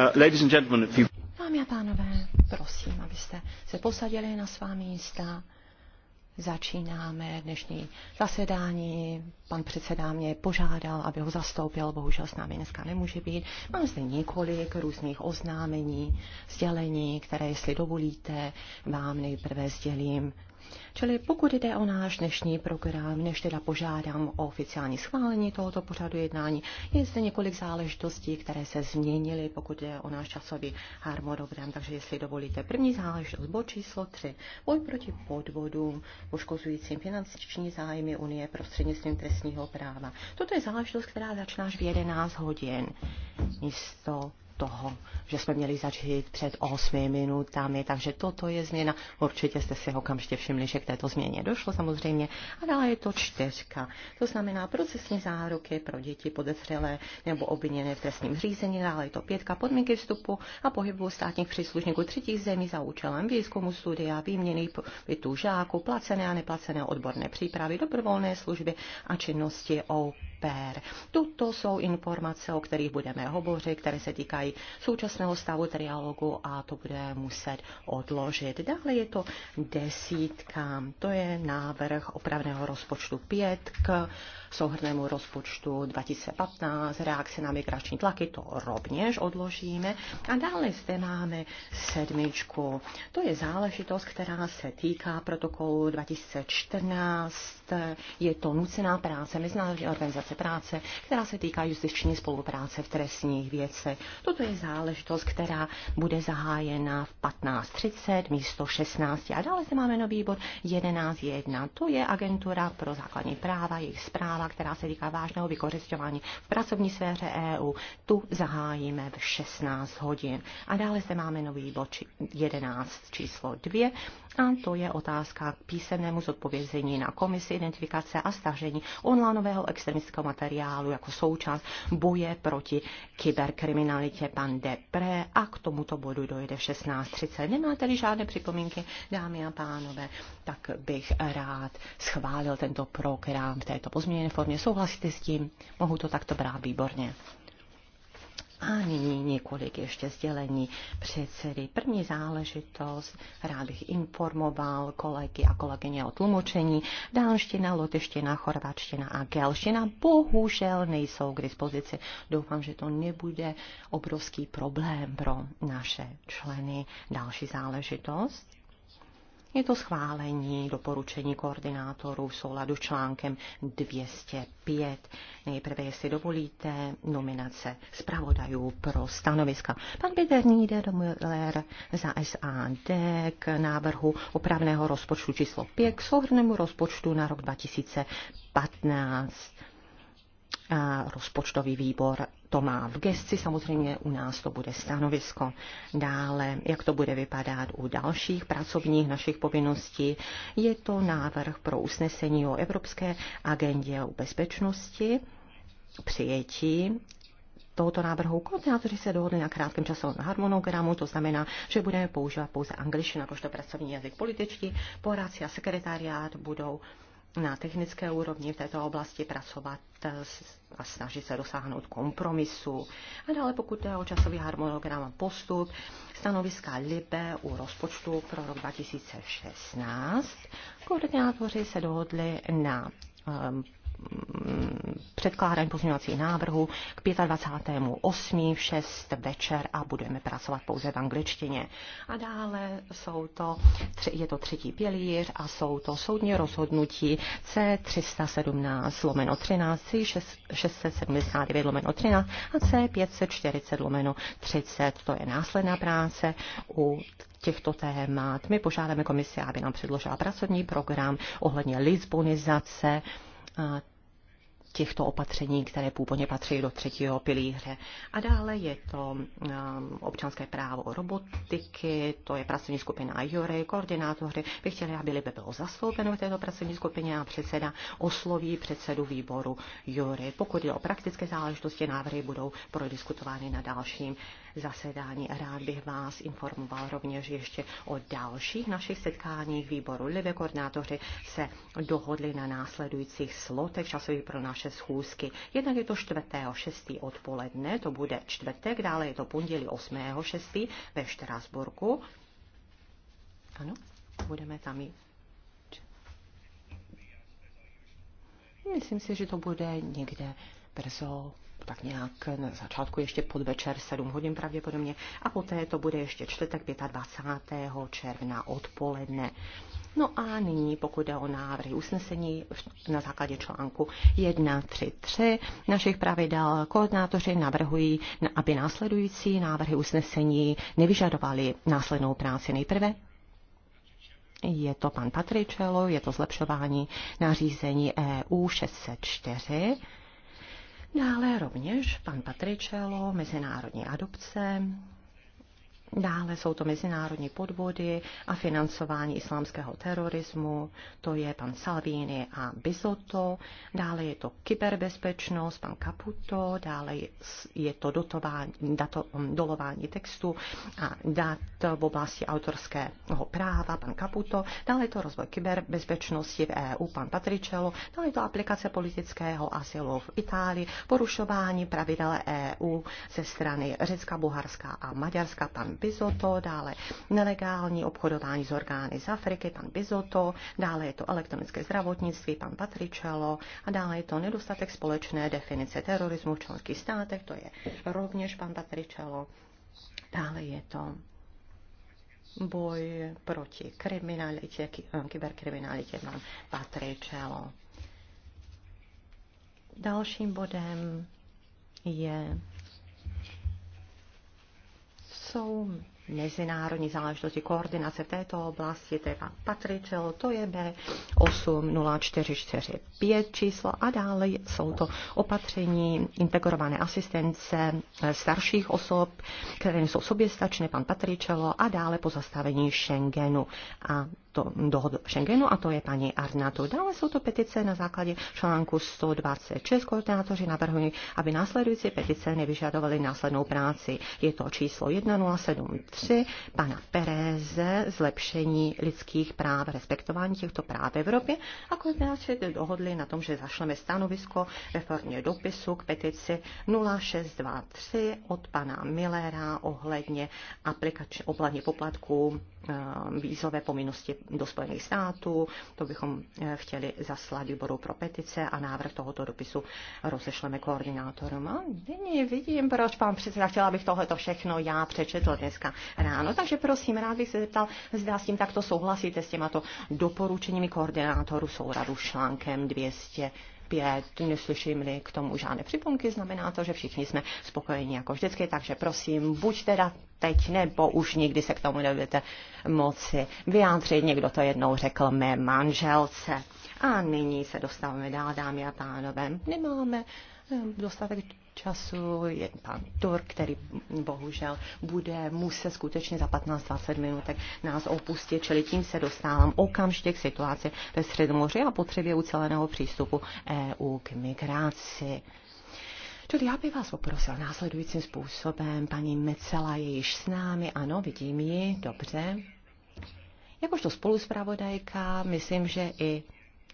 Uh, Dámy a pánové, prosím, abyste se posadili na svá místa. Začínáme dnešní zasedání. Pan předseda mě požádal, aby ho zastoupil, bohužel s námi dneska nemůže být. Mám zde několik různých oznámení, sdělení, které, jestli dovolíte, vám nejprve sdělím Čili pokud jde o náš dnešní program, než teda požádám o oficiální schválení tohoto pořadu jednání, je zde několik záležitostí, které se změnily, pokud jde o náš časový harmonogram, takže jestli dovolíte. První záležitost, bod číslo 3. Boj proti podvodům poškozujícím finanční zájmy Unie prostřednictvím trestního práva. Toto je záležitost, která začne až v 11 hodin. Místo toho, že jsme měli začít před 8 minutami, takže toto je změna. Určitě jste si okamžitě všimli, že k této změně došlo samozřejmě. A dále je to čtyřka. To znamená procesní záruky pro děti podezřelé nebo obviněné v trestním řízení, dále je to pětka podmínky vstupu a pohybu státních příslušníků třetích zemí za účelem výzkumu studia, výměny bytů žáků, placené a neplacené odborné přípravy, dobrovolné služby a činnosti OP PER. Toto jsou informace, o kterých budeme hovořit, které se týkají současného stavu trialogu a to bude muset odložit. Dále je to desítka, to je návrh opravného rozpočtu 5 k souhrnému rozpočtu 2015, reakce na migrační tlaky, to rovněž odložíme. A dále zde máme sedmičku. To je záležitost, která se týká protokolu 2014. Je to nucená práce, mezinárodní organizace práce, která se týká justiční spolupráce v trestních věcech. Toto je záležitost, která bude zahájena v 15.30 místo 16. A dále zde máme nový bod 11.1. To je agentura pro základní práva, jejich zpráva zpráva, která se týká vážného vykořišťování v pracovní sféře EU. Tu zahájíme v 16 hodin. A dále se máme nový bod 11 číslo 2 a to je otázka k písemnému zodpovězení na komisi identifikace a stažení onlineového extremistického materiálu jako součást boje proti kyberkriminalitě pan Depre a k tomuto bodu dojde v 16.30. Nemáte-li žádné připomínky, dámy a pánové, tak bych rád schválil tento program v této pozměněné formě. Souhlasíte s tím? Mohu to takto brát výborně. A nyní několik ještě sdělení předsedy. První záležitost, rád bych informoval kolegy a kolegyně o tlumočení. Dánština, lotyština, chorvačtina a gelština bohužel nejsou k dispozici. Doufám, že to nebude obrovský problém pro naše členy. Další záležitost je to schválení doporučení koordinátorů v souladu s článkem 205. Nejprve, jestli dovolíte, nominace zpravodajů pro stanoviska. Pan Peter Müller za SAD k návrhu opravného rozpočtu číslo 5 k souhrnému rozpočtu na rok 2015. A rozpočtový výbor to má v gesci, samozřejmě u nás to bude stanovisko. Dále, jak to bude vypadat u dalších pracovních našich povinností, je to návrh pro usnesení o Evropské agendě o bezpečnosti, přijetí tohoto návrhu koordinátoři se dohodli na krátkém časovém harmonogramu, to znamená, že budeme používat pouze angličtinu jakožto pracovní jazyk. Političtí poradci a sekretariát budou na technické úrovni v této oblasti pracovat eh, a snažit se dosáhnout kompromisu. A dále, pokud jde o časový harmonogram a postup, stanoviska LIBE u rozpočtu pro rok 2016, koordinátoři se dohodli na ehm, předkládání pozměňovacích návrhů k 25.8. v 6 večer a budeme pracovat pouze v angličtině. A dále jsou to, je to třetí pilíř a jsou to soudní rozhodnutí C317 lomeno 13, C679 lomeno 13 a C540 lomeno 30. To je následná práce u těchto témat. My požádáme komisi, aby nám předložila pracovní program ohledně lisbonizace těchto opatření, které původně patří do třetího pilíře. A dále je to um, občanské právo robotiky, to je pracovní skupina IORE, koordinátoři by chtěli, aby Libe bylo zastoupeno v této pracovní skupině a předseda osloví předsedu výboru Jury. Pokud je o praktické záležitosti, návrhy budou prodiskutovány na dalším zasedání. Rád bych vás informoval rovněž ještě o dalších našich setkáních výboru. Lidé koordinátoři se dohodli na následujících slotech časových pro naše schůzky. Jednak je to 4. 6. odpoledne, to bude čtvrtek, dále je to pondělí 8. 6. ve Štrasburku. Ano, budeme tam i. Myslím si, že to bude někde brzo tak nějak na začátku ještě podvečer 7 hodin pravděpodobně a poté to bude ještě čtvrtek 25. června odpoledne. No a nyní, pokud jde o návrhy usnesení na základě článku 1.3.3 našich pravidel, koordinátoři navrhují, aby následující návrhy usnesení nevyžadovaly následnou práci nejprve. Je to pan Patričelo, je to zlepšování nařízení EU 604 Dále no rovněž pan Patričelo, mezinárodní adopce, Dále jsou to mezinárodní podvody a financování islámského terorismu, to je pan Salvini a Bizotto, dále je to kyberbezpečnost, pan Caputo, dále je to dotování, dato, mm, dolování textu a dat v oblasti autorského práva, pan Caputo, dále je to rozvoj kyberbezpečnosti v EU, pan Patricello, dále je to aplikace politického asilu v Itálii, porušování pravidel EU ze strany Řecka, Bulharska a Maďarska, pan Bizoto, dále nelegální obchodování s orgány z Afriky, pan Bizoto, dále je to elektronické zdravotnictví, pan Patričelo a dále je to nedostatek společné definice terorismu v členských státech, to je rovněž pan Patričelo. Dále je to boj proti kriminalitě, eh, kyberkriminalitě, pan Patričelo. Dalším bodem je jsou mezinárodní záležitosti, koordinace této oblasti, teda Patričel, to je B80445 číslo a dále jsou to opatření integrované asistence starších osob, které jsou soběstačné, pan Patričelo a dále pozastavení Schengenu. A to, dohodu Schengenu a to je paní Arnatu. Dále jsou to petice na základě článku 126. Koordinátoři navrhují, aby následující petice nevyžadovaly následnou práci. Je to číslo 1073 pana Pereze, zlepšení lidských práv, respektování těchto práv v Evropě a koordinátoři dohodli na tom, že zašleme stanovisko ve formě dopisu k petici 0623 od pana Millera ohledně aplikační obladně poplatků eh, vízové povinnosti do Spojených států. To bychom eh, chtěli zaslat výboru pro petice a návrh tohoto dopisu rozešleme koordinátorům. A nyní vidím, proč pan předseda chtěla, abych tohleto všechno já přečetl dneska ráno. Takže prosím, rád bych se zeptal, zda s tím takto souhlasíte s těmato doporučeními koordinátorů souradu článkem 200 pět, neslyším-li k tomu žádné připomky, znamená to, že všichni jsme spokojeni jako vždycky, takže prosím, buď teda teď, nebo už nikdy se k tomu nebudete moci vyjádřit. Někdo to jednou řekl mé manželce. A nyní se dostáváme dál, dámy a pánové. Nemáme eh, dostatek času. Je pan Tur, který bohužel bude muset skutečně za 15-20 minut nás opustit, čili tím se dostávám okamžitě k situaci ve Středomoři a potřebě uceleného přístupu EU k migraci. Čili já bych vás poprosil následujícím způsobem. Paní Mecela je již s námi, ano, vidím ji, dobře. Jakožto spoluzpravodajka, myslím, že i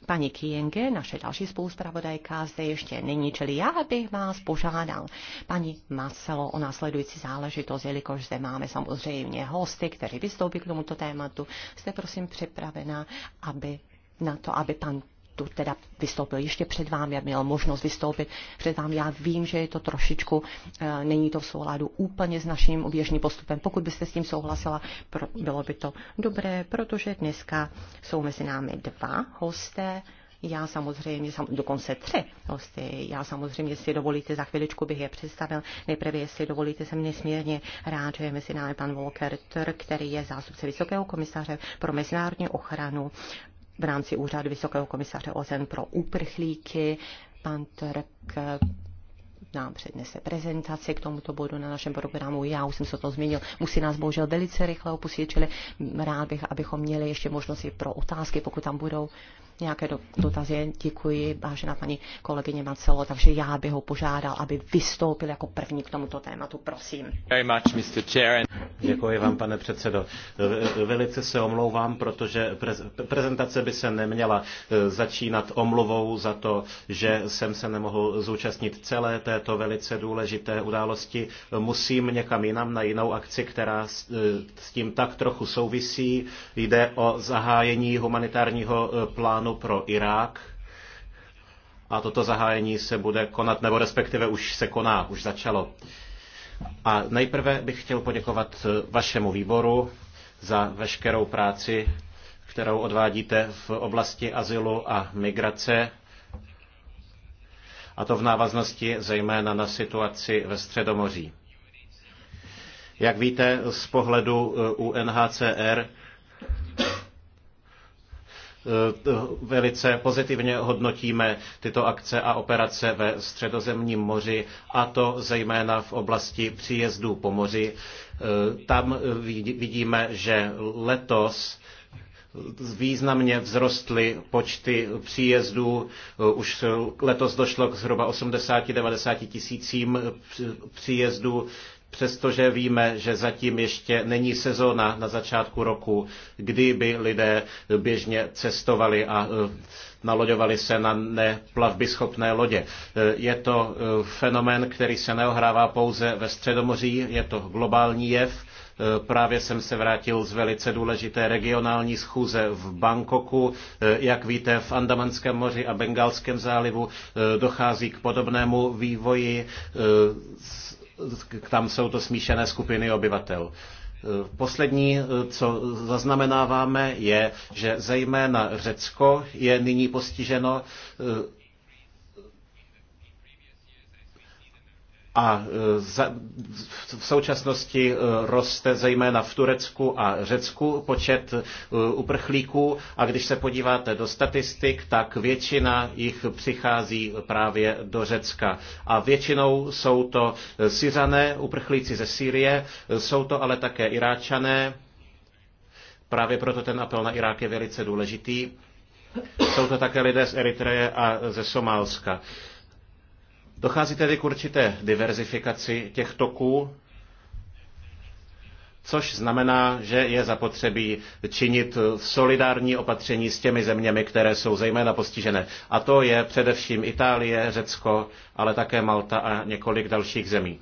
Pani Kienge, naše další spoluzpravodajka, zde ještě není, čili já bych vás požádal, paní Marcelo, o následující záležitost, jelikož zde máme samozřejmě hosty, kteří vystoupí k tomuto tématu. Jste prosím připravena, aby na to, aby pan tu teda vystoupil ještě před vámi, měl možnost vystoupit před vámi. Já vím, že je to trošičku, eh, není to v souladu úplně s naším oběžným postupem. Pokud byste s tím souhlasila, bylo by to dobré, protože dneska jsou mezi námi dva hosté, já samozřejmě, sam, dokonce tři hosty, já samozřejmě, jestli dovolíte, za chviličku bych je představil. Nejprve, jestli dovolíte, jsem nesmírně rád, že je mezi námi pan Volker Tr, který je zástupce Vysokého komisaře pro mezinárodní ochranu v rámci úřadu Vysokého komisaře OZN pro uprchlíky. Pan Trk nám přednese prezentaci k tomuto bodu na našem programu. Já už jsem se to zmínil. Musí nás bohužel velice rychle opustit, čili rád bych, abychom měli ještě možnosti pro otázky, pokud tam budou nějaké dotazy. Děkuji, vážená paní kolegyně Macelo, takže já bych ho požádal, aby vystoupil jako první k tomuto tématu. Prosím. Děkuji vám, pane předsedo. Velice se omlouvám, protože prezentace by se neměla eh, začínat omluvou za to, že jsem se nemohl zúčastnit celé této velice důležité události. Musím někam jinam na jinou akci, která s eh, tím tak trochu souvisí. Jde o zahájení humanitárního eh, plánu plánu pro Irák. A toto zahájení se bude konat, nebo respektive už se koná, už začalo. A nejprve bych chtěl poděkovat eh, vašemu výboru za veškerou práci, kterou odvádíte v oblasti azylu a migrace, a to v návaznosti zejména na situaci ve Středomoří. Jak víte, z pohledu eh, UNHCR Eh, velice pozitivně hodnotíme tyto akce a operace ve středozemním moři, a to zejména v oblasti příjezdů po moři. Eh, tam eh, vidíme, že letos významně vzrostly počty příjezdů. Už letos došlo k zhruba 80-90 tisícím příjezdů přestože víme, že zatím ještě není sezóna na začátku roku, kdy by lidé běžně cestovali a e, naloďovali se na neplavbyschopné lodě. E, je to e, fenomén, který se neohrává pouze ve Středomoří, je to globální jev. Právě jsem se vrátil z velice důležité regionální schůze v Bangkoku. Jak víte, v Andamanském moři a Bengalském zálivu dochází k podobnému vývoji tam jsou to smíšené skupiny obyvatel. Poslední, co zaznamenáváme, je, že zejména Řecko je nyní postiženo a e, v současnosti e, roste zejména v Turecku a Řecku počet e, uprchlíků a když se podíváte do statistik, tak většina jich přichází právě do Řecka. A většinou jsou to Syřané, uprchlíci ze Sýrie, jsou to ale také Iráčané, právě proto ten apel na Irák je velice důležitý. Jsou to také lidé z Eritreje a ze Somálska. Dochází tedy k určité diverzifikaci těch toků, což znamená, že je zapotřebí činit solidární opatření s těmi zeměmi, které jsou zejména postižené. A to je především Itálie, Řecko, ale také Malta a několik dalších zemí.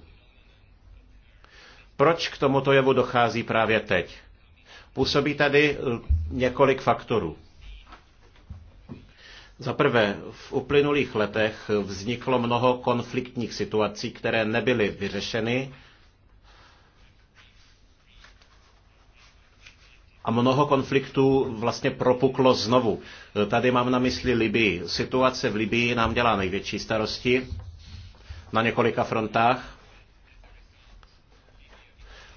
Proč k tomuto jevu dochází právě teď? Působí tady eh, několik faktorů. Za prvé, v uplynulých letech vzniklo mnoho konfliktních situací, které nebyly vyřešeny a mnoho konfliktů vlastně propuklo znovu. Tady mám na mysli Libii. Situace v Libii nám dělá největší starosti na několika frontách.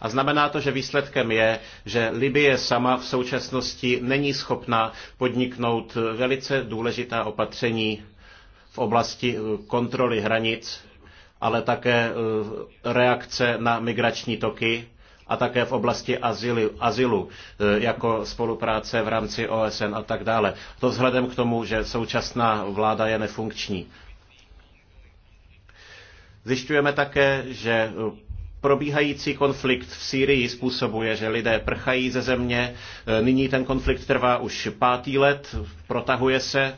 A znamená to, že výsledkem je, že Libye sama v současnosti není schopna podniknout velice důležitá opatření v oblasti eh, kontroly hranic, ale také eh, reakce na migrační toky a také v oblasti azylu, azylu eh, jako spolupráce v rámci OSN a tak dále. To vzhledem k tomu, že současná vláda je nefunkční. Zjišťujeme také, že Probíhající konflikt v Sýrii způsobuje, že lidé prchají ze země. E, nyní ten konflikt trvá už pátý let, protahuje se,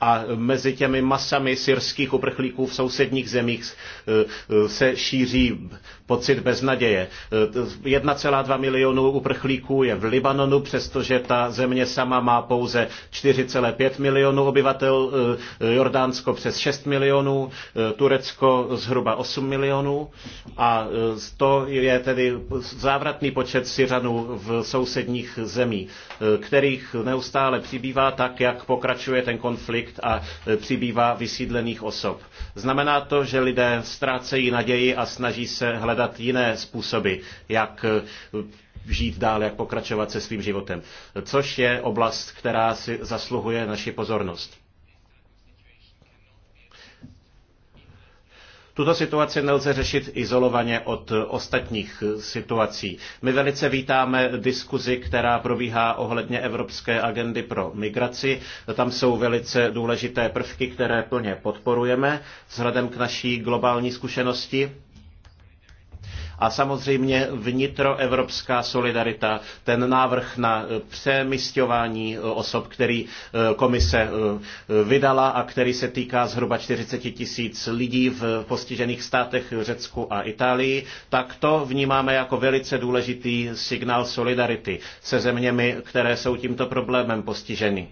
a mezi těmi masami syrských uprchlíků v sousedních zemích e, e, se šíří pocit beznaděje. 1,2 milionů uprchlíků je v Libanonu, přestože ta země sama má pouze 4,5 milionů obyvatel, eh, Jordánsko přes 6 milionů, eh, Turecko zhruba 8 milionů a eh, to je tedy závratný počet Syřanů v sousedních zemí, kterých neustále přibývá tak, jak pokračuje ten konflikt a přibývá vysídlených osob. Znamená to, že lidé ztrácejí naději a snaží se hledat hledat jiné způsoby, jak eh, žít dál, jak pokračovat se svým životem. Což je oblast, která si zasluhuje naši pozornost. Tuto situaci nelze řešit izolovaně od eh, ostatních eh, situací. My velice vítáme diskuzi, která probíhá ohledně Evropské agendy pro migraci. Tam jsou velice důležité prvky, které plně podporujeme vzhledem k naší globální zkušenosti. A samozřejmě vnitroevropská solidarita, ten návrh na eh, přemysťování eh, osob, který eh, komise vydala a který se týká zhruba 40 tisíc lidí v postižených státech Řecku a Itálii, tak to vnímáme jako velice důležitý signál solidarity se zeměmi, které jsou tímto problémem postiženy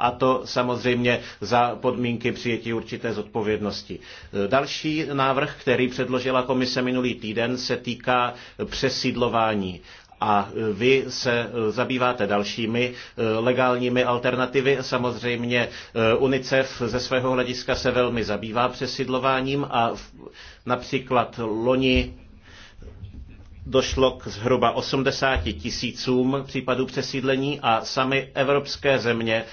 a to samozřejmě za podmínky přijetí určité zodpovědnosti. Další návrh, který předložila komise minulý týden, se týká přesídlování a vy se zabýváte dalšími eh, legálními alternativy. Samozřejmě eh, UNICEF ze svého hlediska se velmi zabývá přesidlováním a například loni došlo k zhruba 80 tisícům případů přesídlení a sami evropské země e,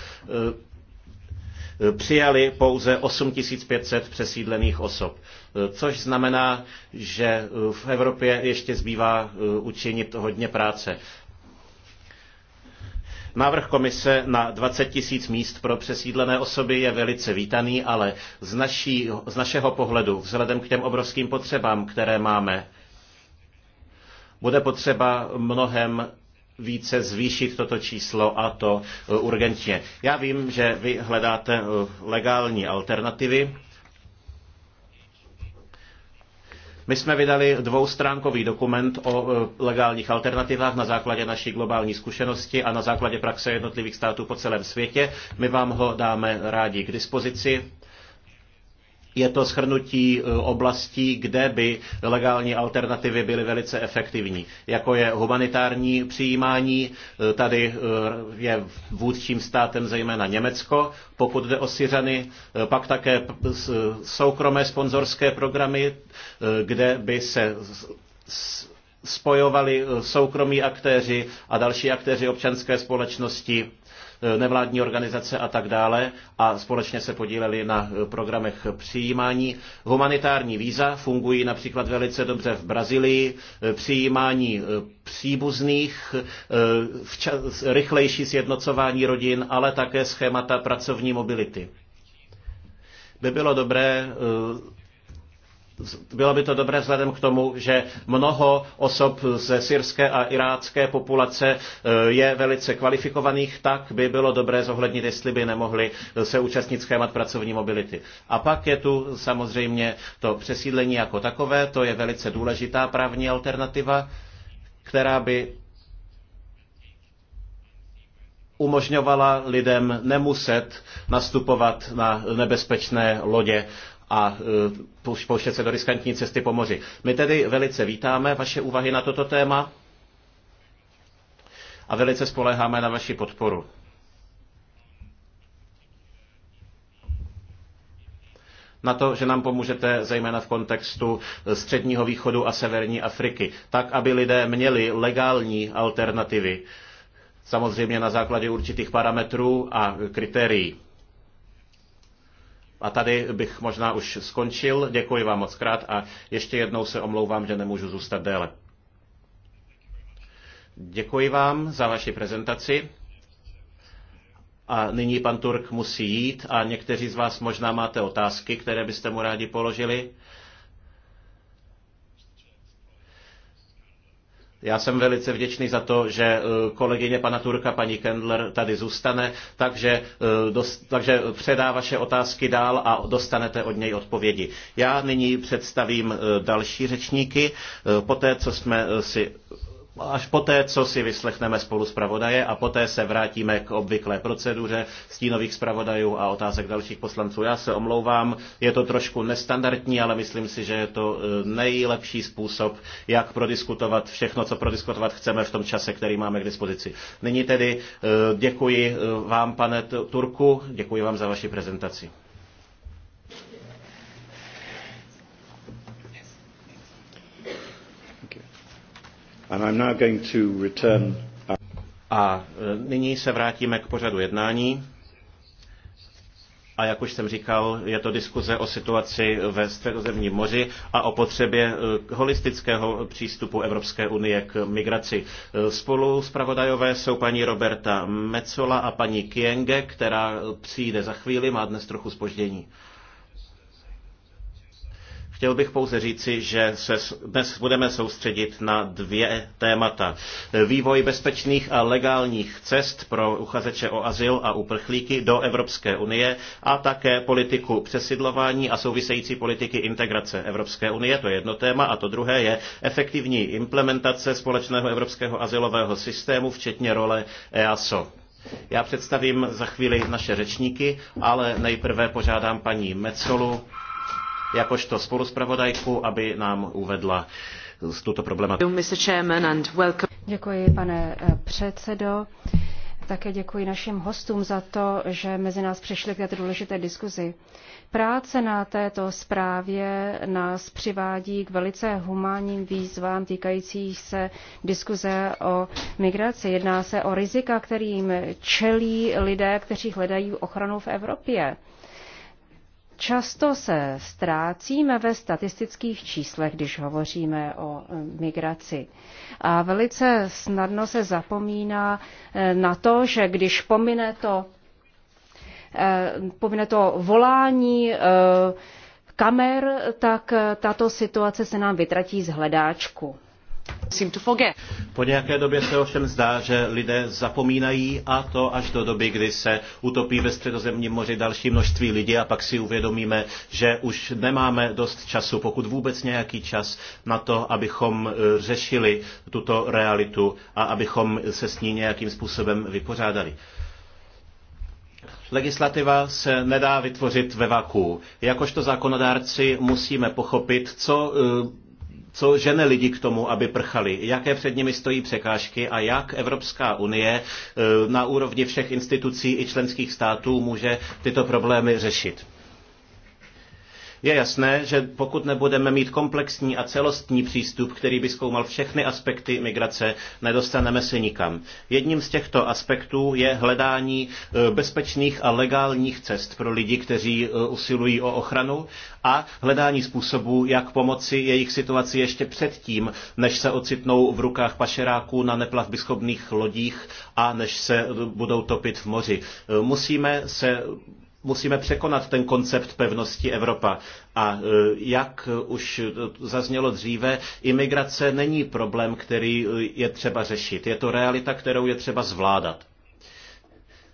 e, přijali pouze 8500 přesídlených osob, e, což znamená, že v Evropě ještě zbývá učinit hodně práce. Návrh komise na 20 tisíc míst pro přesídlené osoby je velice vítaný, ale z, naší, z našeho pohledu, vzhledem k těm obrovským potřebám, které máme, bude potřeba mnohem více zvýšit toto číslo a to e, urgentně. Já vím, že vy hledáte e, legální alternativy. My jsme vydali dvoustránkový dokument o e, legálních alternativách na základě naší globální zkušenosti a na základě praxe jednotlivých států po celém světě. My vám ho dáme rádi k dispozici je to shrnutí eh, oblastí, kde by legální alternativy byly velice efektivní, jako je humanitární přijímání. Eh, tady eh, je vůdčím státem zejména Německo, pokud jde o Syřany, pak také soukromé sponzorské programy, kde by se spojovali soukromí aktéři a další aktéři občanské společnosti Eh, nevládní organizace a tak dále a společně se podíleli na eh, programech přijímání. Humanitární víza fungují například velice dobře v Brazílii, eh, přijímání příbuzných, včas, rychlejší sjednocování rodin, ale také schémata pracovní mobility by bylo dobré bylo by to dobré vzhledem k tomu, že mnoho osob ze syrské a irácké populace eh, je velice kvalifikovaných, tak by bylo dobré zohlednit, jestli by nemohli eh, se účastnit schémat pracovní mobility. A pak je tu samozřejmě to přesídlení jako takové, to je velice důležitá právní alternativa, která by umožňovala lidem nemuset nastupovat na nebezpečné lodě a e, pouštět se do riskantní cesty po moři. My tedy velice vítáme vaše úvahy na toto téma a velice spoléháme na vaši podporu. na to, že nám pomůžete zejména v kontextu Středního východu a Severní Afriky, tak, aby lidé měli legální alternativy, samozřejmě na základě určitých parametrů a kritérií. A tady bych možná už skončil. Děkuji vám moc krát a ještě jednou se omlouvám, že nemůžu zůstat déle. Děkuji vám za vaši prezentaci. A nyní pan Turk musí jít a někteří z vás možná máte otázky, které byste mu rádi položili. Já jsem velice vděčný za to, že eh, kolegyně pana Turka, paní Kendler, tady zůstane, takže, eh, takže předá vaše otázky dál a dostanete od něj odpovědi. Já nyní představím eh, další řečníky. Poté, co jsme si až poté, co si vyslechneme spolu zpravodaje a poté se vrátíme k obvyklé proceduře stínových zpravodajů a otázek dalších poslanců. Já se omlouvám, je to trošku nestandardní, ale myslím si, že je to e, nejlepší způsob, jak prodiskutovat všechno, co prodiskutovat chceme v tom čase, který máme k dispozici. Nyní tedy e, děkuji e, vám, pane Turku, děkuji vám za vaši prezentaci. A e, nyní se vrátíme k pořadu jednání. A jak už jsem říkal, je to diskuze o situaci ve středozemním moři a o potřebě e, holistického přístupu Evropské unie k migraci. E, spolu zpravodajové jsou paní Roberta Mecola a paní Kienge, která přijde za chvíli, má dnes trochu spoždění. Chtěl bych pouze říci, že se dnes budeme soustředit na dvě témata. Vývoj bezpečných a legálních cest pro uchazeče o azyl a uprchlíky do Evropské unie a také politiku přesidlování a související politiky integrace Evropské unie. To je jedno téma. A to druhé je efektivní implementace společného evropského azylového systému, včetně role EASO. Já představím za chvíli naše řečníky, ale nejprve požádám paní Mecolu, jakožto spoluspravodajku, aby nám uvedla eh, tuto problematiku. Děkuji, pane eh, předsedo. Také děkuji našim hostům za to, že mezi nás přišli k této důležité diskuzi. Práce na této zprávě nás přivádí k velice humánním výzvám týkajících se diskuze o migraci. Jedná se o rizika, kterým čelí lidé, kteří hledají ochranu v Evropě. Často se ztrácíme ve statistických číslech, když hovoříme o e, migraci. A velice snadno se zapomíná e, na to, že když pomine to, e, pomine to volání kamer, tak tato situace se nám vytratí z hledáčku. Po nějaké době se ovšem zdá, že lidé zapomínají a to až do doby, kdy se utopí ve středozemním moři další množství lidí a pak si uvědomíme, že už nemáme dost času, pokud vůbec nějaký čas na to, abychom eh, řešili tuto realitu a abychom se s ní nějakým způsobem vypořádali. Legislativa se nedá vytvořit ve vaku. Jakožto zákonodárci musíme pochopit, co eh, co žene lidi k tomu, aby prchali, jaké před nimi stojí překážky a jak Evropská unie eh, na úrovni všech institucí i členských států může tyto problémy řešit. Je jasné, že pokud nebudeme mít komplexní a celostní přístup, který by zkoumal všechny aspekty migrace, nedostaneme se nikam. Jedním z těchto aspektů je hledání e, bezpečných a legálních cest pro lidi, kteří e, usilují o ochranu a hledání způsobů, jak pomoci jejich situaci ještě předtím, než se ocitnou v rukách pašeráků na neplavbyschopných lodích a než se e, budou topit v moři. Musíme se musíme překonat ten koncept pevnosti Evropa. A e, jak už zaznělo dříve, imigrace není problém, který e, je třeba řešit. Je to realita, kterou je třeba zvládat.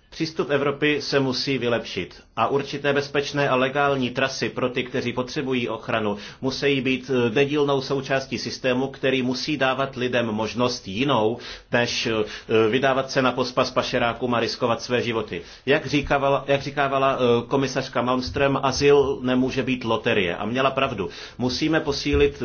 Přístup Evropy se musí vylepšit a určité bezpečné a legální trasy pro ty, kteří potřebují ochranu, musí být eh, nedílnou součástí systému, který musí dávat lidem možnost jinou, než eh, vydávat se na pospas pašerákům a riskovat své životy. Jak říkávala, jak říkávala eh, komisařka Malmström, azyl nemůže být loterie. A měla pravdu. Musíme posílit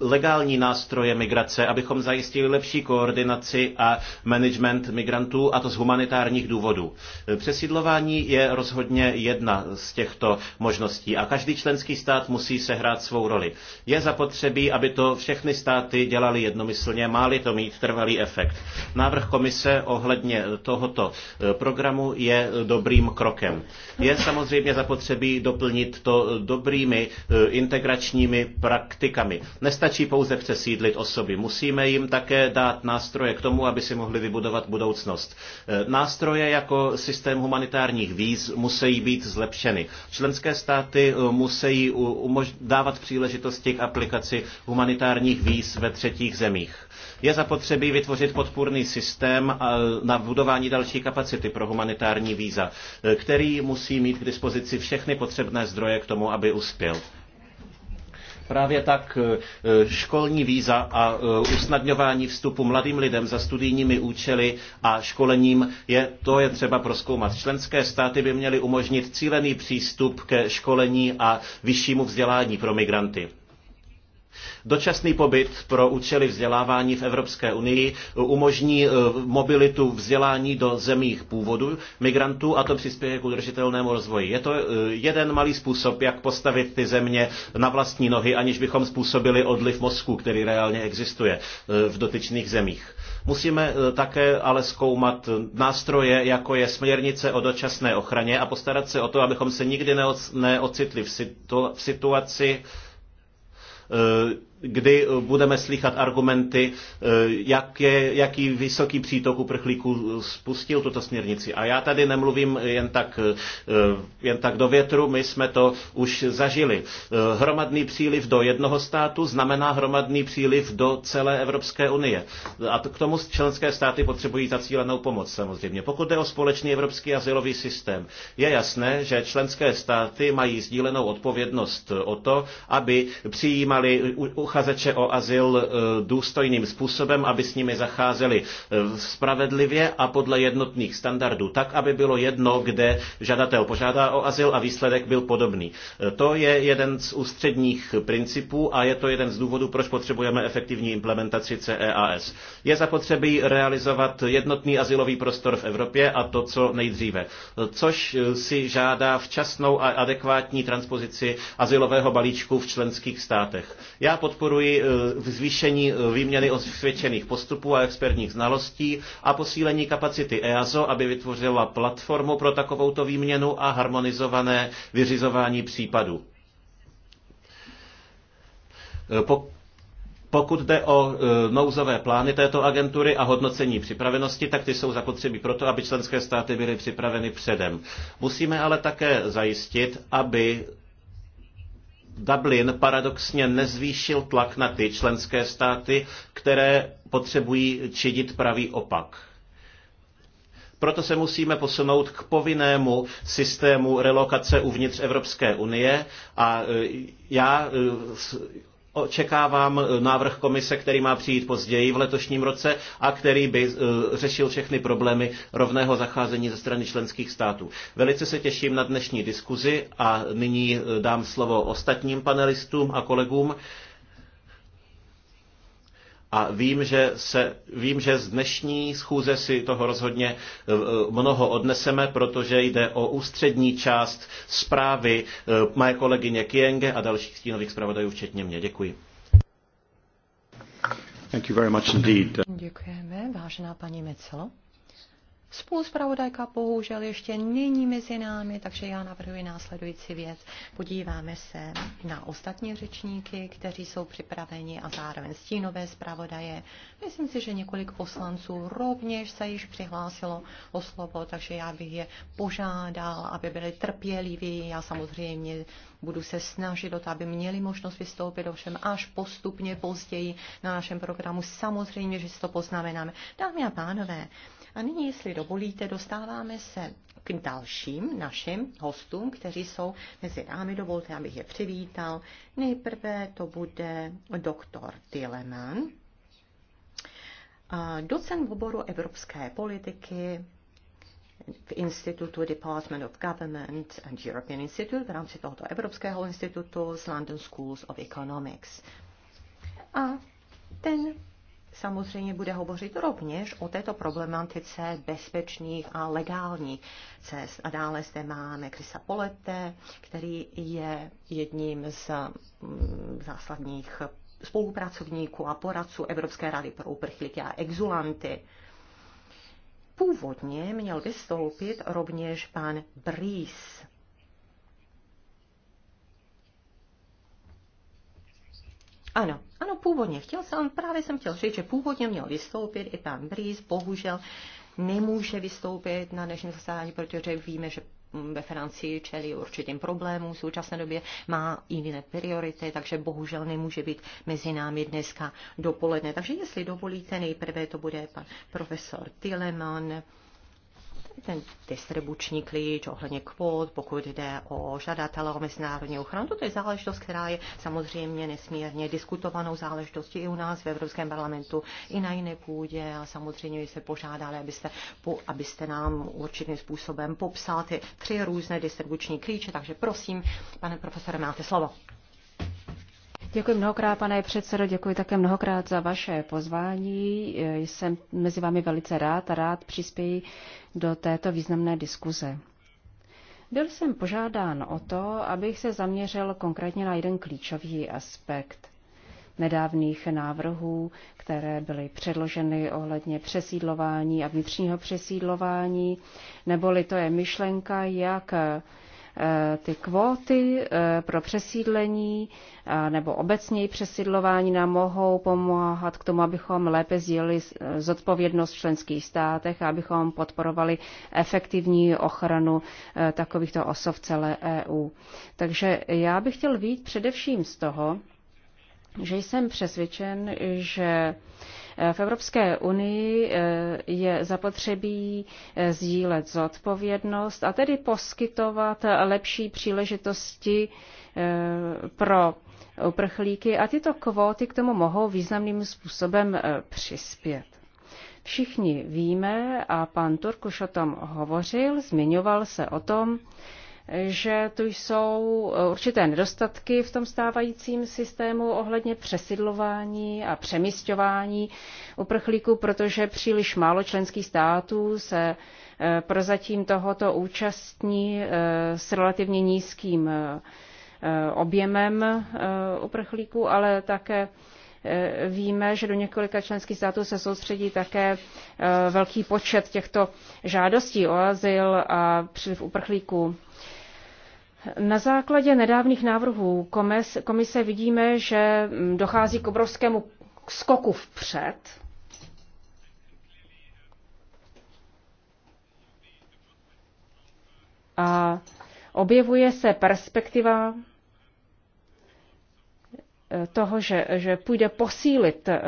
legální nástroje migrace, abychom zajistili lepší koordinaci a management migrantů, a to z humanitárních důvodů. Přesídlování je rozhodně jedna z těchto možností a každý členský stát musí sehrát svou roli. Je zapotřebí, aby to všechny státy dělali jednomyslně, máli to mít trvalý efekt. Návrh komise ohledně tohoto eh, programu je dobrým krokem. Je samozřejmě zapotřebí doplnit to eh, dobrými eh, integračními praktikami. Nestačí pouze přesídlit osoby, musíme jim také dát nástroje k tomu, aby si mohli vybudovat budoucnost. Nástroje jako systém humanitárních víz musí být zlepšeny. Členské státy eh, musí dávat příležitosti k aplikaci humanitárních víz ve třetích zemích. Je zapotřebí vytvořit podpůrný systém eh, na budování další kapacity pro humanitární víza, eh, který musí mít k dispozici všechny potřebné zdroje k tomu, aby uspěl. Právě tak eh, školní víza a eh, usnadňování vstupu mladým lidem za studijními účely a školením, je, to je třeba proskoumat. Členské státy by měly umožnit cílený přístup ke školení a vyššímu vzdělání pro migranty. Dočasný pobyt pro účely vzdělávání v Evropské unii umožní eh, mobilitu vzdělání do zemí původu migrantů a to přispěje k udržitelnému rozvoji. Je to eh, jeden malý způsob, jak postavit ty země na vlastní nohy, aniž bychom způsobili odliv mozku, který reálně existuje eh, v dotyčných zemích. Musíme také ale zkoumat nástroje, jako je směrnice o dočasné ochraně a postarat se o to, abychom se nikdy neocitli v situaci, uh, kdy eh, budeme slychat argumenty, eh, jak je, jaký vysoký přítok uprchlíků spustil tuto směrnici. A já tady nemluvím jen tak, eh, jen tak do větru, my jsme to už zažili. Hromadný příliv do jednoho státu znamená hromadný příliv do celé Evropské unie. A k tomu členské státy potřebují zacílenou pomoc samozřejmě. Pokud jde o společný evropský asilový systém, je jasné, že členské státy mají sdílenou odpovědnost o to, aby přijímali uchazeče o azyl eh, důstojným způsobem, aby s nimi zacházeli eh, spravedlivě a podle jednotných standardů, tak, aby bylo jedno, kde žadatel požádá o azyl a výsledek byl podobný. Eh, to je jeden z ústředních principů a je to jeden z důvodů, proč potřebujeme efektivní implementaci CEAS. Je zapotřebí realizovat jednotný azylový prostor v Evropě a to, co nejdříve, což si žádá včasnou a adekvátní transpozici azylového balíčku v členských státech. Já podporu podporuji e, zvýšení e, výměny osvědčených postupů a expertních znalostí a posílení kapacity EASO, aby vytvořila platformu pro takovouto výměnu a harmonizované vyřizování případů. E, po pokud jde o nouzové plány této agentury a hodnocení připravenosti, tak ty jsou zapotřebí proto, aby členské státy byly připraveny předem. Musíme ale také zajistit, aby Dublin paradoxně nezvýšil tlak na ty členské státy, které potřebují čidit pravý opak. Proto se musíme posunout k povinnému systému relokace uvnitř Evropské unie a e, já e, Očekávám eh, návrh komise, který má přijít později v letošním roce a který by eh, řešil všechny problémy rovného zacházení ze strany členských států. Velice se těším na dnešní diskuzi a nyní eh, dám slovo ostatním panelistům a kolegům. A vím, že, se, vím, že z dnešní schůze si toho rozhodně eh, eh, mnoho odneseme, protože jde o ústřední část zprávy eh, mé kolegyně Kienge a dalších stínových zpravodajů, včetně mě. Děkuji. Thank you very much indeed. Děkujeme, vážená paní Mecelo. Spoluzpravodajka bohužel ještě není mezi námi, takže já navrhuji následující věc. Podíváme se na ostatní řečníky, kteří jsou připraveni a zároveň stínové zpravodaje. Myslím si, že několik poslanců rovněž se již přihlásilo o slovo, takže já bych je požádal, aby byli trpěliví. Já samozřejmě budu se snažit o to, aby měli možnost vystoupit, ovšem až postupně později na našem programu. Samozřejmě, že si to poznamenáme. Dámy a pánové, a nyní, jestli dovolíte, dostáváme se k dalším našim hostům, kteří jsou mezi námi. Dovolte, abych je přivítal. Nejprve to bude doktor Tilleman, docent v oboru evropské politiky v institutu Department of Government and European Institute v rámci tohoto Evropského institutu z London Schools of Economics. A ten samozřejmě bude hovořit rovněž o této problematice bezpečných a legálních cest. A dále zde máme Krisa Polete, který je jedním z mm, zásadních spolupracovníků a poradců Evropské rady pro uprchlíky a exulanty. Původně měl vystoupit rovněž pan Brýs, Ano, ano, původně. Chtěl jsem, právě jsem chtěl říct, že původně měl vystoupit i pan Brýs, bohužel nemůže vystoupit na dnešním zasedání, protože víme, že ve Francii čelí určitým problémům v současné době, má jiné priority, takže bohužel nemůže být mezi námi dneska dopoledne. Takže jestli dovolíte, nejprve to bude pan profesor Tileman, ten distribuční klíč ohledně kvót, pokud jde o žadatele o mezinárodní ochranu. To je záležitost, která je samozřejmě nesmírně diskutovanou záležitostí i u nás v Evropském parlamentu, i na jiné půdě a samozřejmě se požádali, abyste, po, abyste nám určitým způsobem popsal ty tři různé distribuční klíče, takže prosím, pane profesore, máte slovo. Děkuji mnohokrát, pane předsedo, děkuji také mnohokrát za vaše pozvání. Jsem mezi vámi velice rád a rád přispěji do této významné diskuze. Byl jsem požádán o to, abych se zaměřil konkrétně na jeden klíčový aspekt nedávných návrhů, které byly předloženy ohledně přesídlování a vnitřního přesídlování, neboli to je myšlenka, jak Eh, ty kvóty eh, pro přesídlení eh, nebo obecněji přesídlování nám mohou pomáhat k tomu, abychom lépe sdíleli zodpovědnost v členských státech a abychom podporovali efektivní ochranu takovýchto osob celé EU. Takže já bych chtěl vít především z toho, že jsem přesvědčen, že v Evropské unii eh, je zapotřebí eh, sdílet zodpovědnost a tedy poskytovat lepší příležitosti eh, pro uprchlíky a tyto kvóty k tomu mohou významným způsobem přispět. Všichni víme, a pan Turkuš o tom hovořil, zmiňoval se o tom, že tu jsou eh, určité nedostatky v tom stávajícím systému ohledně přesidlování a přemysťování uprchlíků, protože příliš málo členských států se eh, prozatím tohoto účastní eh, s relativně nízkým objemem uprchlíků, ale také víme, že do několika členských států se soustředí také velký počet těchto žádostí o azyl a příliv uprchlíků. Na základě nedávných návrhů komise, vidíme, že dochází k obrovskému skoku vpřed. A objevuje se perspektiva eh, toho, že, že půjde posílit eh,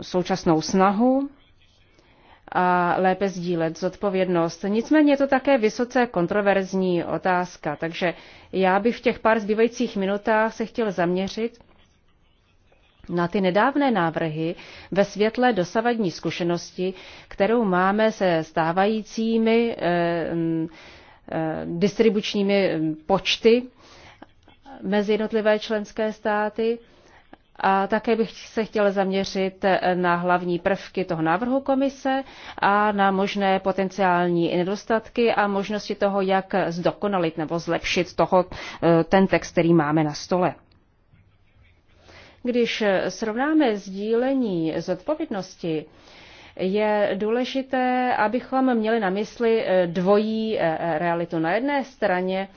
současnou snahu a lépe sdílet zodpovědnost. Nicméně je to také vysoce kontroverzní otázka, takže já bych v těch pár zbývajících minutách se chtěl zaměřit na ty nedávné návrhy ve světle dosavadní zkušenosti, kterou máme se stávajícími eh, eh, distribučními počty mezi jednotlivé členské státy. A také bych se chtěl zaměřit na hlavní prvky toho návrhu komise a na možné potenciální nedostatky a možnosti toho, jak zdokonalit nebo zlepšit toho, eh, ten text, který máme na stole. Když srovnáme sdílení zodpovědnosti, je důležité, abychom měli na mysli eh, dvojí eh, realitu. Na jedné straně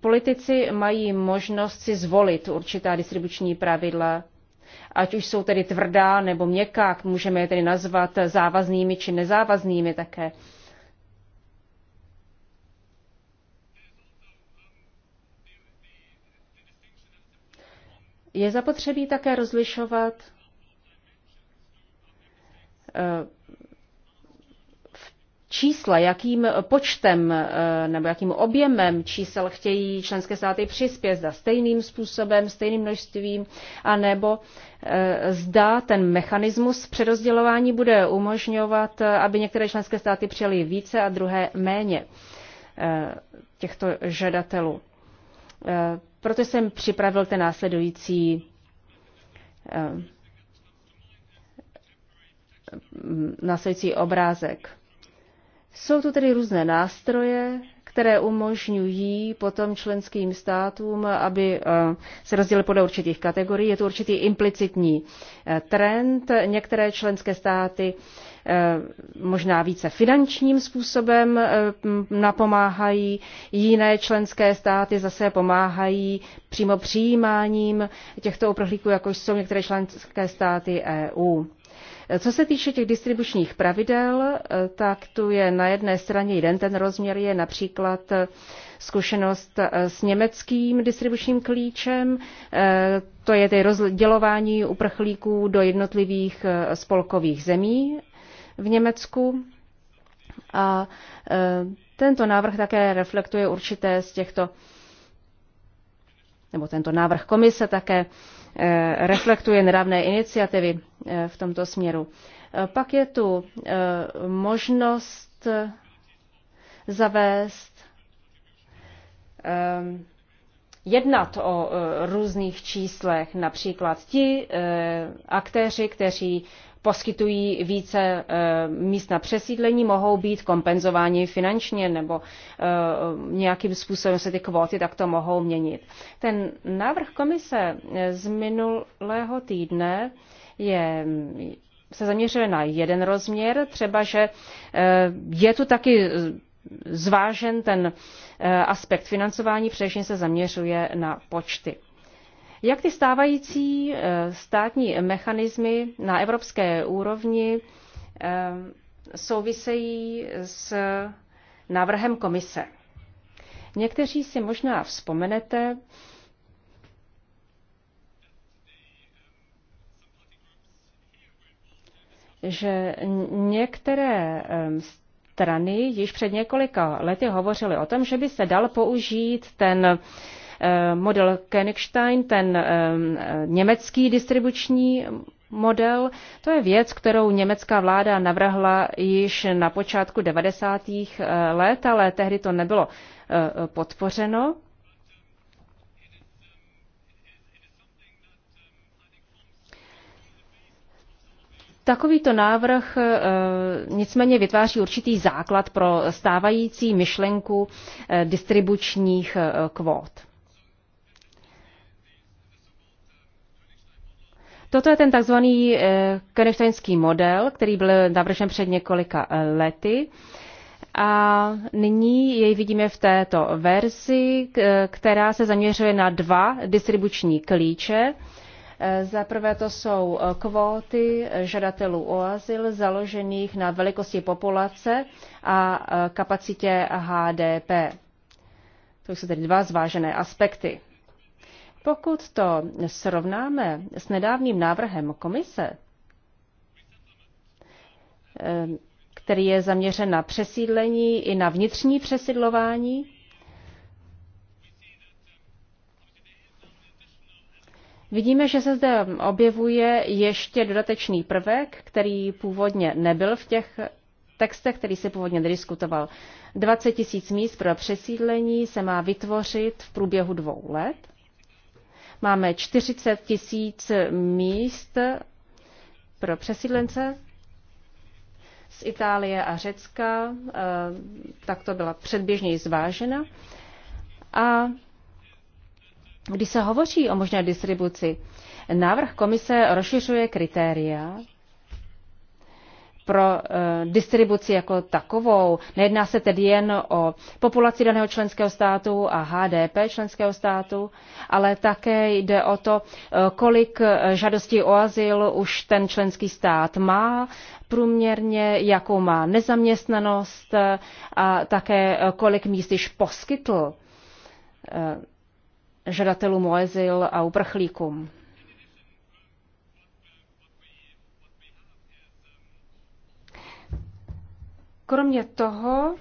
Politici mají možnost si zvolit určitá distribuční pravidla, ať už jsou tedy tvrdá nebo měkká, můžeme je tedy nazvat závaznými či nezávaznými také. Je zapotřebí také rozlišovat eh, čísla, jakým počtem eh, nebo jakým objemem čísel chtějí členské státy přispět, zda stejným způsobem, stejným množstvím, anebo eh, zda ten mechanismus přerozdělování bude umožňovat, eh, aby některé členské státy přijaly více a druhé méně těchto žadatelů. Proto jsem připravil ten následující následující obrázek. Jsou tu tedy různé nástroje, které umožňují potom členským státům, aby eh, se rozdělili podle určitých kategorií. Je to určitý implicitní eh, trend. Některé členské státy eh, možná více finančním způsobem napomáhají, jiné členské státy zase pomáhají přímo přijímáním těchto uprchlíků, jako jsou některé členské státy EU. Co se týče těch distribučních pravidel, eh, tak tu je na jedné straně jeden ten rozměr, je například eh, zkušenost eh, s německým distribučním klíčem, to je tedy rozdělování uprchlíků do jednotlivých spolkových zemí v Německu. A tento návrh také reflektuje určité z těchto, nebo tento návrh komise také Eh, reflektuje nedávné iniciativy eh, v tomto směru. Eh, pak je tu možnost zavést jednat o různých číslech, například ti aktéři, kteří poskytují více eh, míst na přesídlení, mohou být kompenzováni finančně nebo eh, nějakým způsobem se ty kvóty takto mohou měnit. Ten návrh komise eh, z minulého týdne je se zaměřuje na jeden rozměr, třeba že je tu taky zvážen ten aspekt financování, především se zaměřuje na počty. Jak ty stávající eh, státní mechanismy na evropské úrovni eh, souvisejí s návrhem komise? Někteří si možná vzpomenete, že některé eh, strany již před několika lety hovořily o tom, že by se dal použít ten Eh, model Königstein, ten eh, německý distribuční model, to je věc, kterou německá vláda navrhla již na počátku 90. Eh, let, ale tehdy to nebylo podpořeno. Takovýto návrh nicméně vytváří určitý základ pro stávající myšlenku distribučních kvót. Toto je ten takzvaný eh, keneštajnský model, který byl navržen před několika eh, lety. A nyní jej vidíme v této verzi, eh, která se zaměřuje na dva distribuční klíče. Za prvé to jsou kvóty žadatelů o azyl založených na velikosti populace a kapacitě HDP. To jsou tedy dva zvážené aspekty. Pokud to srovnáme s nedávným návrhem komise, eh, který je zaměřen na přesídlení i na vnitřní přesidlování, Vidíme, že se zde objevuje ještě dodatečný prvek, který původně nebyl v těch textech, který se původně nediskutoval. 20 tisíc míst pro přesídlení se má vytvořit v průběhu dvou let. Máme 40 tisíc míst pro přesídlence z Itálie a Řecka. Eh, tak to byla předběžně zvážena. A když se hovoří o možné distribuci, návrh komise rozšiřuje kritéria pro eh, distribuci jako takovou. Nejedná se tedy jen o populaci daného členského státu a HDP členského státu, ale také jde o to, eh, kolik eh, žádostí o azyl už ten členský stát má průměrně, jakou má nezaměstnanost a také kolik míst již poskytl žadatelům o azyl a uprchlíkům. Kromě toho,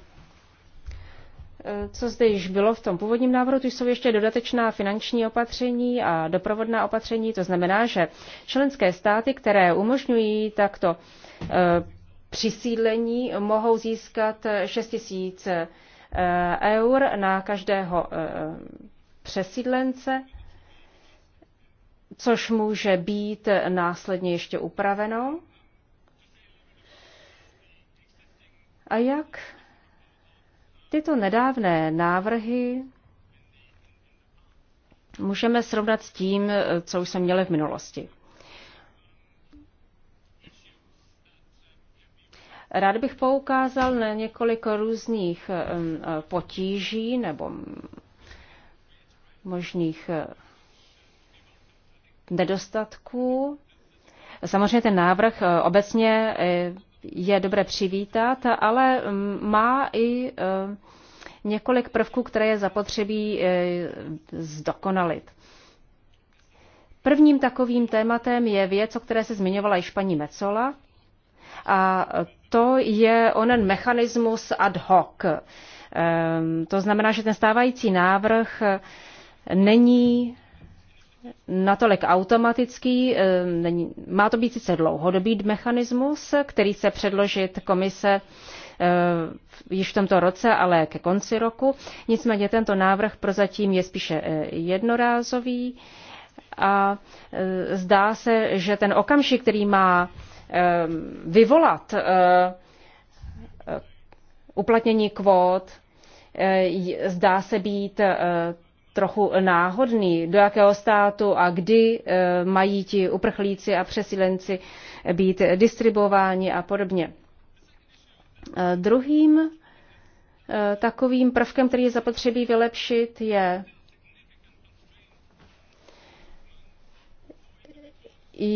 eh, co zde již bylo v tom původním návrhu, tu jsou ještě dodatečná finanční opatření a doprovodná opatření. To znamená, že členské státy, které umožňují takto eh, přisídlení, mohou získat 6 000 eh, eur na každého přesídlence, což může být následně ještě upraveno. A jak tyto nedávné návrhy můžeme srovnat s tím, co už jsme měli v minulosti? Rád bych poukázal na několik různých potíží nebo možných nedostatků. Samozřejmě ten návrh obecně je dobré přivítat, ale mm, má i eh, několik prvků, které je zapotřebí eh, zdokonalit. Prvním takovým tématem je věc, o které se zmiňovala již paní Mecola, a to je onen mechanismus ad hoc. Ehm, to znamená, že ten stávající návrh není natolik automatický, ehm, má to být sice dlouhodobý mechanismus, který se předložit komise ehm, již v tomto roce, ale ke konci roku. Nicméně tento návrh prozatím je spíše eh, jednorázový a eh, zdá se, že ten okamžik, který má ehm, vyvolat eh, uplatnění kvót, zdá se být trochu náhodný, do jakého státu a kdy eh, mají ti uprchlíci a přesilenci být distribuováni a podobně. Eh, druhým eh, takovým prvkem, který je zapotřebí vylepšit, je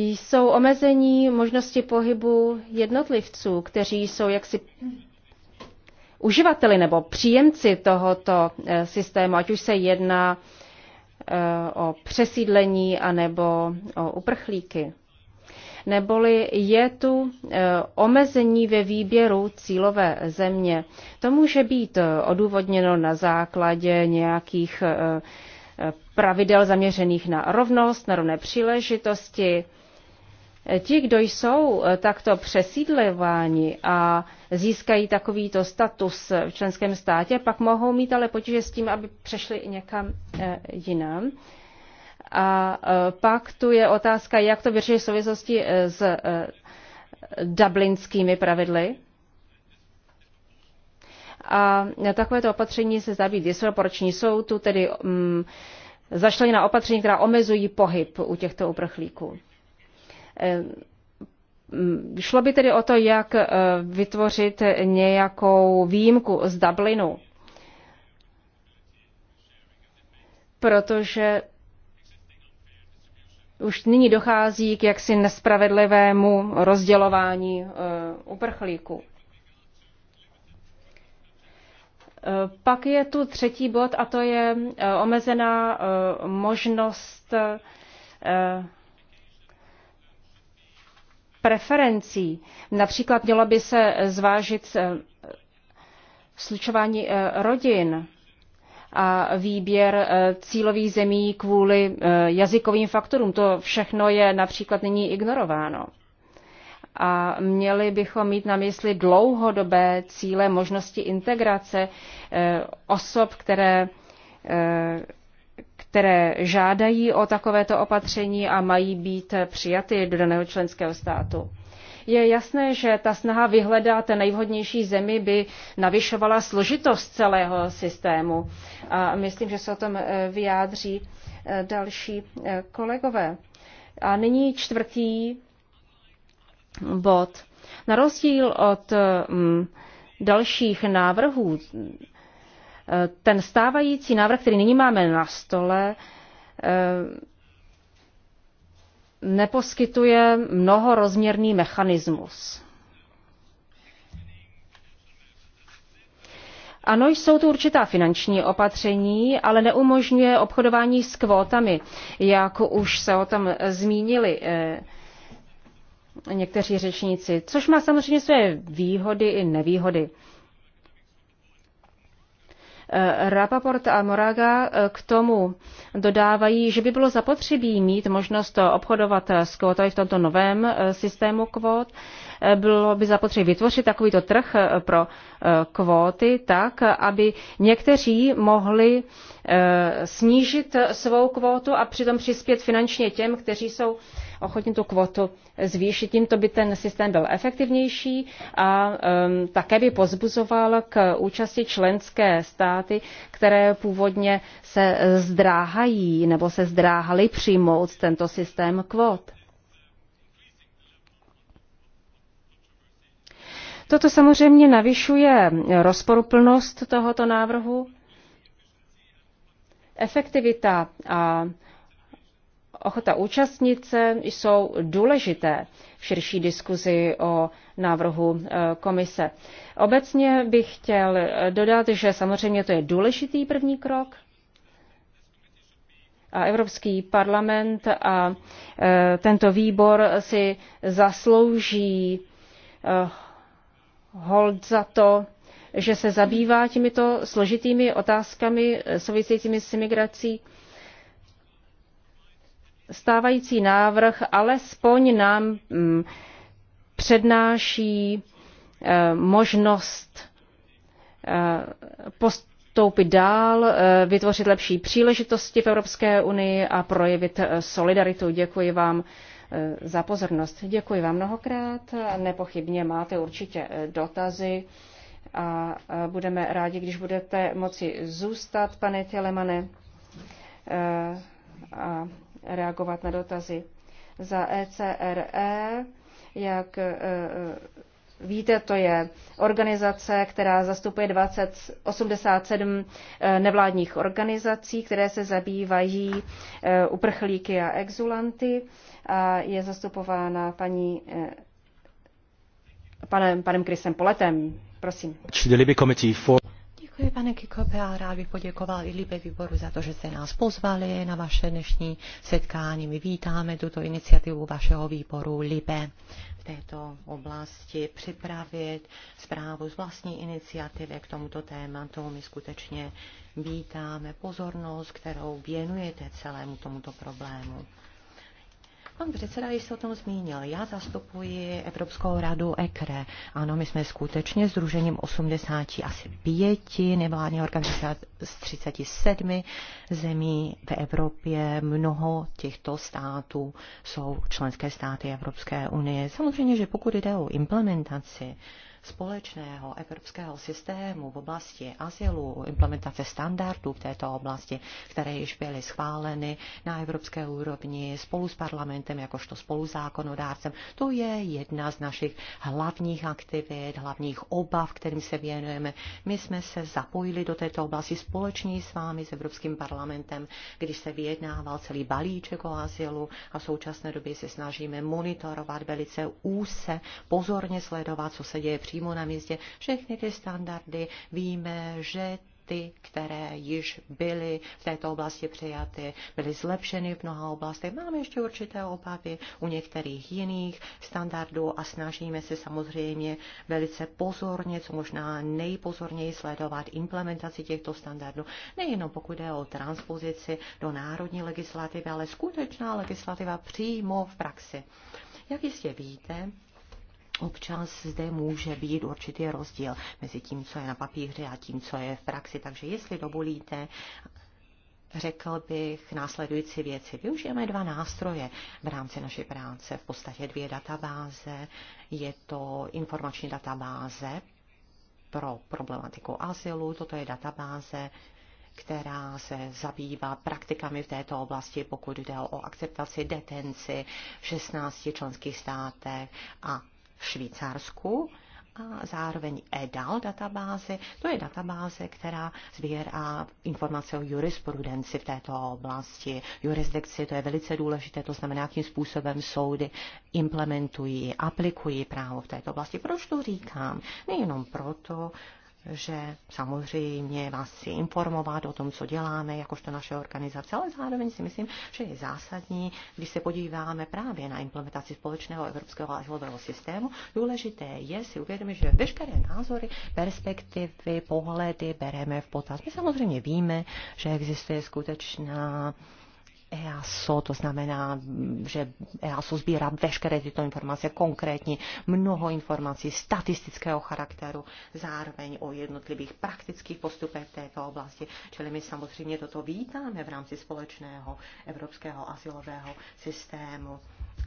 jsou omezení možnosti pohybu jednotlivců, kteří jsou jaksi uživateli nebo příjemci tohoto eh, systému, ať už se jedná eh, o přesídlení anebo o uprchlíky. Neboli je tu eh, omezení ve výběru cílové země. To může být odůvodněno na základě nějakých pravidel zaměřených na rovnost, na rovné příležitosti, Ti, kdo jsou eh, takto přesídlováni a získají takovýto status v členském státě, pak mohou mít ale potíže s tím, aby přešli někam eh, jinam. A eh, pak tu je otázka, jak to vyřešit v souvislosti s dublinskými pravidly. A takovéto opatření se zdá být disproporční. Jsou tu tedy um, mm, zašleněna opatření, která omezují pohyb u těchto uprchlíků. Ehm, šlo by tedy o to, jak eh, vytvořit nějakou výjimku z Dublinu, protože už nyní dochází k jaksi nespravedlivému rozdělování eh, uprchlíků. Eh, pak je tu třetí bod a to je omezená možnost preferencí. Například mělo by se zvážit eh, slučování eh, rodin a výběr eh, cílových zemí kvůli jazykovým faktorům. To všechno je například nyní ignorováno. A měli bychom mít na mysli dlouhodobé cíle možnosti integrace osob, které které žádají o takovéto opatření a mají být přijaty do daného členského státu. Je jasné, že ta snaha vyhledat nejvhodnější zemi by navyšovala složitost celého systému. A myslím, že se o tom eh, vyjádří eh, další eh, kolegové. A nyní čtvrtý bod. Na rozdíl od mm, dalších návrhů Eh, ten stávající návrh, který nyní máme na stole, eh, neposkytuje mnohorozměrný mechanismus. Ano, jsou tu určitá finanční opatření, ale neumožňuje obchodování s kvótami, jak už se o tom zmínili eh, někteří řečníci, což má samozřejmě své výhody i nevýhody. Eh, Rapaport a Moraga eh, k tomu dodávají, že by bylo zapotřebí mít možnost obchodovat s kvotami v tomto novém eh, systému kvot. Bylo by zapotřebí vytvořit takovýto trh pro kvóty tak, aby někteří mohli snížit svou kvótu a přitom přispět finančně těm, kteří jsou ochotni tu kvotu zvýšit. Tímto by ten systém byl efektivnější a um, také by pozbuzoval k účasti členské státy, které původně se zdráhají nebo se zdráhaly přijmout tento systém kvot. Toto samozřejmě navyšuje rozporuplnost tohoto návrhu. Efektivita a ochota účastnit se jsou důležité v širší diskuzi o návrhu e, komise. Obecně bych chtěl e, dodat, že samozřejmě to je důležitý první krok, a Evropský parlament a e, tento výbor si zaslouží hold za to, že se zabývá těmito složitými otázkami souvisejícími s imigrací stávající návrh alespoň nám mm, přednáší eh, možnost eh, postoupit dál, eh, vytvořit lepší příležitosti v Evropské unii a projevit solidaritu. Děkuji vám za pozornost. Děkuji vám mnohokrát. Nepochybně máte určitě dotazy a budeme rádi, když budete moci zůstat, pane Tělemane. A reagovat na dotazy. Za ECRE, e, jak e, e, víte, to je organizace, která zastupuje 287 nevládních organizací, které se zabývají uprchlíky a exulanty a je zastupována paní panem, panem Krisem Poletem. Prosím. Děkuji, pane Kikope, a rád bych poděkoval i Libe výboru za to, že jste nás pozvali na vaše dnešní setkání. My vítáme tuto iniciativu vašeho výboru Libe v této oblasti připravit zprávu z vlastní iniciativy k tomuto tématu. My skutečně vítáme pozornost, kterou věnujete celému tomuto problému. Pan předseda již se o tom zmínil. Já zastupuji Evropskou radu EKRE. E. Ano, my jsme skutečně združením 80 asi pěti nevládní organizace z 37 zemí v Evropě. Mnoho těchto států jsou členské státy Evropské unie. Samozřejmě, že pokud jde o implementaci, společného evropského systému v oblasti asilu, implementace standardů v této oblasti, které již byly schváleny na evropské úrovni spolu s parlamentem jakožto zákonodárcem. To je jedna z našich hlavních aktivit, hlavních obav, kterým se věnujeme. My jsme se zapojili do této oblasti společně s vámi, s Evropským parlamentem, když se vyjednával celý balíček o asilu a v současné době se snažíme monitorovat velice úse, pozorně sledovat, co se děje při přímo na místě. Všechny ty standardy víme, že ty, které již byly v této oblasti přijaty, byly zlepšeny v mnoha oblastech. Máme ještě určité obavy u některých jiných standardů a snažíme se samozřejmě velice pozorně, co možná nejpozorněji sledovat implementaci těchto standardů. Nejenom pokud jde o transpozici do národní legislativy, ale skutečná legislativa přímo v praxi. Jak jistě víte, občas zde může být určitý rozdíl mezi tím, co je na papíře a tím, co je v praxi. Takže jestli dovolíte, řekl bych následující věci. Využijeme dva nástroje v rámci naší práce, v podstatě dvě databáze. Je to informační databáze pro problematiku azylu, toto je databáze, která se zabývá praktikami v této oblasti, pokud jde o akceptaci detenci v 16 členských státech a Švýcarsku a zároveň EDAL databázi. To je databáze, která sbírá informace o jurisprudenci v této oblasti. Jurisdikci, to je velice důležité, to znamená, jakým způsobem soudy implementují, aplikují právo v této oblasti. Proč to říkám? Nejenom proto, že samozřejmě vás chci informovat o tom, co děláme, jakožto naše organizace, ale zároveň si myslím, že je zásadní, když se podíváme právě na implementaci společného evropského azylového systému, důležité je si uvědomit, že veškeré názory, perspektivy, pohledy bereme v potaz. My samozřejmě víme, že existuje skutečná EASO, to znamená, že EASO sbírá veškeré tyto informace, konkrétní mnoho informací statistického charakteru, zároveň o jednotlivých praktických postupech této oblasti. Čili my samozřejmě toto vítáme v rámci společného evropského asilového systému.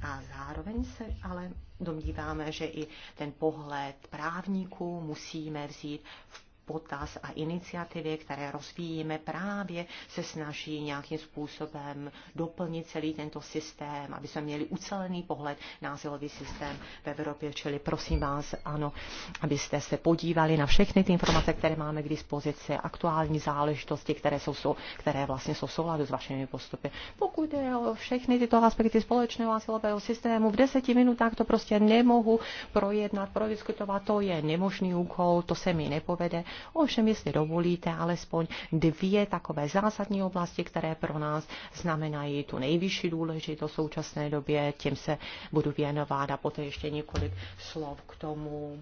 A zároveň se ale domníváme, že i ten pohled právníků musíme vzít v potaz a iniciativy, které rozvíjíme, právě se snaží nějakým způsobem doplnit celý tento systém, aby jsme měli ucelený pohled na azylový systém v Evropě. Čili prosím vás, ano, abyste se podívali na všechny ty informace, které máme k dispozici, aktuální záležitosti, které, jsou, které vlastně jsou v souladu s vašimi postupy. Pokud je o všechny tyto aspekty společného azylového systému, v deseti minutách to prostě nemohu projednat, prodiskutovat, to je nemožný úkol, to se mi nepovede Ovšem, jestli dovolíte, alespoň dvě takové zásadní oblasti, které pro nás znamenají tu nejvyšší důležitost v současné době, tím se budu věnovat a poté ještě několik slov k tomu,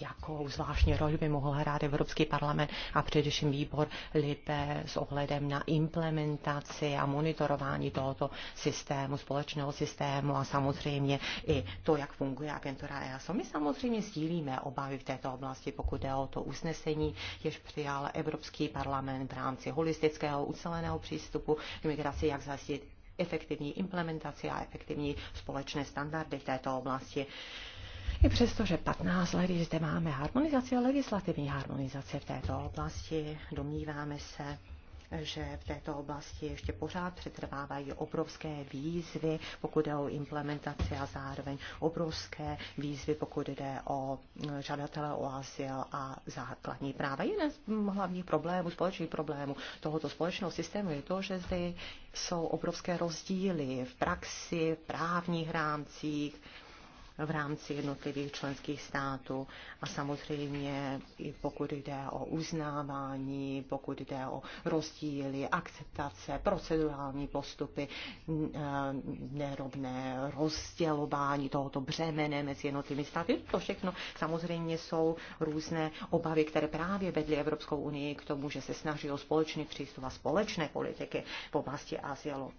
jakou zvláštní roli by mohl hrát Evropský parlament a především výbor LIPE s ohledem na implementaci a monitorování tohoto systému, společného systému a samozřejmě i to, jak funguje agentura EASO. My samozřejmě sdílíme obavy v této oblasti, pokud jde o to usnesení, jež přijal Evropský parlament v rámci holistického uceleného přístupu k migraci, jak zajistit efektivní implementaci a efektivní společné standardy v této oblasti. I přesto, že 15 let zde máme harmonizaci a legislativní harmonizaci v této oblasti, domníváme se, že v této oblasti ještě pořád přetrvávají obrovské výzvy, pokud jde o implementaci a zároveň obrovské výzvy, pokud jde o žadatele o azyl a základní práva. Jeden z hlavních problémů, společných problémů tohoto společného systému je to, že zde jsou obrovské rozdíly v praxi, v právních rámcích, v rámci jednotlivých členských států a samozřejmě i pokud jde o uznávání, pokud jde o rozdíly, akceptace, procedurální postupy, eh, nerovné rozdělování tohoto břemene mezi jednotlivými státy. To všechno samozřejmě jsou různé obavy, které právě vedly Evropskou unii k tomu, že se snaží o společný přístup a společné politiky v oblasti azylu.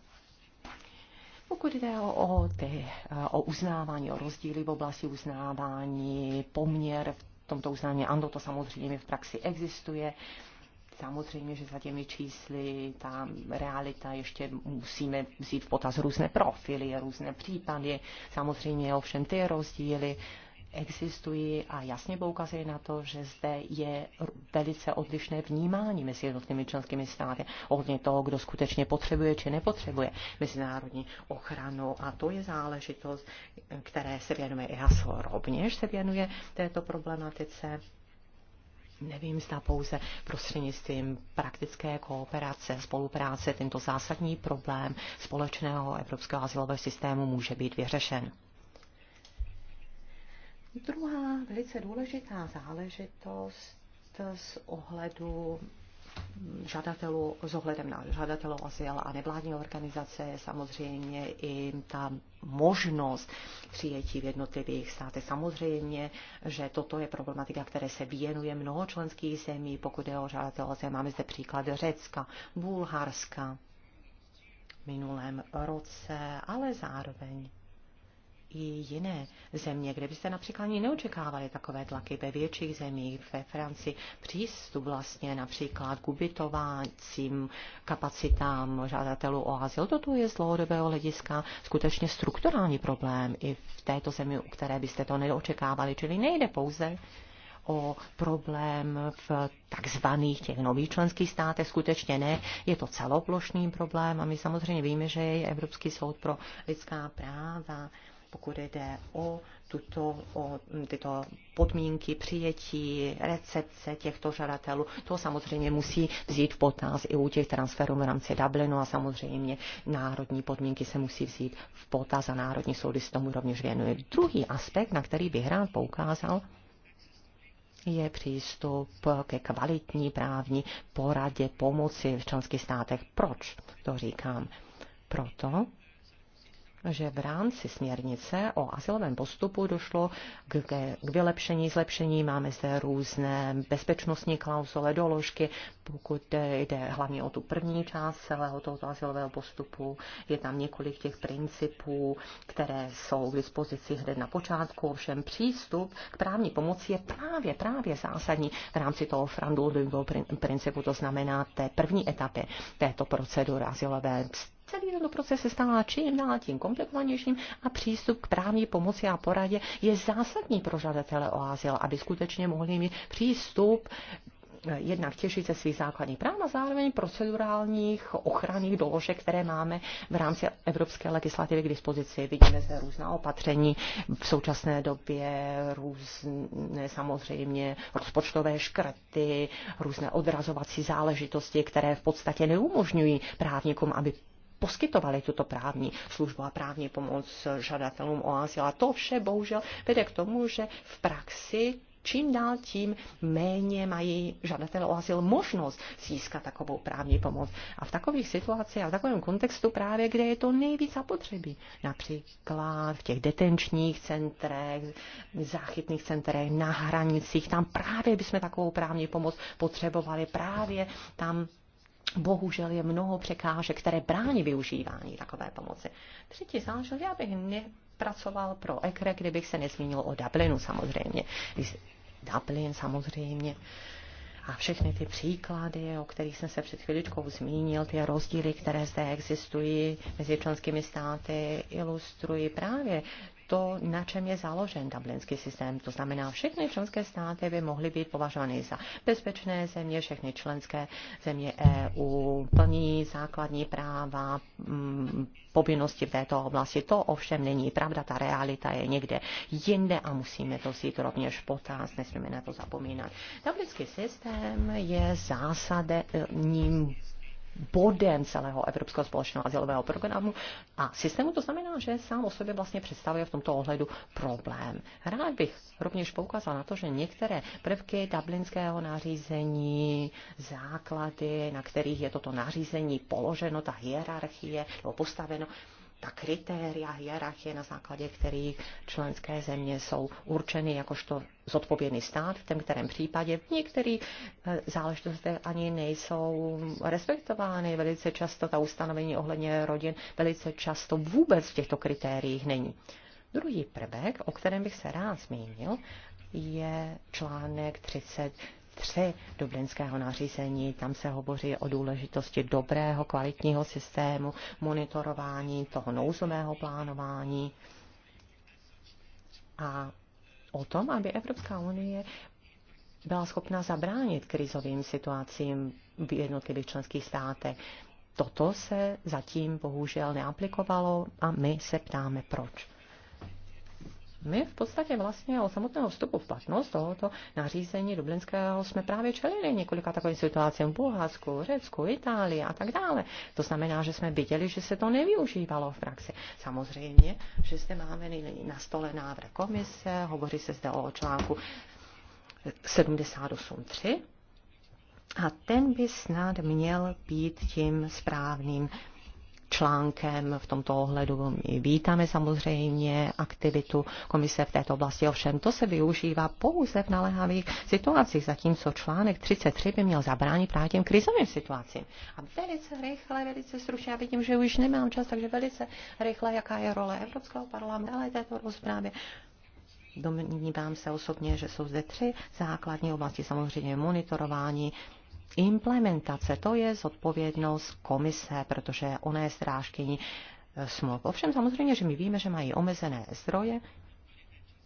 Pokud jde o, o, ty, eh, o uznávání, o rozdíly v oblasti uznávání, poměr v tomto uznání, ano, to samozřejmě v praxi existuje. Samozřejmě, že za těmi čísly ta realita ještě musíme vzít v potaz různé profily, různé případy, samozřejmě ovšem ty rozdíly existují a jasně poukazují na to, že zde je velice odlišné vnímání mezi jednotlivými členskými státy ohledně toho, kdo skutečně potřebuje či nepotřebuje mezinárodní ochranu. A to je záležitost, které se věnuje ASO. Rovněž se věnuje této problematice. Nevím, zda pouze prostřednictvím praktické kooperace, spolupráce tento zásadní problém společného evropského asilového systému může být vyřešen. Druhá velice důležitá záležitost z ohledu žadatelů, s ohledem na žadatelů azyl a nevládní organizace je samozřejmě i ta možnost přijetí v jednotlivých státech. Samozřejmě, že toto je problematika, které se věnuje mnoho členských zemí, pokud je o žadatelů azyl. Máme zde příklad Řecka, Bulharska minulém roce, ale zároveň i jiné země, kde byste například ani neočekávali takové tlaky ve větších zemích, ve Francii, přístup vlastně například k ubytovacím kapacitám žádatelů o azyl. Toto je z dlouhodobého hlediska skutečně strukturální problém i v této zemi, u které byste to neočekávali, čili nejde pouze o problém v takzvaných těch nových členských státech. Skutečně ne, je to celoplošný problém a my samozřejmě víme, že je Evropský soud pro lidská práva pokud jde o, tuto, o tyto podmínky přijetí, recepce těchto žadatelů. To samozřejmě musí vzít v potaz i u těch transferů v rámci Dublinu a samozřejmě národní podmínky se musí vzít v potaz a národní soudy se tomu rovněž věnují. Druhý aspekt, na který bych rád poukázal, je přístup ke kvalitní právní poradě pomoci v členských státech. Proč to říkám? Proto, že v rámci směrnice o asilovém postupu došlo k, k, k vylepšení, zlepšení. Máme zde různé bezpečnostní klauzule, doložky, pokud jde hlavně o tu první část celého tohoto asilového postupu. Je tam několik těch principů, které jsou k dispozici hned na počátku. Ovšem přístup k právní pomoci je právě, právě zásadní v rámci toho frandulového principu, to znamená té první etapy této procedury asilové celý tento proces se stává čím dál tím komplikovanějším a přístup k právní pomoci a poradě je zásadní pro žadatele o azyl, aby skutečně mohli mít přístup eh, jednak těšit se svých základních práv a zároveň procedurálních ochranných doložek, které máme v rámci evropské legislativy k dispozici. Vidíme zde různá opatření v současné době, různé samozřejmě rozpočtové škrty, různé odrazovací záležitosti, které v podstatě neumožňují právníkům, aby poskytovali tuto právní službu a právní pomoc žadatelům o azyl. A to vše bohužel vede k tomu, že v praxi čím dál tím méně mají žadatelé o azyl možnost získat takovou právní pomoc. A v takových situacích a v takovém kontextu právě, kde je to nejvíc zapotřebí. Například v těch detenčních centrech, záchytných centrech, na hranicích, tam právě bychom takovou právní pomoc potřebovali, právě tam bohužel je mnoho překážek, které brání využívání takové pomoci. Třetí záležitost, já bych nepracoval pro EKRE, kdybych se nezmínil o Dublinu samozřejmě. Dublin samozřejmě. A všechny ty příklady, o kterých jsem se před chvíličkou zmínil, ty rozdíly, které zde existují mezi členskými státy, ilustrují právě to, na čem je založen dublinský systém. To znamená, všechny členské státy by mohly být považovány za bezpečné země, všechny členské země EU plní základní práva, mm, povinnosti v této oblasti. To ovšem není pravda, ta realita je někde jinde a musíme to vzít rovněž potaz, nesmíme na to zapomínat. Dublinský systém je zásadním bodem celého Evropského společného azylového programu a systému. To znamená, že sám o sobě vlastně představuje v tomto ohledu problém. Rád bych rovněž poukázal na to, že některé prvky dublinského nařízení, základy, na kterých je toto nařízení položeno, ta hierarchie nebo postaveno, ta kritéria, hierarchie, na základě kterých členské země jsou určeny jakožto zodpovědný stát, v tom kterém případě některé eh, záležitosti ani nejsou respektovány. Velice často ta ustanovení ohledně rodin velice často vůbec v těchto kritériích není. Druhý prvek, o kterém bych se rád zmínil, je článek 30 3 dublinského nařízení. Tam se hovoří o důležitosti dobrého, kvalitního systému, monitorování toho nouzového plánování a o tom, aby Evropská unie byla schopna zabránit krizovým situacím v jednotlivých členských státech. Toto se zatím bohužel neaplikovalo a my se ptáme proč my v podstatě vlastně od samotného vstupu v platnost tohoto nařízení dublinského jsme právě čelili několika takovým situacím v Bulharsku, Řecku, Itálii a tak dále. To znamená, že jsme viděli, že se to nevyužívalo v praxi. Samozřejmě, že zde máme nyní na stole návrh komise, hovoří se zde o článku 78.3 a ten by snad měl být tím správným článkem v tomto ohledu. My vítáme samozřejmě aktivitu komise v této oblasti, ovšem to se využívá pouze v naléhavých situacích, zatímco článek 33 by měl zabránit právě těm krizovým situacím. A velice rychle, velice stručně, já vidím, že už nemám čas, takže velice rychle, jaká je role Evropského parlamentu, ale této rozprávě. Domnívám se osobně, že jsou zde tři základní oblasti, samozřejmě monitorování, implementace, to je zodpovědnost komise, protože ona je strážkyní eh, smluv. Ovšem samozřejmě, že my víme, že mají omezené zdroje,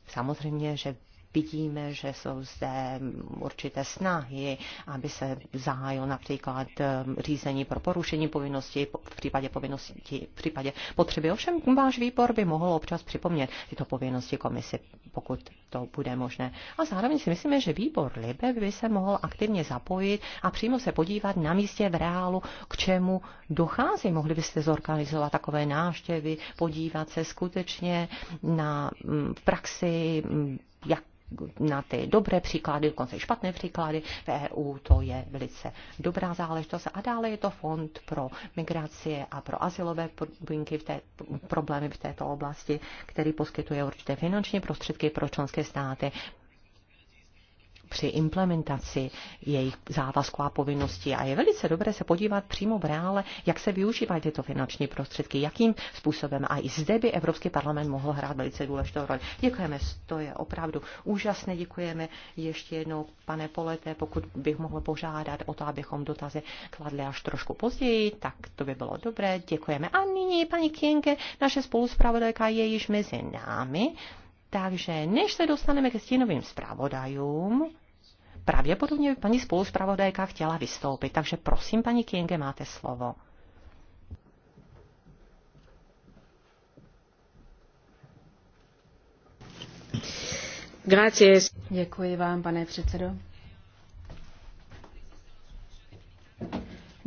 samozřejmě, že vidíme, že jsou zde určité snahy, aby se zahájil například eh, řízení pro porušení povinnosti v případě, povinnosti, v případě potřeby. Ovšem váš výbor by mohl občas připomnět tyto povinnosti komisi, pokud to bude možné. A zároveň si myslíme, že výbor Libe by se mohl aktivně zapojit a přímo se podívat na místě v reálu, k čemu dochází. Mohli byste zorganizovat takové návštěvy, podívat se skutečně na mm, v praxi, mm, jak na ty dobré příklady, dokonce špatné příklady. V EU to je velice dobrá záležitost. A dále je to fond pro migrace a pro asilové podmínky v té, problémy v této oblasti, který poskytuje určité finanční prostředky pro členské státy při implementaci jejich závazků a povinností. A je velice dobré se podívat přímo v reále, jak se využívají tyto finanční prostředky, jakým způsobem. A i zde by Evropský parlament mohl hrát velice důležitou roli. Děkujeme, to je opravdu úžasné. Děkujeme ještě jednou, pane Polete, pokud bych mohl požádat o to, abychom dotazy kladli až trošku později, tak to by bylo dobré. Děkujeme. A nyní, paní Kienke, naše spoluspravodajka je již mezi námi. Takže než se dostaneme ke stínovým zpravodajům, pravděpodobně by paní spoluzpravodajka chtěla vystoupit. Takže prosím, paní Kienge, máte slovo. Děkuji vám, pane předsedo.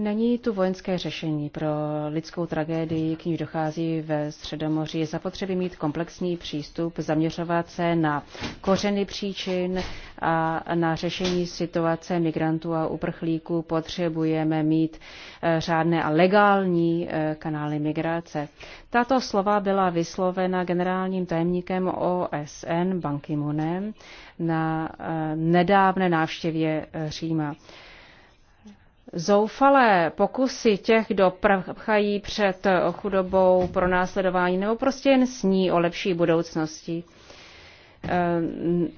Není tu vojenské řešení pro lidskou tragédii, k níž dochází ve Středomoří. Je zapotřebí mít komplexní přístup, zaměřovat se na kořeny příčin a na řešení situace migrantů a uprchlíků. Potřebujeme mít eh, řádné a legální eh, kanály migrace. Tato slova byla vyslovena generálním tajemníkem OSN Ban ki na eh, nedávné návštěvě Říma zoufalé pokusy těch, kdo prchají před chudobou, pronásledování nebo prostě jen sní o lepší budoucnosti. Ehm,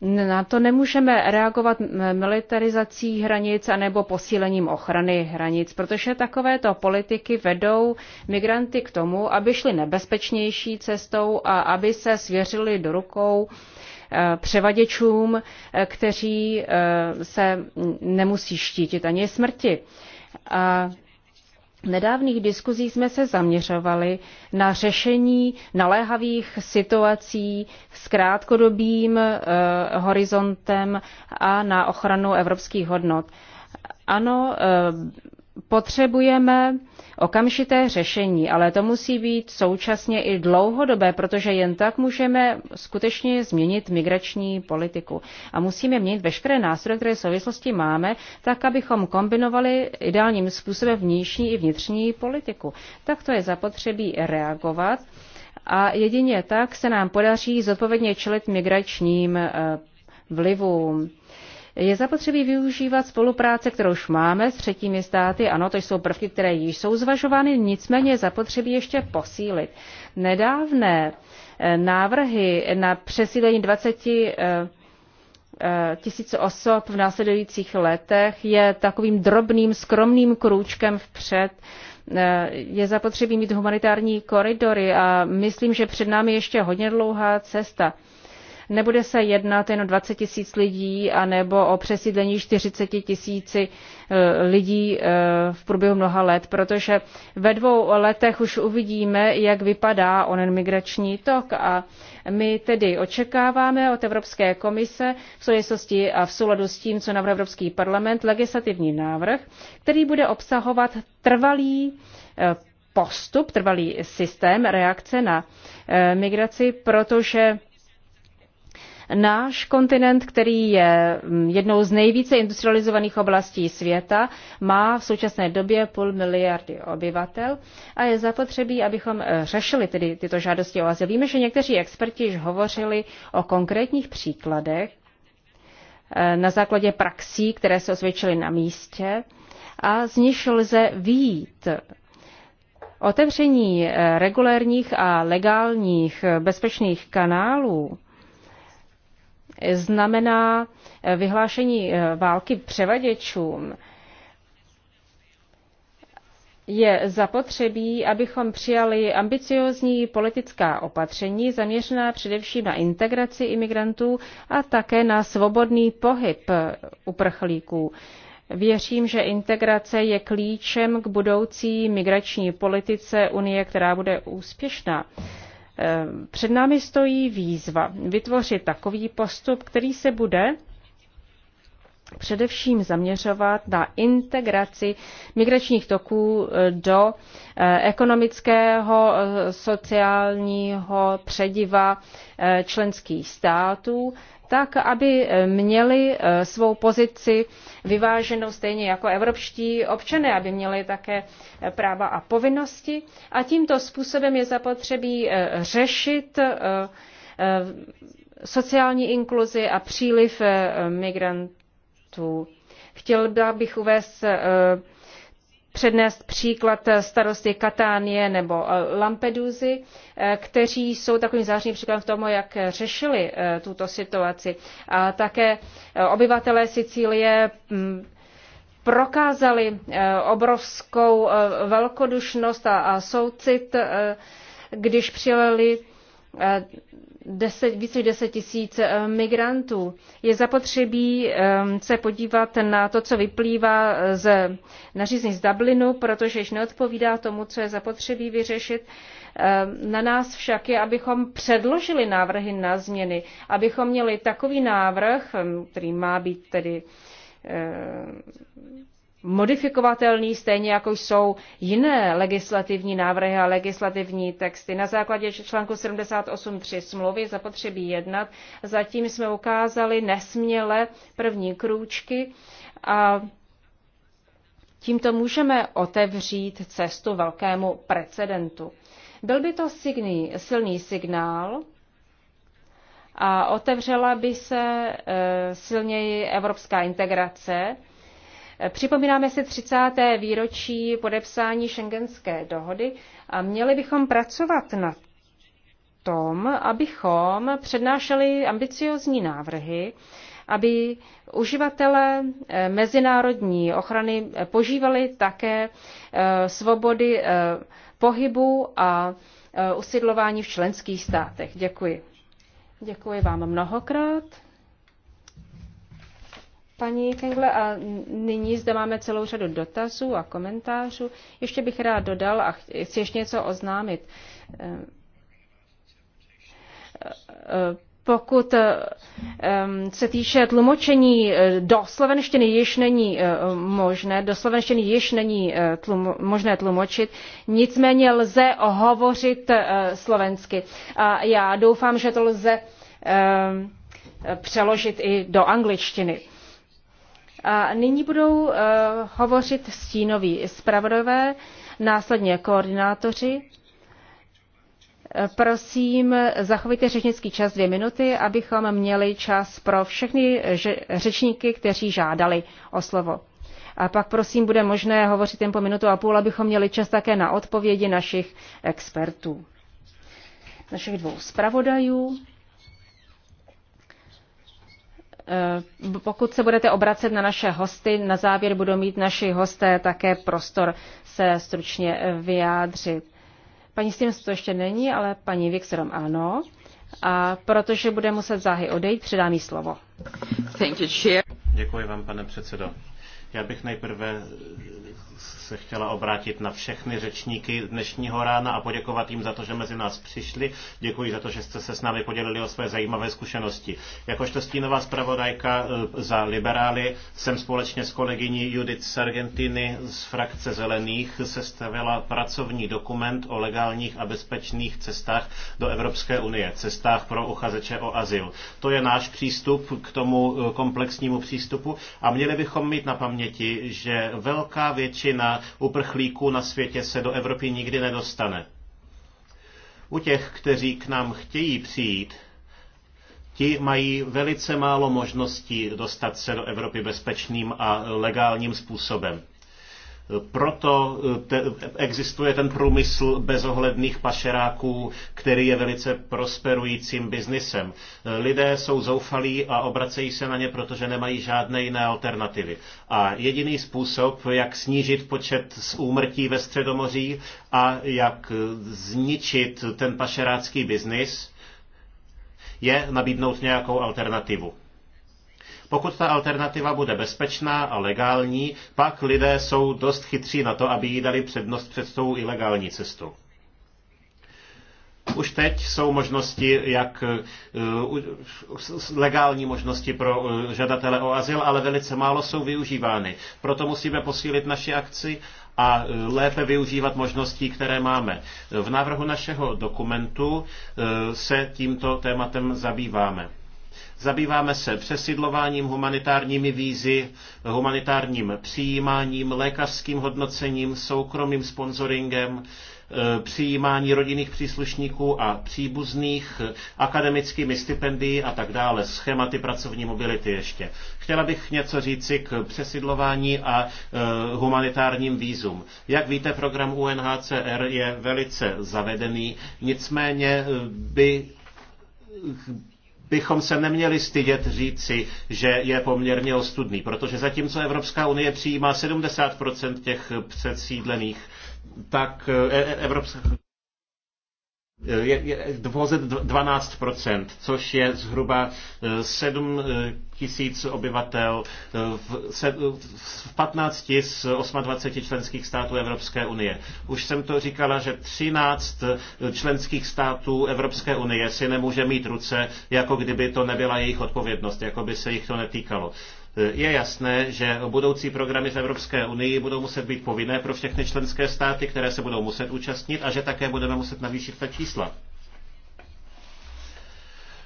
na to nemůžeme reagovat militarizací hranic anebo posílením ochrany hranic, protože takovéto politiky vedou migranty k tomu, aby šli nebezpečnější cestou a aby se svěřili do rukou uh, Eh, převaděčům, eh, kteří eh, se nemusí štítit ani smrti. A v nedávných diskuzích jsme se zaměřovali na řešení naléhavých situací s krátkodobým horizontem a na ochranu evropských hodnot. Ano, potřebujeme okamžité řešení, ale to musí být současně i dlouhodobé, protože jen tak můžeme skutečně změnit migrační politiku. A musíme měnit veškeré nástroje, které v souvislosti máme, tak, abychom kombinovali ideálním způsobem vnější i vnitřní politiku. Tak to je zapotřebí reagovat a jedině tak se nám podaří zodpovědně čelit migračním eh, vlivům. Je zapotřebí využívat spolupráce, kterou už máme s třetími státy. Ano, to jsou prvky, které již jsou zvažovány, nicméně zapotřebí ještě posílit. Nedávné eh, návrhy na přesídlení 20 eh, eh, tisíc osob v následujících letech je takovým drobným, skromným krůčkem vpřed. Je zapotřebí mít humanitární koridory a myslím, že před námi ještě hodně dlouhá cesta. Nebude se jednat jen o 20 tisíc lidí a nebo o přesídlení 40 tisíci eh, lidí eh, v průběhu mnoha let, protože ve dvou letech už uvidíme, jak vypadá onen migrační tok a my tedy očekáváme od Evropské komise v souvislosti a v souladu s tím, co navrhl Evropský parlament, legislativní návrh, který bude obsahovat trvalý eh, postup, trvalý systém reakce na migraci, protože Náš kontinent, který je mm, jednou z nejvíce industrializovaných oblastí světa, má v současné době půl miliardy obyvatel a je zapotřebí, abychom eh, řešili tedy tyto žádosti o azyl. Víme, že někteří experti již hovořili o konkrétních příkladech eh, na základě praxí, které se osvědčily na místě a z nich lze výjít. Otevření eh, regulérních a legálních bezpečných kanálů znamená eh, vyhlášení eh, války převaděčům, je zapotřebí, abychom přijali ambiciozní politická opatření zaměřená především na integraci imigrantů a také na svobodný pohyb eh, uprchlíků. Věřím, že integrace je klíčem k budoucí migrační politice Unie, která bude úspěšná. Před námi stojí výzva vytvořit takový postup, který se bude především zaměřovat na integraci migračních toků eh, do eh, ekonomického, eh, sociálního přediva členských států, tak, aby měli svou pozici vyváženou stejně jako evropští občané, aby měli také práva a povinnosti. A tímto způsobem je zapotřebí řešit sociální inkluzi a příliv migrantů států. Chtěl bych uvést eh, přednést příklad starosty Katánie nebo eh, Lampeduzy, eh, kteří jsou takovým zářným příkladem v tom, jak řešili tuto situaci. A také obyvatelé Sicílie mm, prokázali obrovskou velkodušnost a soucit, když přijeli deset, více než 10 tisíc eh, migrantů. Je zapotřebí ehm, se podívat na to, co vyplývá eh, z nařízení z Dublinu, protože již neodpovídá tomu, co je zapotřebí vyřešit. Ehm, na nás však je, abychom předložili návrhy na změny, abychom měli takový návrh, ehm, který má být tedy modifikovatelný, stejně jako jsou jiné legislativní návrhy a legislativní texty. Na základě článku 78.3 smlouvy zapotřebí jednat. Zatím jsme ukázali nesměle první krůčky a tímto můžeme otevřít cestu velkému precedentu. Byl by to signý, silný signál a otevřela by se e, silněji evropská integrace, Připomínáme si 30. výročí podepsání šengenské dohody a měli bychom pracovat na tom, abychom přednášeli ambiciozní návrhy, aby uživatelé eh, mezinárodní ochrany eh, požívali také eh, svobody pohybu a usidlování v členských státech. Děkuji. Děkuji vám mnohokrát paní Kengle, a nyní zde máme celou řadu dotazů a komentářů. Ještě bych rád dodal a chci ještě něco oznámit. Eh, eh, pokud eh, se týče tlumočení do slovenštiny, již není možné, do slovenštiny již není tlum, možné tlumočit, nicméně lze hovořit slovensky. A já doufám, že to lze přeložit i do angličtiny. A nyní budou uh, hovořit stínoví zpravodové, následně koordinátoři. Eh, prosím, zachovejte řečnický čas dvě minuty, abychom měli čas pro všechny řečníky, kteří žádali o slovo. A pak prosím, bude možné hovořit jen po minutu a půl, abychom měli čas také na odpovědi našich expertů, našich dvou zpravodajů. Eh, pokud se budete obracet na naše hosty, na závěr budou mít naši hosté také prostor se stručně eh, vyjádřit. Paní Stims to ještě není, ale paní Vixerom ano. A protože bude muset záhy odejít, předám jí slovo. Děkuji vám, pane předsedo. Já bych nejprve se chtěla obrátit na všechny řečníky dnešního rána a poděkovat jim za to, že mezi nás přišli. Děkuji za to, že jste se s námi podělili o své zajímavé zkušenosti. Jakožto stínová zpravodajka eh, za liberály jsem společně s kolegyní Judith Sargentini z frakce Zelených sestavila pracovní dokument o legálních a bezpečných cestách do Evropské unie, cestách pro uchazeče o azyl. To je náš přístup k tomu eh, komplexnímu přístupu a měli bychom mít na paměti, paměti, že velká většina uprchlíků na světě se do Evropy nikdy nedostane. U těch, kteří k nám chtějí přijít, ti mají velice málo možností dostat se do Evropy bezpečným a legálním způsobem. Proto eh, te, existuje ten průmysl bezohledných pašeráků, který je velice prosperujícím biznisem. Eh, lidé jsou zoufalí a obracejí se na ně, protože nemají žádné jiné alternativy. A jediný způsob, jak snížit počet z úmrtí ve Středomoří a jak eh, zničit ten pašerácký biznis, je nabídnout nějakou alternativu. Pokud ta alternativa bude bezpečná a legální, pak lidé jsou dost chytří na to, aby jí dali přednost před tou ilegální cestou. Už teď jsou možnosti, jak eh, legální možnosti pro eh, žadatele o azyl, ale velice málo jsou využívány. Proto musíme posílit naši akci a eh, lépe využívat možností, které máme. V návrhu našeho dokumentu se tímto tématem zabýváme. Zabýváme se přesidlováním, humanitárními vízy, humanitárním přijímáním, lékařským hodnocením, soukromým sponsoringem, eh, přijímání rodinných příslušníků a příbuzných, eh, akademickými stipendii a tak dále, schématy pracovní mobility ještě. Chtěla bych něco říci k přesidlování a eh, humanitárním vízům. Jak víte, program UNHCR je velice zavedený, nicméně by bychom se neměli stydět říci, že je poměrně ostudný, protože zatímco Evropská unie přijímá 70% těch předsídlených, tak eh, eh, Evropská je, je vozet 12%, což je zhruba 7 eh, eh, tisíc obyvatel eh, v, se, v 15 z 28 členských států Evropské unie. Už jsem to říkala, že 13 členských států Evropské unie si nemůže mít ruce, jako kdyby to nebyla jejich odpovědnost, jako by se jich to netýkalo. Je jasné, že budoucí programy v Evropské unii budou muset být povinné pro všechny členské státy, které se budou muset účastnit a že také budeme muset navýšit ta čísla.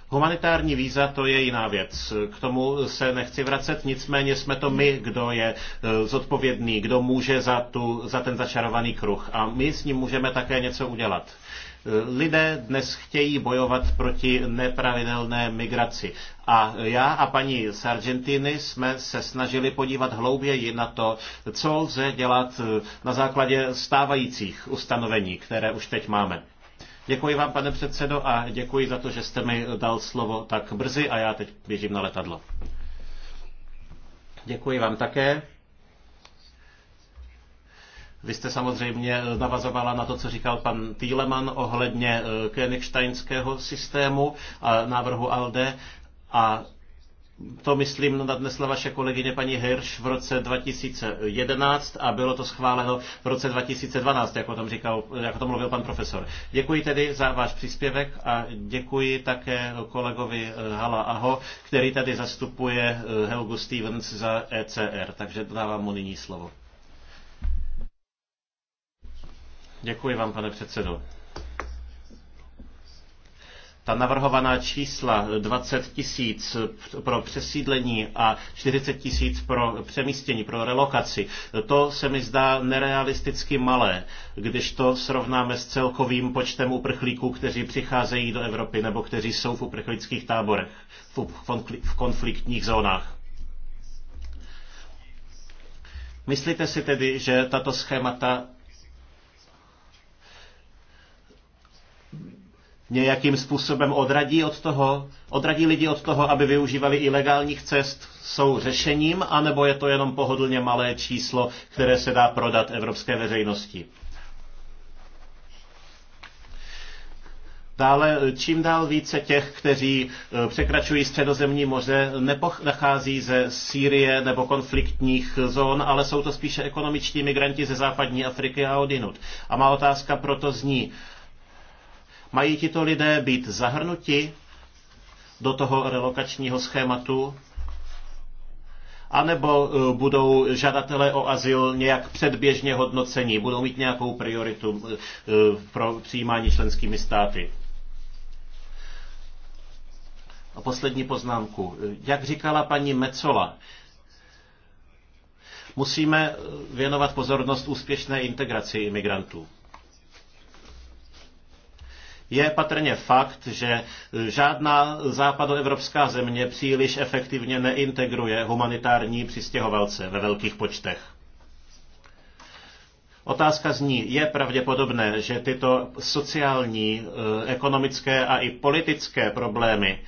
Humanitární víza to je jiná věc. K tomu se nechci vracet, nicméně jsme to my, kdo je e, zodpovědný, kdo může za, tu, za ten začarovaný kruh. A my s ním můžeme také něco udělat. E, lidé dnes chtějí bojovat proti nepravidelné migraci. A já a paní z Argentiny jsme se snažili podívat hlouběji na to, co lze dělat eh, na základě stávajících ustanovení, které už teď máme. Děkuji vám, pane předsedo, a děkuji za to, že jste mi dal slovo tak brzy a já teď běžím na letadlo. Děkuji vám také. Vy jste samozřejmě navazovala na to, co říkal pan Týleman ohledně eh, Königsteinského systému a návrhu ALDE. A to, myslím, nadnesla vaše kolegyně paní Hirsch v roce 2011 a bylo to schváleno v roce 2012, jak o tom, říkal, jak o tom mluvil pan profesor. Děkuji tedy za váš příspěvek a děkuji také kolegovi eh, Hala Aho, který tady zastupuje eh, Helgu Stevens za ECR. Takže dávám mu nyní slovo. Děkuji vám, pane předsedo ta navrhovaná čísla 20 tisíc pro přesídlení a 40 tisíc pro přemístění, pro relokaci, to se mi zdá nerealisticky malé, když to srovnáme s celkovým počtem uprchlíků, kteří přicházejí do Evropy nebo kteří jsou v uprchlických táborech, v konfliktních zónách. Myslíte si tedy, že tato schémata nějakým způsobem odradí od toho, odradí lidi od toho, aby využívali ilegálních cest, jsou řešením, anebo je to jenom pohodlně malé číslo, které se dá prodat evropské veřejnosti? Dále čím dál více těch, kteří e, překračují středozemní moře, nepochází ze Sýrie nebo konfliktních zón, ale jsou to spíše ekonomičtí migranti ze západní Afriky a odinut. A má otázka proto zní, Mají tito lidé být zahrnuti do toho relokačního schématu? anebo e, budou žadatelé o azyl nějak předběžně hodnoceni, budou mít nějakou prioritu e, pro přijímání členskými státy. A poslední poznámku. Jak říkala paní Mecola, musíme e, věnovat pozornost úspěšné integraci imigrantů je patrně fakt, že e, žádná západoevropská země příliš efektivně neintegruje humanitární přistěhovalce ve velkých počtech. Otázka zní, je pravděpodobné, že tyto sociální, e, ekonomické a i politické problémy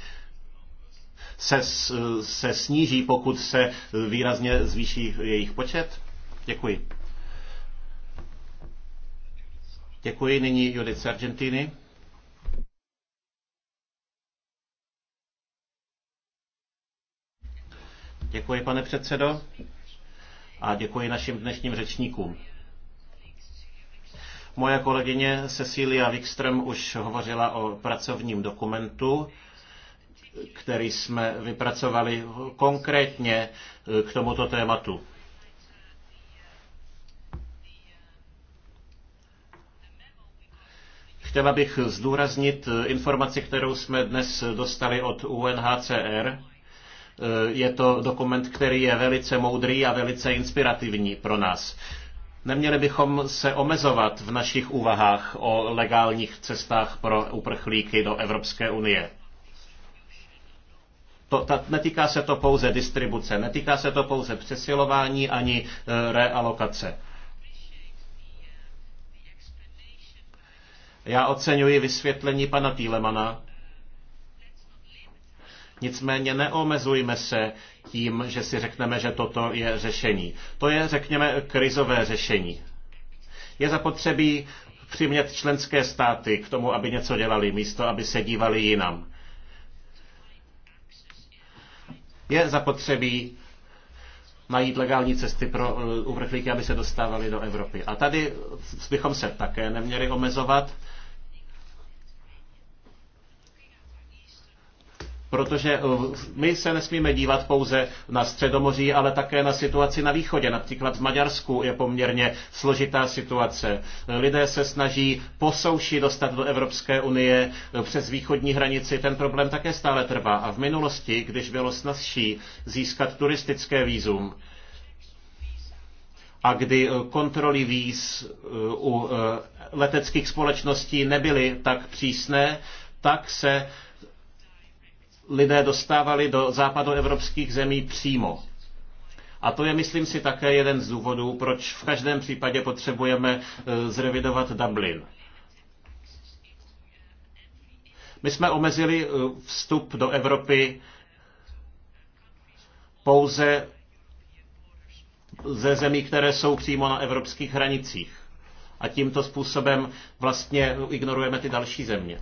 se, e, se sníží, pokud se výrazně zvýší jejich počet? Děkuji. Děkuji nyní Judith Sargentini. Děkuji, pane předsedo, a děkuji našim dnešním řečníkům. Moje kolegyně Cecilia Wikström už hovořila o pracovním dokumentu, který jsme vypracovali konkrétně eh, k tomuto tématu. Chtěla bych zdůraznit eh, informaci, kterou jsme dnes dostali od UNHCR Eh, je to dokument, který je velice moudrý a velice inspirativní pro nás. Neměli bychom se omezovat v našich úvahách o legálních cestách pro uprchlíky do Evropské unie. To, ta, netýká se to pouze distribuce, netýká se to pouze přesilování ani e, realokace. Já oceňuji vysvětlení pana Týlemana, Nicméně neomezujme se tím, že si řekneme, že toto je řešení. To je, řekněme, krizové řešení. Je zapotřebí přimět členské státy k tomu, aby něco dělali, místo aby se dívali jinam. Je zapotřebí najít legální cesty pro uh, uprchlíky, aby se dostávali do Evropy. A tady bychom se také neměli omezovat. protože eh, my se nesmíme dívat pouze na Středomoří, ale také na situaci na východě. Například v Maďarsku je poměrně složitá situace. Lidé se snaží po souši dostat do Evropské unie eh, přes východní hranici. Ten problém také stále trvá. A v minulosti, když bylo snazší získat turistické vízum, a kdy eh, kontroly víz u leteckých společností nebyly tak přísné, tak se lidé dostávali do západoevropských zemí přímo. A to je, myslím si, také jeden z důvodů, proč v každém případě potřebujeme eh, zrevidovat Dublin. My jsme omezili eh, vstup do Evropy pouze ze zemí, které jsou přímo na evropských hranicích. A tímto způsobem vlastně eh, ignorujeme ty další země.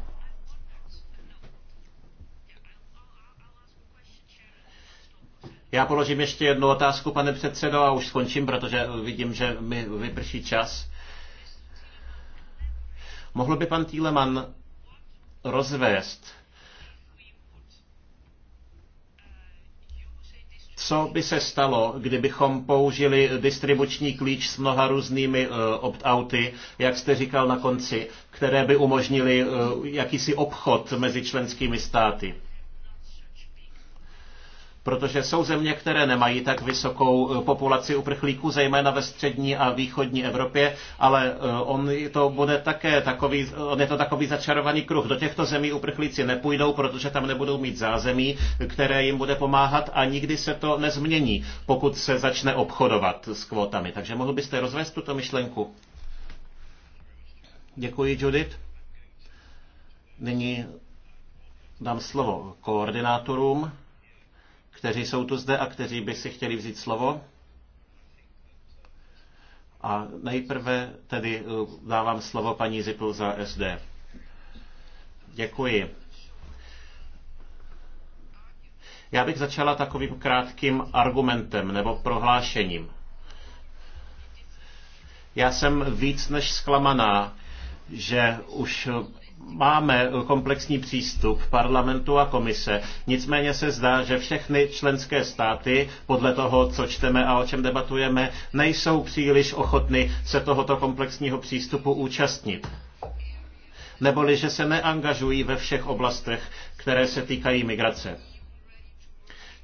Já položím ještě jednu otázku, pane předsedo, a už skončím, protože vidím, že mi vyprší čas. Mohl by pan Týleman rozvést, co by se stalo, kdybychom použili distribuční klíč s mnoha různými eh, opt-outy, jak jste říkal na konci, které by umožnili eh, jakýsi obchod mezi členskými státy. Protože jsou země, které nemají tak vysokou eh, populaci uprchlíků, zejména ve střední a východní Evropě, ale eh, on to bude také takový, on je to takový začarovaný kruh. Do těchto zemí uprchlíci nepůjdou, protože tam nebudou mít zázemí, které jim bude pomáhat a nikdy se to nezmění, pokud se začne obchodovat s kvotami. Takže mohl byste rozvést tuto myšlenku? Děkuji, Judith. Nyní dám slovo koordinátorům kteří jsou tu zde a kteří by si chtěli vzít slovo. A nejprve tedy eh, dávám slovo paní Zipl za SD. Děkuji. Já bych začala takovým krátkým argumentem nebo prohlášením. Já jsem víc než zklamaná, že už máme komplexní přístup parlamentu a komise. Nicméně se zdá, že všechny členské státy, podle toho, co čteme a o čem debatujeme, nejsou příliš ochotny se tohoto komplexního přístupu účastnit neboli že se neangažují ve všech oblastech, které se týkají migrace.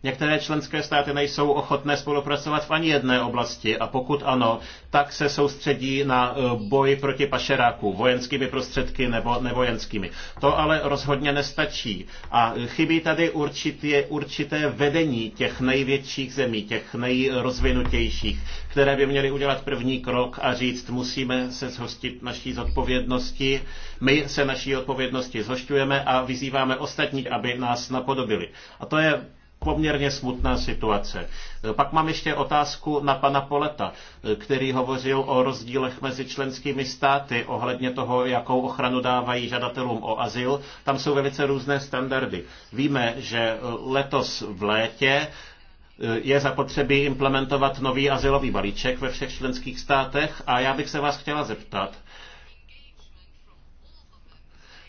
Některé členské státy nejsou ochotné spolupracovat v ani jedné oblasti a pokud ano, tak se soustředí na e, boj proti pašeráku vojenskými prostředky nebo nevojenskými. To ale rozhodně nestačí a e, chybí tady určitě, určité vedení těch největších zemí, těch nejrozvinutějších, které by měly udělat první krok a říct, musíme se zhostit naší zodpovědnosti, my se naší odpovědnosti zhošťujeme a vyzýváme ostatní, aby nás napodobili. A to je poměrně smutná situace. E, pak mám ještě otázku na pana Poleta, e, který hovořil o rozdílech mezi členskými státy ohledně toho, jakou ochranu dávají žadatelům o azyl. Tam jsou velice různé standardy. Víme, že e, letos v létě je zapotřebí implementovat nový azylový balíček ve všech členských státech a já bych se vás chtěla zeptat,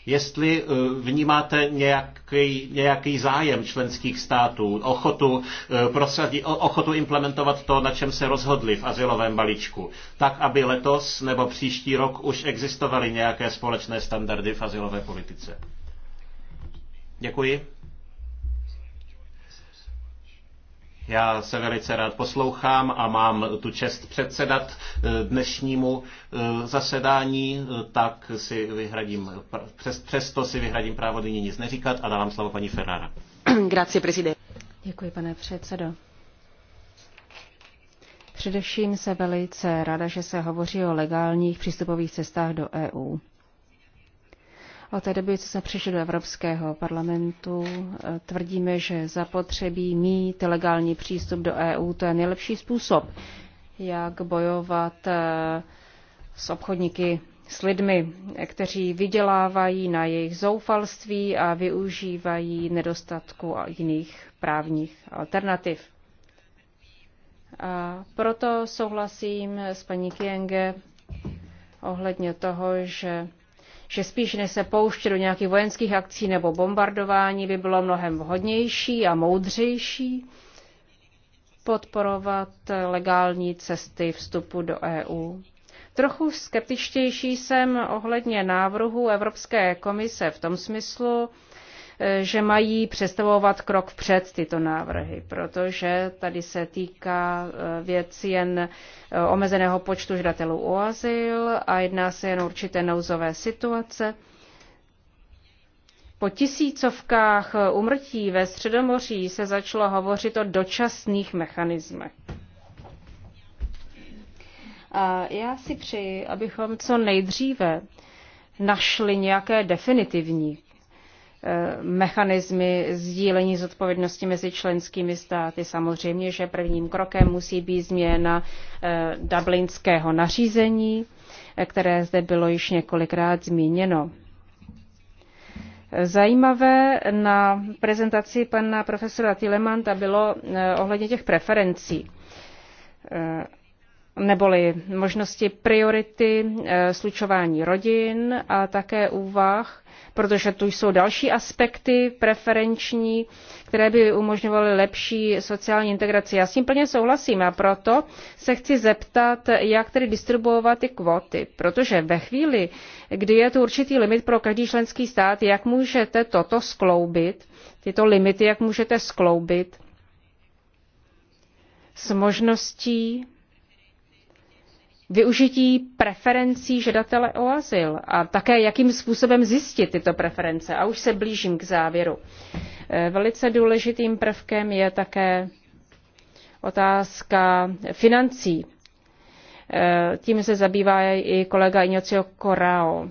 jestli eh, vnímáte nějaký, nějaký zájem členských států, ochotu, eh, prosadí, ochotu implementovat to, na čem se rozhodli v asilovém balíčku, tak, aby letos nebo příští rok už existovaly nějaké společné standardy v asilové politice. Děkuji. Já se velice rád poslouchám a mám tu čest předsedat eh, dnešnímu eh, zasedání, eh, tak si vyhradím, přes, přesto si vyhradím právo nyní nic neříkat a dávám slovo paní Ferrara. Grazie, prezident. Děkuji, pane předsedo. Především se velice ráda, že se hovoří o legálních přístupových cestách do EU. Od té doby, co jsme přišli do Evropského parlamentu, eh, tvrdíme, že zapotřebí mít legální přístup do EU. To je nejlepší způsob, jak bojovat eh, s obchodníky s lidmi, kteří vydělávají na jejich zoufalství a využívají nedostatku jiných právních alternativ. A proto souhlasím s paní Kienge ohledně toho, že že spíš než se pouštět do nějakých vojenských akcí nebo bombardování by bylo mnohem vhodnější a moudřejší podporovat legální cesty vstupu do EU. Trochu skeptičtější jsem ohledně návrhu Evropské komise v tom smyslu, že mají představovat krok vpřed tyto návrhy, protože tady se týká eh, věc jen eh, omezeného počtu žadatelů o azyl a jedná se jen určité nouzové situace. Po tisícovkách umrtí eh, ve Středomoří se začalo hovořit o dočasných mechanismech. A já si přeji, abychom co nejdříve našli nějaké definitivní Eh, mechanismy sdílení zodpovědnosti mezi členskými státy. Samozřejmě, že prvním krokem musí být změna eh, dublinského nařízení, eh, které zde bylo již několikrát zmíněno. Zajímavé na prezentaci pana profesora Tilemanta bylo ohledně těch preferencí neboli možnosti priority eh, slučování rodin a také úvah, protože tu jsou další aspekty preferenční, které by umožňovaly lepší sociální integraci. Já s tím plně souhlasím a proto se chci zeptat, jak tedy distribuovat ty kvóty, protože ve chvíli, kdy je tu určitý limit pro každý členský stát, jak můžete toto skloubit, tyto limity, jak můžete skloubit s možností využití preferencí žadatele o azyl a také jakým způsobem zjistit tyto preference. A už se blížím k závěru. Eh, velice důležitým prvkem je také otázka financí. Eh, tím se zabývá i kolega Ignacio corrao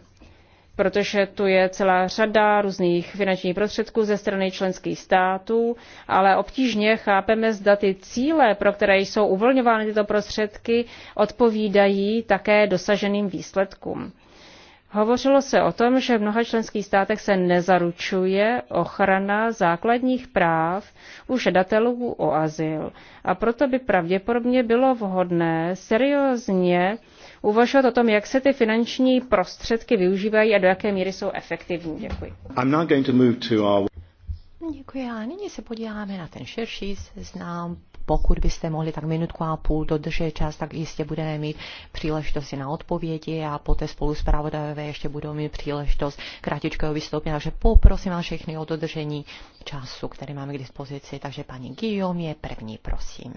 protože tu je celá řada různých finančních prostředků ze strany členských států, ale obtížně chápeme, zda ty cíle, pro které jsou uvolňovány tyto prostředky, odpovídají také dosaženým výsledkům. Hovořilo se o tom, že v mnoha členských státech se nezaručuje ochrana základních práv u žadatelů o azyl a proto by pravděpodobně bylo vhodné seriózně uvažovat o tom, jak se ty finanční prostředky využívají a do jaké míry jsou efektivní. Děkuji. I'm not going to move to our... Děkuji a nyní se podíváme na ten širší seznam. Pokud byste mohli tak minutku a půl dodržet čas, tak jistě budeme mít příležitosti na odpovědi a poté spolu s ještě budou mít příležitost kratičkého vystoupení. Takže poprosím vás všechny o dodržení času, který máme k dispozici. Takže paní Guillaume je první, prosím.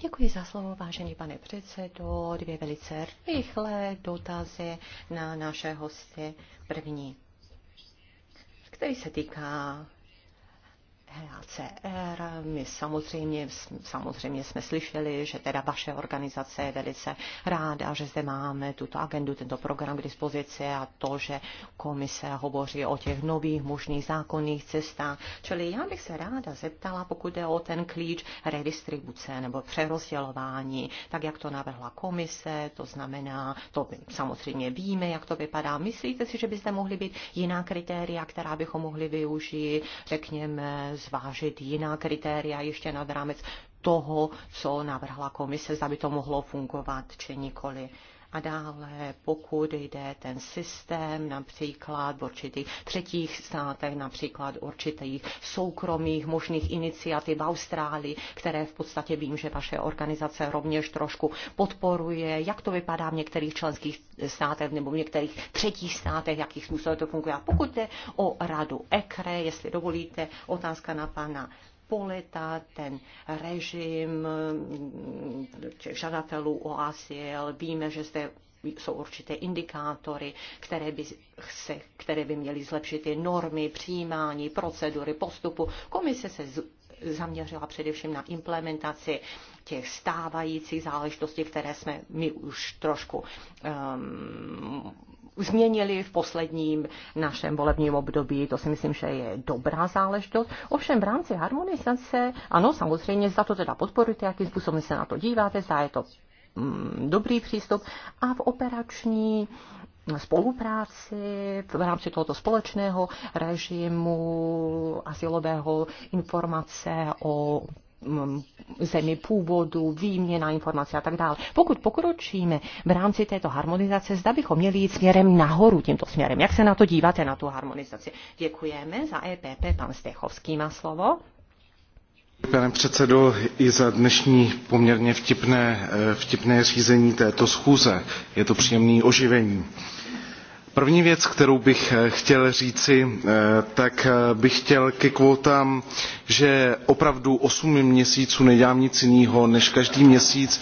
Děkuji za slovo, vážený pane předsedo. Dvě velice rychlé dotazy na naše hosty. První, který se týká HACR, My samozřejmě, samozřejmě jsme slyšeli, že teda vaše organizace je velice ráda, že zde máme tuto agendu, tento program k dispozici a to, že komise hovoří o těch nových možných zákonných cestách. Čili já bych se ráda zeptala, pokud jde o ten klíč redistribuce nebo přerozdělování, tak jak to navrhla komise, to znamená, to samozřejmě víme, jak to vypadá. Myslíte si, že byste mohli být jiná kritéria, která bychom mohli využít, řekněme, z zvážit jiná kritéria ještě nad rámec toho, co navrhla komise, zda by to mohlo fungovat či nikoli. A dále, pokud jde ten systém, například v určitých třetích státech, například určitých soukromých možných iniciativ v Austrálii, které v podstatě vím, že vaše organizace rovněž trošku podporuje, jak to vypadá v některých členských státech nebo v některých třetích státech, jakých způsobem to funguje. A pokud jde o radu ECRE, jestli dovolíte, otázka na pana poleta, ten režim mm, žadatelů o ASIL. Víme, že zde jsou určité indikátory, které by, se, které by měly zlepšit ty normy, přijímání, procedury, postupu. Komise se z, zaměřila především na implementaci těch stávajících záležitostí, které jsme my už trošku um, změnili v posledním našem volebním období. To si myslím, že je dobrá záležitost. Ovšem v rámci harmonizace, ano, samozřejmě, za to teda podporujte, jakým způsobem se na to díváte, za je to mm, dobrý přístup. A v operační spolupráci v rámci tohoto společného režimu asilového informace o zemi původu, výměna informací a tak dále. Pokud pokročíme v rámci této harmonizace, zda bychom měli jít směrem nahoru tímto směrem. Jak se na to díváte, na tu harmonizaci? Děkujeme za EPP, pan Stechovský má slovo. Pane předsedo, i za dnešní poměrně vtipné, eh, vtipné řízení této schůze. Je to příjemné oživení První věc, kterou bych eh, chtěl říci, eh, tak eh, bych chtěl ke kvótám, že opravdu 8 měsíců nedělám nic jiného, než každý měsíc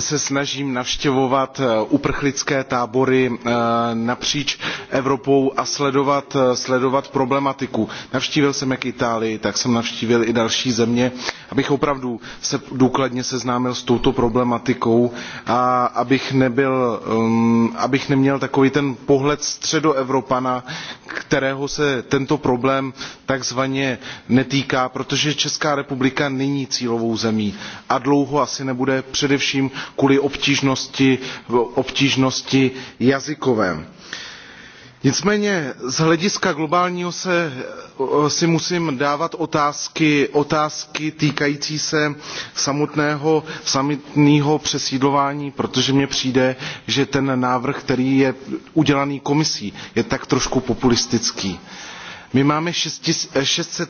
se snažím navštěvovat eh, uprchlické tábory eh, napříč evropou a sledovat, eh, sledovat problematiku. navštívil jsem jak itálii tak jsem navštívil i další země abych opravdu se důkladně seznámil s touto problematikou a abych, nebyl, mm, abych neměl takový ten pohled středoevropana kterého se tento problém takzvaně netýká protože česká republika není cílovou zemí a dlouho asi nebude především kvůli obtížnosti, jazykové. Nicméně z hlediska globálního se, si musím dávat otázky, týkající se samotného summitního přesídlování, protože mně přijde, že ten návrh, který je udělaný komisí, je tak trošku populistický my máme 600 eh,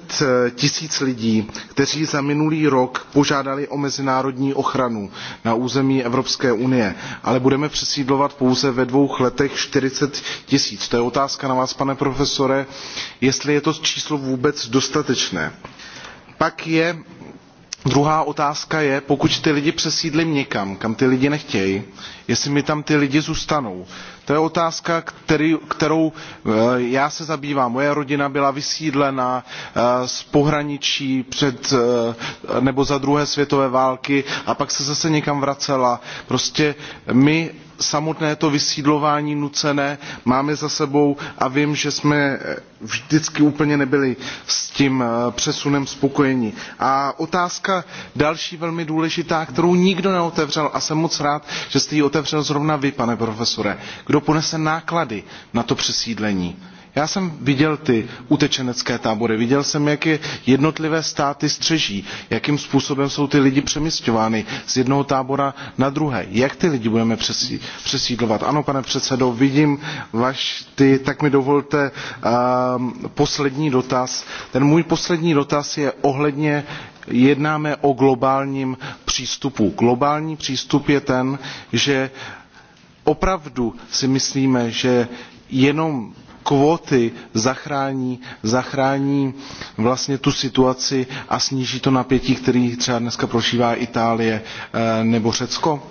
eh, tisíc lidí, kteří za minulý rok požádali o mezinárodní ochranu na území Evropské unie, ale budeme přesídlovat pouze ve dvou letech 40 tisíc. To je otázka na vás, pane profesore, jestli je to číslo vůbec dostatečné. Pak je Druhá otázka je, pokud ty lidi přesídlím někam, kam ty lidé nechtějí, jestli mi tam ty lidé zůstanou to je otázka který, kterou eh, já se zabývám. moje rodina byla vysídlena eh, z pohraničí před eh, nebo za druhé světové války a pak se zase někam vracela. prostě my samotné to vysídlování nucené máme za sebou a vím že jsme vždycky úplně nebyli s tím přesunem spokojeni. a otázka další velmi důležitá kterou nikdo neotevřel a jsem moc rád že jste ji otevřel zrovna vy pane profesore. Kdo kdo ponese náklady na to přesídlení. Já jsem viděl ty utečenecké tábory, viděl jsem, jak je jednotlivé státy střeží, jakým způsobem jsou ty lidi přemysťovány z jednoho tábora na druhé. Jak ty lidi budeme přesídlovat? Ano, pane předsedo, vidím vaš ty, tak mi dovolte uh, poslední dotaz. Ten můj poslední dotaz je ohledně jednáme o globálním přístupu. Globální přístup je ten, že opravdu si myslíme že jenom kvóty zachrání, zachrání vlastně tu situaci a sníží to napětí, které třeba dneska prožívá Itálie eh, nebo Řecko?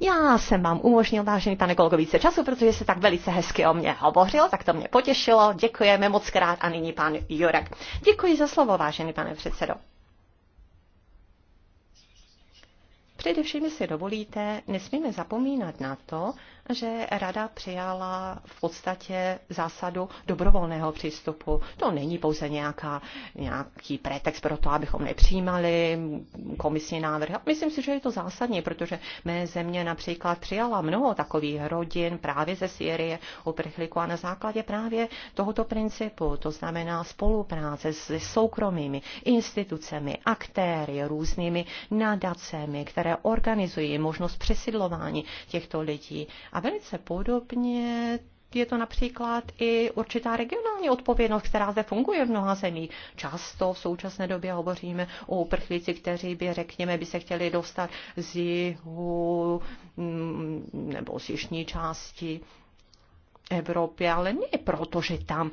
Já jsem vám umožnil, vážený pane kolego, více času, protože jste tak velice hezky o mě hovořil, tak to mě potěšilo. Děkujeme moc krát a nyní pan Jurek. Děkuji za slovo, vážený pane předsedo. Především, si dovolíte, nesmíme zapomínat na to, že Rada přijala v podstatě zásadu dobrovolného přístupu. To není pouze nějaká, nějaký pretext pro to, abychom nepřijímali komisní návrh. Myslím si, že je to zásadní, protože mé země například přijala mnoho takových rodin právě ze Sýrie uprchlíků a na základě právě tohoto principu, to znamená spolupráce s soukromými institucemi, aktéry, různými nadacemi, které organizují možnost přesidlování těchto lidí a velice podobně je to například i určitá regionální odpovědnost, která zde funguje v mnoha zemích. Často v současné době hovoříme o uprchlíci, kteří by, řekněme, by se chtěli dostat z jihu mm, nebo z jižní části Evropy, ale ne proto, že tam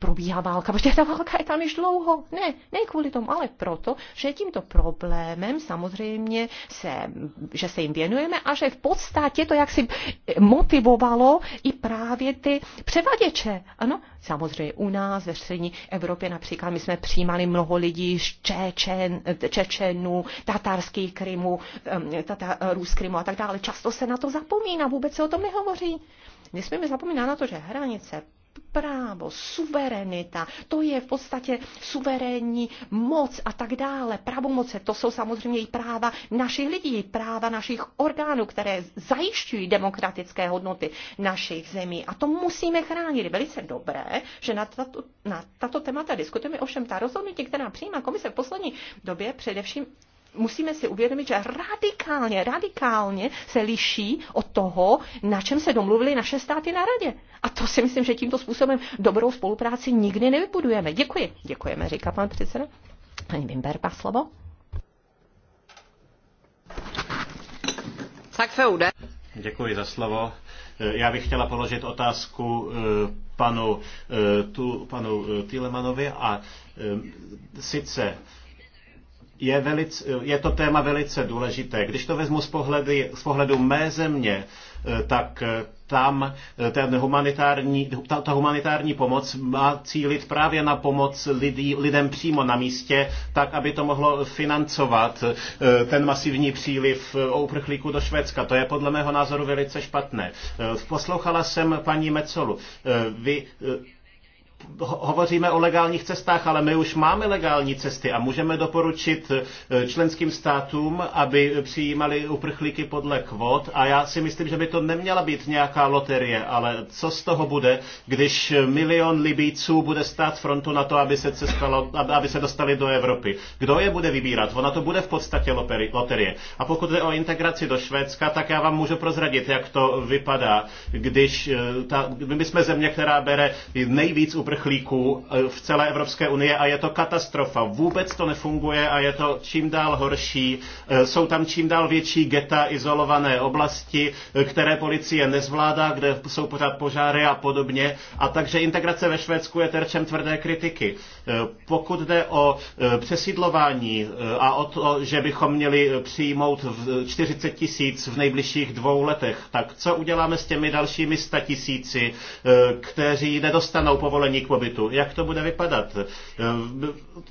probíhá válka, protože ta válka je tam již dlouho. Ne, ne kvůli tomu, ale proto, že tímto problémem samozřejmě se, že se jim věnujeme a že v podstatě to jaksi motivovalo i právě ty převaděče. Ano, samozřejmě u nás ve střední Evropě například my jsme přijímali mnoho lidí z Čečen, Čečenů, tatarských Krymu, tata, Rus Krymu a tak dále. Často se na to zapomíná, vůbec se o tom nehovoří. Nesmíme zapomínat na to, že hranice právo, suverenita, to je v podstatě suverénní moc a tak dále. Pravomoce, to jsou samozřejmě i práva našich lidí, práva našich orgánů, které zajišťují demokratické hodnoty našich zemí. A to musíme chránit. Velice dobré, že na tato, na tato témata diskutujeme, ovšem ta rozhodnutí, která přijímá komise v poslední době, především musíme si uvědomit, že radikálně, radikálně se liší od toho, na čem se domluvili naše státy na radě. A to si myslím, že tímto způsobem dobrou spolupráci nikdy nevybudujeme. Děkuji. Děkujeme, říká pan předseda. Pani Wimber, má slovo. Tak feude. Děkuji za slovo. Já bych chtěla položit otázku eh, panu, eh, tu, panu eh, Tilemanovi a sice je, velice, je to téma velice důležité. Když to vezmu z, pohledy, z pohledu mé země, eh, tak eh, tam eh, ten humanitární, ta, ta humanitární pomoc má cílit právě na pomoc lidí, lidem přímo na místě, tak, aby to mohlo financovat ten masivní příliv uprchlíků do Švédska. To je podle mého názoru velice špatné. Poslouchala jsem paní Mecolu. Vy hovoříme o legálních cestách, ale my už máme legální cesty a můžeme doporučit eh, členským státům, aby přijímali uprchlíky podle kvot a já si myslím, že by to neměla být nějaká loterie, ale co z toho bude, když milion Libíců bude stát frontu na to, aby se, cestalo, aby se dostali do Evropy. Kdo je bude vybírat? Ona to bude v podstatě loterie. A pokud jde o integraci do Švédska, tak já vám můžu prozradit, jak to vypadá, když eh, ta, my jsme země, která bere nejvíc uprchlíků uprchlíků e, v celé Evropské unie a je to katastrofa. Vůbec to nefunguje a je to čím dál horší. E, jsou tam čím dál větší geta, izolované oblasti, e, které policie nezvládá, kde jsou pořád požáry a podobně. A takže integrace ve Švédsku je terčem tvrdé kritiky. Eh, pokud jde o eh, přesídlování eh, a o to, že bychom měli přijmout 40 tisíc v nejbližších dvou letech, tak co uděláme s těmi dalšími 100 tisíci, kteří nedostanou povolení k pobytu? Jak to bude vypadat?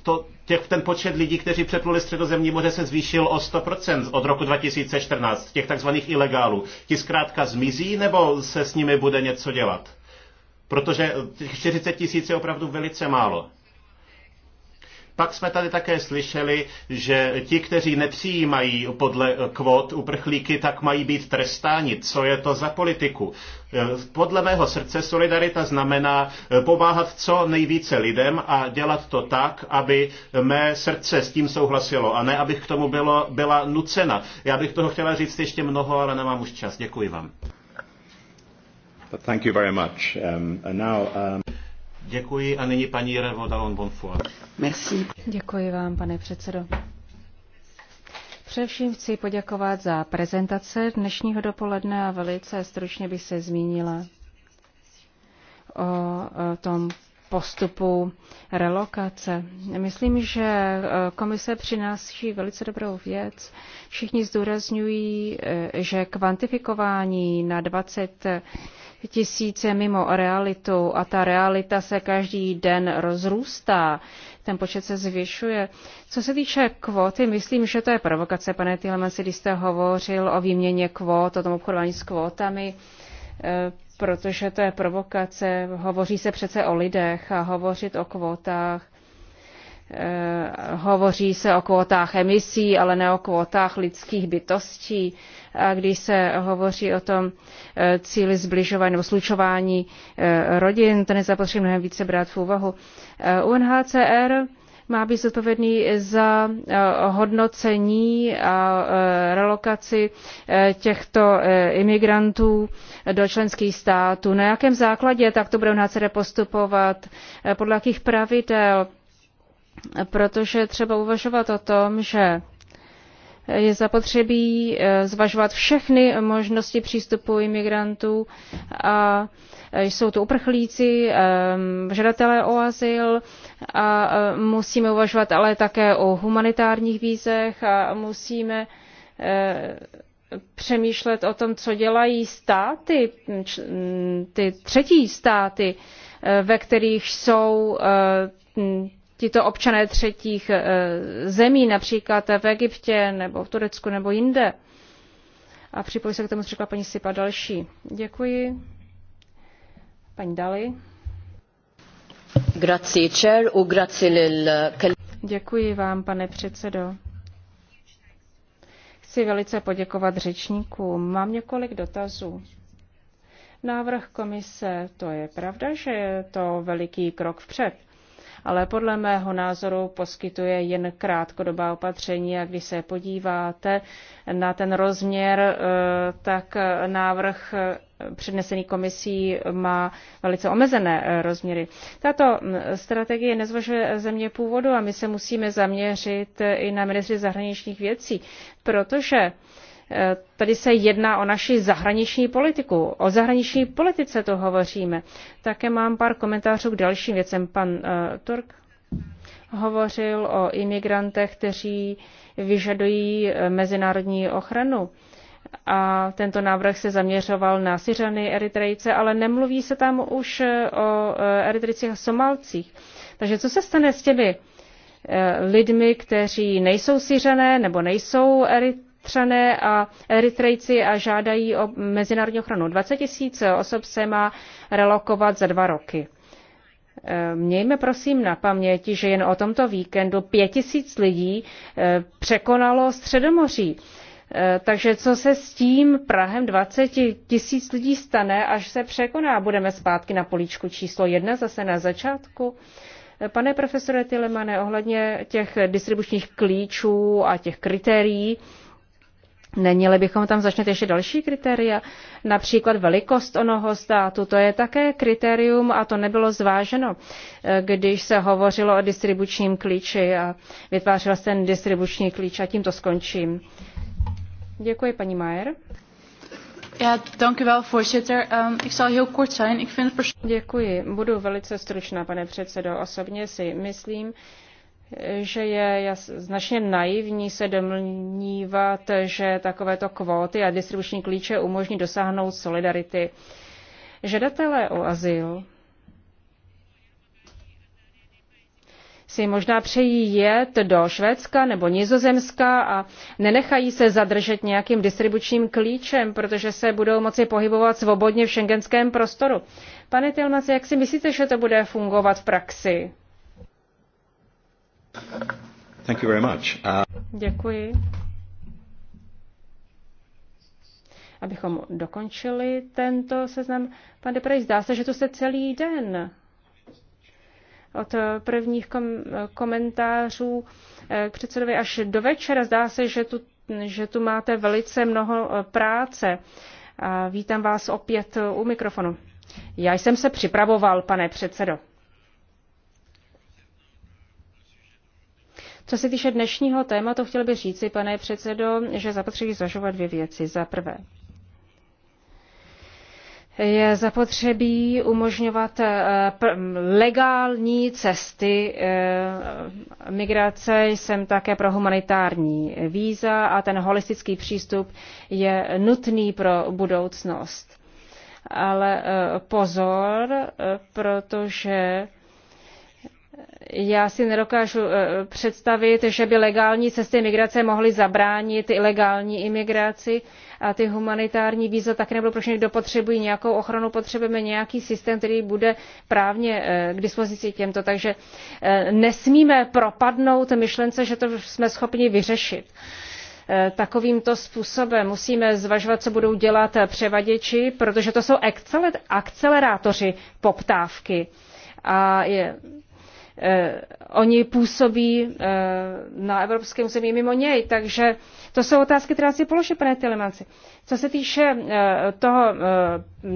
To, těch, ten počet lidí, kteří přepluli středozemní moře, se zvýšil o 100% od roku 2014, těch takzvaných ilegálů. Ti zkrátka zmizí nebo se s nimi bude něco dělat? Protože těch 40 tisíc je opravdu velice málo. Pak jsme tady také slyšeli, že ti, kteří nepřijímají podle kvot uprchlíky, tak mají být trestáni. Co je to za politiku? Eh, podle mého srdce solidarita znamená eh, pomáhat co nejvíce lidem a dělat to tak, aby mé srdce s tím souhlasilo a ne, abych k tomu bylo, byla nucena. Já bych toho chtěla říct ještě mnoho, ale nemám už čas. Děkuji vám. Thank you very much. Um, and now, um... Děkuji a nyní paní Revo Dalon Bonfoy. Merci. Děkuji vám, pane předsedo. Především chci poděkovat za prezentace dnešního dopoledne a velice stručně bych se zmínila o tom postupu relokace. Myslím, že e, komise přináší velice dobrou věc. Všichni zdůrazňují, e, že kvantifikování na 20 tisíce mimo realitu a ta realita se každý den rozrůstá. Ten počet se zvyšuje. Co se týče kvóty, myslím, že to je provokace, pane Tilmansi, když jste hovořil o výměně kvót, o tom obchodování s kvótami eh, protože to je provokace. Hovoří se přece o lidech a hovořit o kvótách. Eh, hovoří se o kvótách emisí, ale ne o kvótách lidských bytostí a když se hovoří o tom e, cíli zbližování nebo slučování e, rodin, ten je zapotřebí mnohem více brát v úvahu. E, UNHCR má být zodpovědný za hodnocení a relokaci těchto imigrantů do členských států. Na jakém základě takto budou NACD postupovat? Podle jakých pravidel? Protože třeba uvažovat o tom, že je zapotřebí eh, zvažovat všechny možnosti přístupu imigrantů a eh, jsou to uprchlíci, eh, žadatelé o azyl a musíme uvažovat ale také o humanitárních vízech a musíme přemýšlet o tom, co dělají státy, ty třetí státy, ve kterých jsou tito občané třetích eh, zemí, například v Egyptě nebo v Turecku nebo jinde. A připojí se k tomu, co řekla paní Sipa, další. Děkuji. Paní Dali. Grazie, chair, u grazie Děkuji vám, pane předsedo. Chci velice poděkovat řečníkům. Mám několik dotazů. Návrh komise, to je pravda, že je to veliký krok vpřed ale podle mého názoru poskytuje jen krátkodobá opatření a když se podíváte na ten rozměr, eh, tak návrh eh, přednesený komisí má velice omezené eh, rozměry. Tato mm, strategie nezvažuje země původu a my se musíme zaměřit i na ministry zahraničních věcí, protože Eh, tady se jedná o naši zahraniční politiku. O zahraniční politice to hovoříme. Také mám pár komentářů k dalším věcem. Pan uh, Turk hovořil o imigrantech, kteří vyžadují eh, mezinárodní ochranu. A tento návrh se zaměřoval na Syřany, Eritrejce, ale nemluví se tam už o Eritrejcích a Somalcích. Takže co se stane s těmi lidmi, kteří nejsou Syřané nebo nejsou Eritrejci? Eritřané a Eritrejci a žádají o mezinárodní ochranu. 20 tisíc osob se má relokovat za dva roky. Eh, mějme prosím na paměti, že jen o tomto víkendu 5 tisíc lidí eh, překonalo Středomoří. Eh, takže co se s tím Prahem 20 tisíc lidí stane, až se překoná? Budeme zpátky na políčku číslo jedna zase na začátku? Pane profesore Tilemane, ohledně těch distribučních klíčů a těch kritérií, Neměli bychom tam začnout ještě další kritéria, například velikost onoho státu, to je také kritérium a to nebylo zváženo, eh, když se hovořilo o distribučním klíči a vytvářel se ten distribuční klíč a tím to skončím. Děkuji, paní Majer. Ja, dank u wel, voorzitter. Um, ik zal heel kort zijn. Ik vind het Děkuji. Budu velice stručná, pane předsedo. Osobně si myslím, že je značně naivní se domnívat, že takovéto kvóty a distribuční klíče umožní dosáhnout solidarity. Žadatelé o azyl si možná přejí jet do Švédska nebo Nizozemska a nenechají se zadržet nějakým distribučním klíčem, protože se budou moci pohybovat svobodně v šengenském prostoru. Pane Tilmace, jak si myslíte, že to bude fungovat v praxi? Thank you very much. Uh... Děkuji. Abychom dokončili tento seznam. Pan Deprej, zdá se, že to se celý den. Od prvních kom- komentářů eh, k předsedovi až do večera zdá se, že tu, že tu máte velice mnoho eh, práce. A vítám vás opět u mikrofonu. Já jsem se připravoval, pane předsedo. Co se týče dnešního tématu, chtěl bych říci, pane předsedo, že zapotřebí zvažovat dvě věci. Za prvé, je zapotřebí umožňovat eh, legální cesty eh, migrace. Jsem také pro humanitární víza a ten holistický přístup je nutný pro budoucnost. Ale eh, pozor, protože já si nedokážu eh, představit, že by legální cesty migrace mohly zabránit ilegální imigraci a ty humanitární víza také nebudou pro kdo potřebují nějakou ochranu, potřebujeme nějaký systém, který bude právně eh, k dispozici těmto. Takže eh, nesmíme propadnout myšlence, že to jsme schopni vyřešit takovýmto způsobem. Musíme zvažovat, co budou dělat převaděči, protože to jsou akcelerátoři poptávky. A je, Eh, oni působí eh, na evropském území mimo něj. Takže to jsou otázky, které si položí, pane Tilemanci. Co se týče eh, toho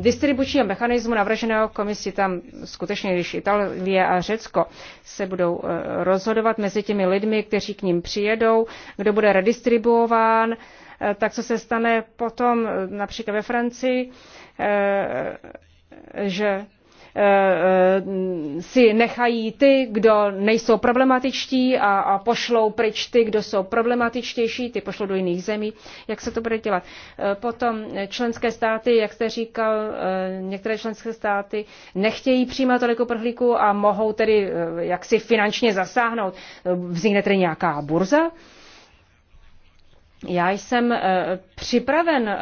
distribučního mechanismu navrženého komisí, tam skutečně, když Itálie a Řecko se budou rozhodovat mezi těmi lidmi, kteří k ním přijedou, kdo bude redistribuován, tak co se stane potom například ve Francii, že Eh, eh, si nechají ty, kdo nejsou problematičtí a, a pošlou pryč ty, kdo jsou problematičtější, ty pošlou do jiných zemí. Jak se to bude dělat? Eh, potom členské státy, jak jste říkal, některé členské státy nechtějí přijímat tolik uprchlíků a mohou tedy jaksi finančně zasáhnout. Vznikne tedy nějaká burza? Já jsem připraven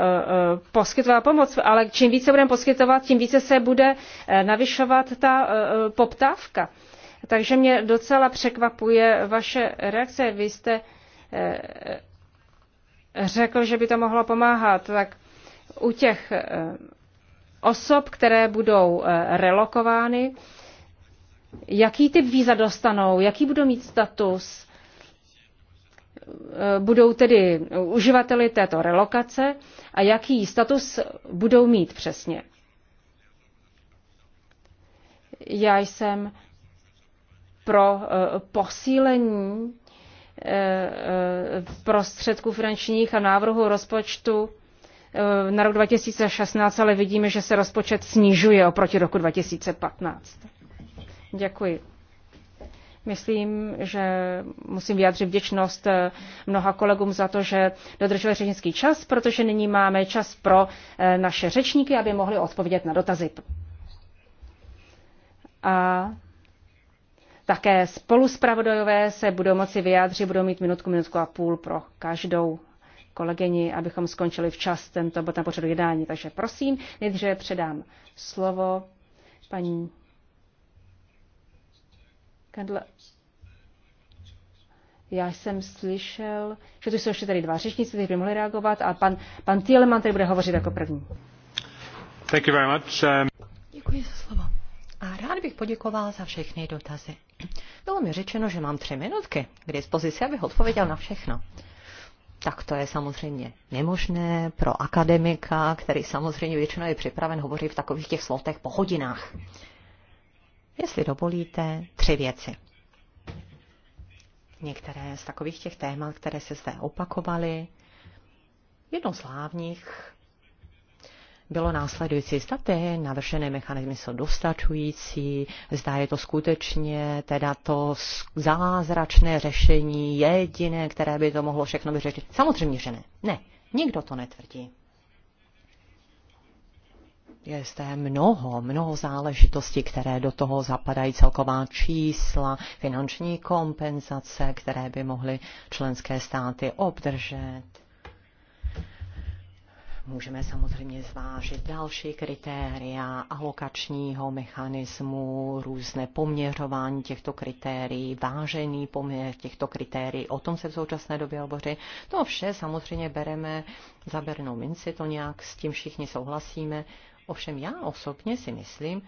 Eh, eh, poskytovat pomoc, ale čím více budeme poskytovat, tím více se bude eh, navyšovat ta poptávka. Takže mě docela překvapuje vaše reakce. Vy jste řekl, že by to mohlo pomáhat. Tak u těch osob, které budou relokovány, jaký typ víza dostanou, jaký budou mít status, Eh, budou tedy uživateli této relokace a jaký status budou mít přesně. Já jsem pro eh, posílení eh, prostředků finančních a návrhu rozpočtu na rok 2016, ale vidíme, že se rozpočet snižuje oproti roku 2015. Děkuji. Myslím, že musím vyjádřit vděčnost eh, mnoha kolegům za to, že dodržuje řečnický čas, protože nyní máme čas pro eh, naše řečníky, aby mohli odpovědět na dotazy. A také spoluspravodajové se budou moci vyjádřit, budou mít minutku, minutku a půl pro každou kolegyni, abychom skončili včas tento bod na pořadu jednání. Takže prosím, nejdříve předám slovo paní Kendle, já jsem slyšel, že tu jsou ještě tady dva řečníci, kteří by mohli reagovat a pan, pan Thielemann tady bude hovořit jako první. Thank you very much. Um... Děkuji za slovo. A rád bych poděkoval za všechny dotazy. Bylo mi řečeno, že mám tři minutky k dispozici, abych odpověděl na všechno. Tak to je samozřejmě nemožné pro akademika, který samozřejmě většinou je připraven hovořit v takových těch slotech po hodinách. Jestli dovolíte, tři věci. Některé z takových těch témat, které se zde opakovaly, jedno z hlavních bylo následující. Zda ty navržené mechanizmy jsou dostačující, zda je to skutečně teda to zázračné řešení jediné, které by to mohlo všechno vyřešit. Samozřejmě, že ne. Ne, nikdo to netvrdí je zde mnoho, mnoho záležitostí, které do toho zapadají celková čísla, finanční kompenzace, které by mohly členské státy obdržet. Můžeme samozřejmě zvážit další kritéria alokačního mechanismu, různé poměřování těchto kritérií, vážený poměr těchto kritérií, o tom se v současné době hovoří. To vše samozřejmě bereme za bernou minci, to nějak s tím všichni souhlasíme. Ovšem já osobně si myslím,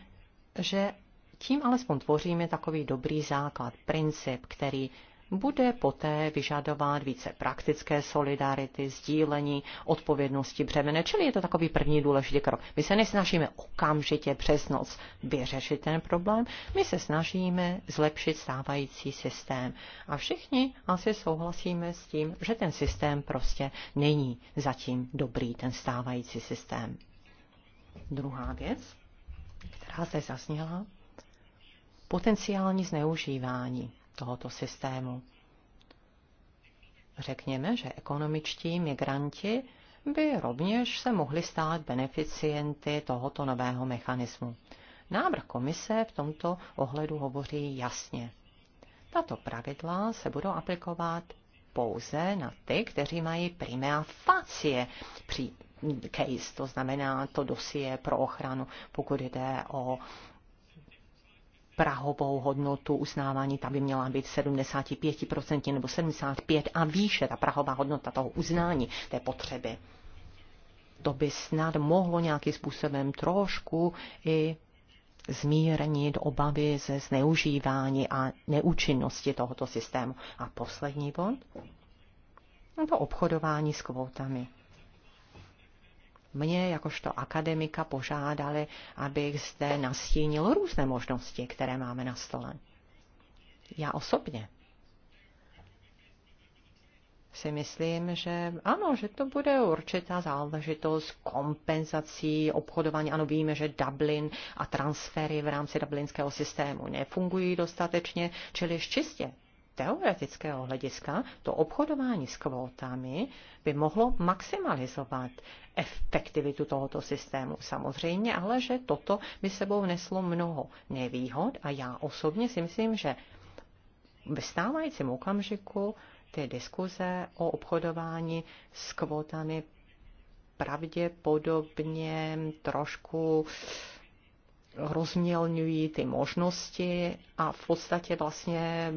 že tím alespoň tvoříme takový dobrý základ, princip, který bude poté vyžadovat více praktické solidarity, sdílení, odpovědnosti, břemene, čili je to takový první důležitý krok. My se nesnažíme okamžitě přes noc vyřešit ten problém, my se snažíme zlepšit stávající systém. A všichni asi souhlasíme s tím, že ten systém prostě není zatím dobrý, ten stávající systém. Druhá věc, která zde zasněla, potenciální zneužívání tohoto systému. Řekněme, že ekonomičtí migranti by rovněž se mohli stát beneficienty tohoto nového mechanismu. Návrh komise v tomto ohledu hovoří jasně. Tato pravidla se budou aplikovat pouze na ty, kteří mají primea facie při case, to znamená to dosie pro ochranu, pokud jde o prahovou hodnotu uznávání, ta by měla být 75% nebo 75% a výše ta prahová hodnota toho uznání té potřeby. To by snad mohlo nějakým způsobem trošku i zmírnit obavy ze zneužívání a neúčinnosti tohoto systému. A poslední bod? No to obchodování s kvótami mě jakožto akademika požádali, abych zde nastínil různé možnosti, které máme na stole. Já osobně si myslím, že ano, že to bude určitá záležitost kompenzací obchodování. Ano, víme, že Dublin a transfery v rámci dublinského systému nefungují dostatečně, čili čistě teoretického hlediska to obchodování s kvótami by mohlo maximalizovat efektivitu tohoto systému. Samozřejmě, ale že toto by sebou neslo mnoho nevýhod a já osobně si myslím, že v stávajícím okamžiku ty diskuze o obchodování s kvótami pravděpodobně trošku uh, rozmělňují ty možnosti a v podstatě vlastně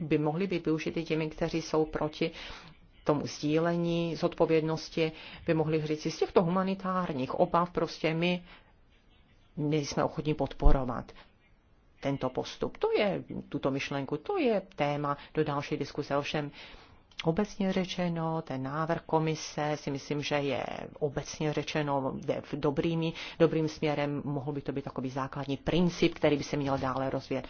by mohly být využity těmi, kteří jsou proti tomu sdílení zodpovědnosti, by mohli říct, z těchto humanitárních obav prostě my nejsme ochotní podporovat tento postup. To je tuto myšlenku, to je téma do další diskuse. Ovšem, Obecně řečeno, ten návrh komise si myslím, že je obecně řečeno jde v dobrým, dobrým směrem. Mohl by to být takový základní princip, který by se měl dále rozvíjet.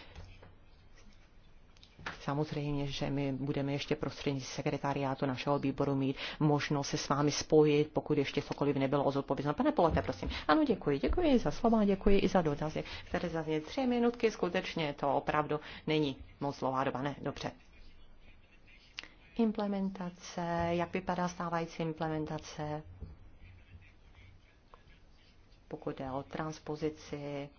Samozřejmě, že my budeme ještě prostřednictvím sekretariátu našeho výboru mít možnost se s vámi spojit, pokud ještě cokoliv nebylo zodpovězeno. Pane Polete, prosím. Ano, děkuji. Děkuji za slova, děkuji i za dotazy, které zazněly tři minutky. Skutečně to opravdu není moc zlová doba. Ne, dobře implementace, jak vypadá stávající implementace, pokud jde o transpozici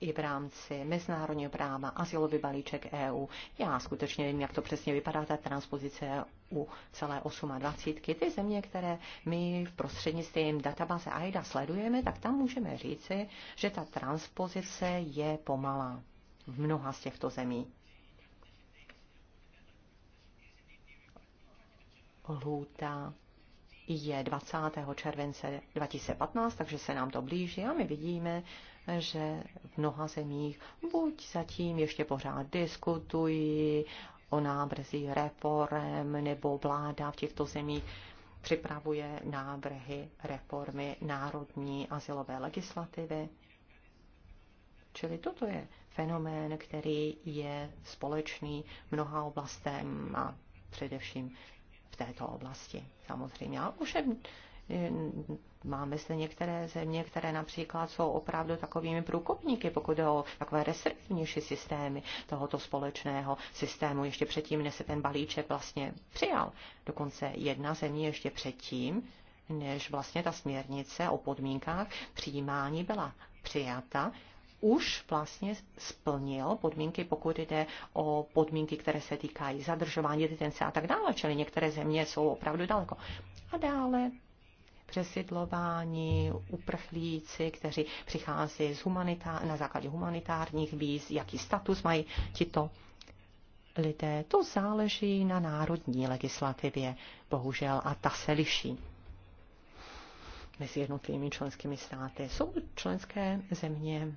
i v rámci mezinárodního práva, asilový balíček EU. Já skutečně vím, jak to přesně vypadá, ta transpozice u celé 28. Ty země, které my v prostřednictvím databáze AIDA sledujeme, tak tam můžeme říci, že ta transpozice je pomalá v mnoha z těchto zemí. lhůta je 20. července 2015, takže se nám to blíží a my vidíme, že v mnoha zemích buď zatím ještě pořád diskutují o návrzích reform, nebo vláda v těchto zemích připravuje návrhy reformy národní asilové legislativy. Čili toto je fenomén, který je společný mnoha oblastem a především v této oblasti, samozřejmě. Ale je, e, máme zde některé země, které například jsou opravdu takovými průkopníky, pokud jde o takové restriktivnější systémy tohoto společného systému, ještě předtím, než se ten balíček vlastně přijal. Dokonce jedna země ještě předtím, než vlastně ta směrnice o podmínkách přijímání byla přijata, už vlastně splnil podmínky, pokud jde o podmínky, které se týkají zadržování detence a tak dále, čili některé země jsou opravdu daleko. A dále přesidlování, uprchlíci, kteří přichází z humanitá- na základě humanitárních víz, jaký status mají tito lidé. To záleží na národní legislativě, bohužel, a ta se liší mezi jednotlivými členskými státy. Jsou členské země,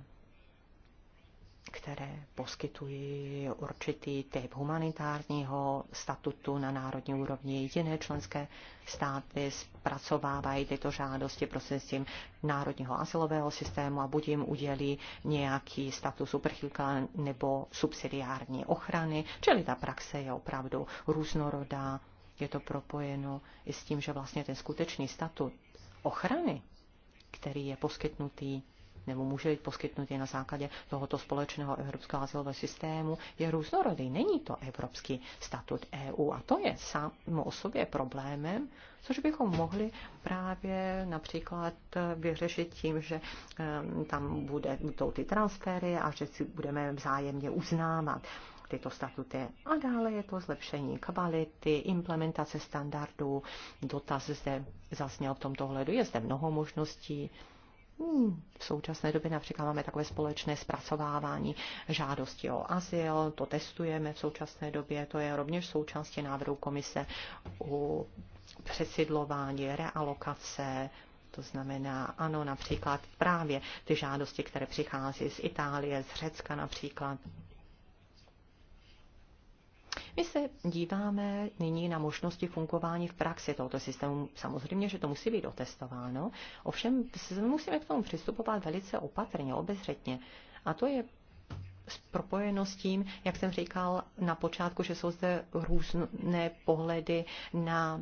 které poskytují určitý typ humanitárního statutu na národní úrovni. Jediné členské státy zpracovávají tyto žádosti prostřednictvím národního asilového systému a buď jim udělí nějaký status uprchlíka nebo subsidiární ochrany, čili ta praxe je opravdu různorodá. Je to propojeno i s tím, že vlastně ten skutečný statut ochrany, který je poskytnutý nebo může být poskytnutý na základě tohoto společného evropského azylového systému, je různorodý. Není to evropský statut EU a to je samo o sobě problémem, což bychom mohli právě například vyřešit tím, že eh, tam bude, budou ty transfery a že si budeme vzájemně uznávat tyto statuty. A dále je to zlepšení kvality, implementace standardů. Dotaz zde zazněl v tomto hledu. Je zde mnoho možností. Hmm. V současné době například máme takové společné zpracovávání žádosti o azyl, to testujeme v současné době, to je rovněž součástí návrhu komise u přesidlování, realokace, to znamená, ano, například právě ty žádosti, které přichází z Itálie, z Řecka například, my se díváme nyní na možnosti fungování v praxi tohoto systému. Samozřejmě, že to musí být otestováno, ovšem musíme k tomu přistupovat velice opatrně, obezřetně. A to je propojeno s tím, jak jsem říkal na počátku, že jsou zde různé pohledy na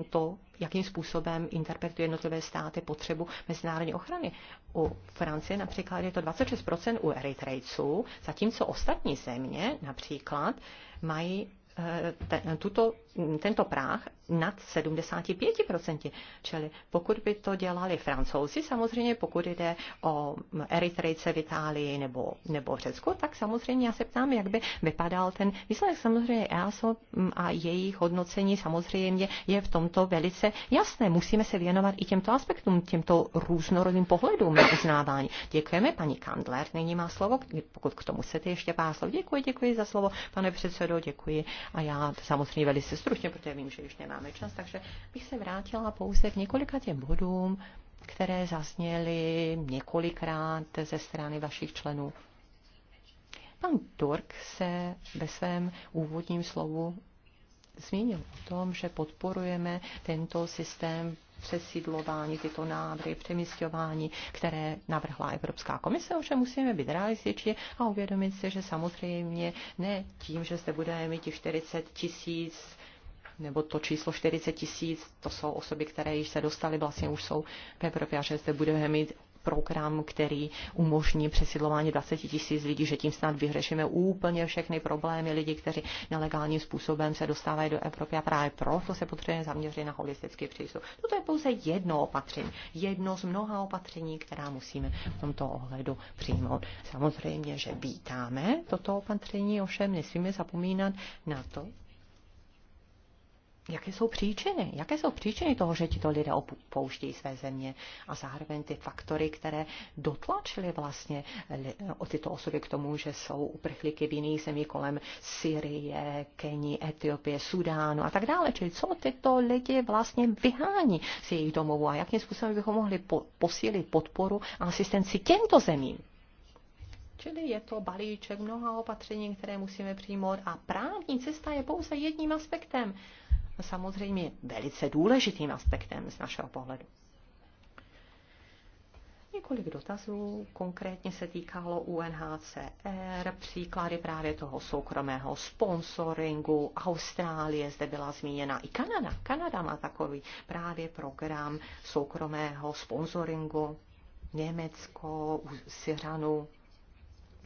eh, to, jakým způsobem interpretují jednotlivé státy potřebu mezinárodní ochrany. U Francie například je to 26% u Eritrejců, zatímco ostatní země, například mají eh, tuto tento práh nad 75%. Čili pokud by to dělali francouzi, samozřejmě pokud jde o Eritrejce v Itálii nebo, nebo v Řecku, tak samozřejmě já se ptám, jak by vypadal ten výsledek. Samozřejmě EASO mm, a jejich hodnocení samozřejmě je v tomto velice jasné. Musíme se věnovat i těmto aspektům, těmto různorodým pohledům na uznávání. Děkujeme, paní Kandler, nyní má slovo, pokud k tomu chcete ještě pár slov. Děkuji, děkuji za slovo, pane předsedo, děkuji a já samozřejmě velice stručně, protože vím, že už nemáme čas, takže bych se vrátila pouze k několika těm bodům, které zazněly několikrát ze strany vašich členů. Pan Turk se ve svém úvodním slovu zmínil o tom, že podporujeme tento systém přesídlování, tyto návrhy, přemysťování, které navrhla Evropská komise, že musíme být realističtí a uvědomit si, že samozřejmě ne tím, že zde budeme mít těch 40 tisíc nebo to číslo 40 tisíc, to jsou osoby, které již se dostaly, vlastně už jsou v Evropě a že zde budeme mít program, který umožní přesidlování 20 tisíc lidí, že tím snad vyřešíme úplně všechny problémy lidí, kteří nelegálním způsobem se dostávají do Evropy a právě proto se potřebuje zaměřit na holistický přístup. Toto je pouze jedno opatření, jedno z mnoha opatření, která musíme v tomto ohledu přijmout. Samozřejmě, že vítáme toto opatření, ovšem nesmíme zapomínat na to, jaké jsou příčiny, jaké jsou příčiny toho, že tito lidé opouštějí své země a zároveň ty faktory, které dotlačily vlastně o tyto osoby k tomu, že jsou uprchlíky v jiných zemí kolem Syrie, Keni, Etiopie, Sudánu a tak dále. Čili co tyto lidi vlastně vyhání z jejich domovů a jakým způsobem bychom mohli po- posílit podporu a asistenci těmto zemím. Čili je to balíček mnoha opatření, které musíme přijmout a právní cesta je pouze jedním aspektem samozřejmě velice důležitým aspektem z našeho pohledu. Několik dotazů konkrétně se týkalo UNHCR, příklady právě toho soukromého sponsoringu, Austrálie, zde byla zmíněna i Kanada. Kanada má takový právě program soukromého sponsoringu, Německo, Syřanu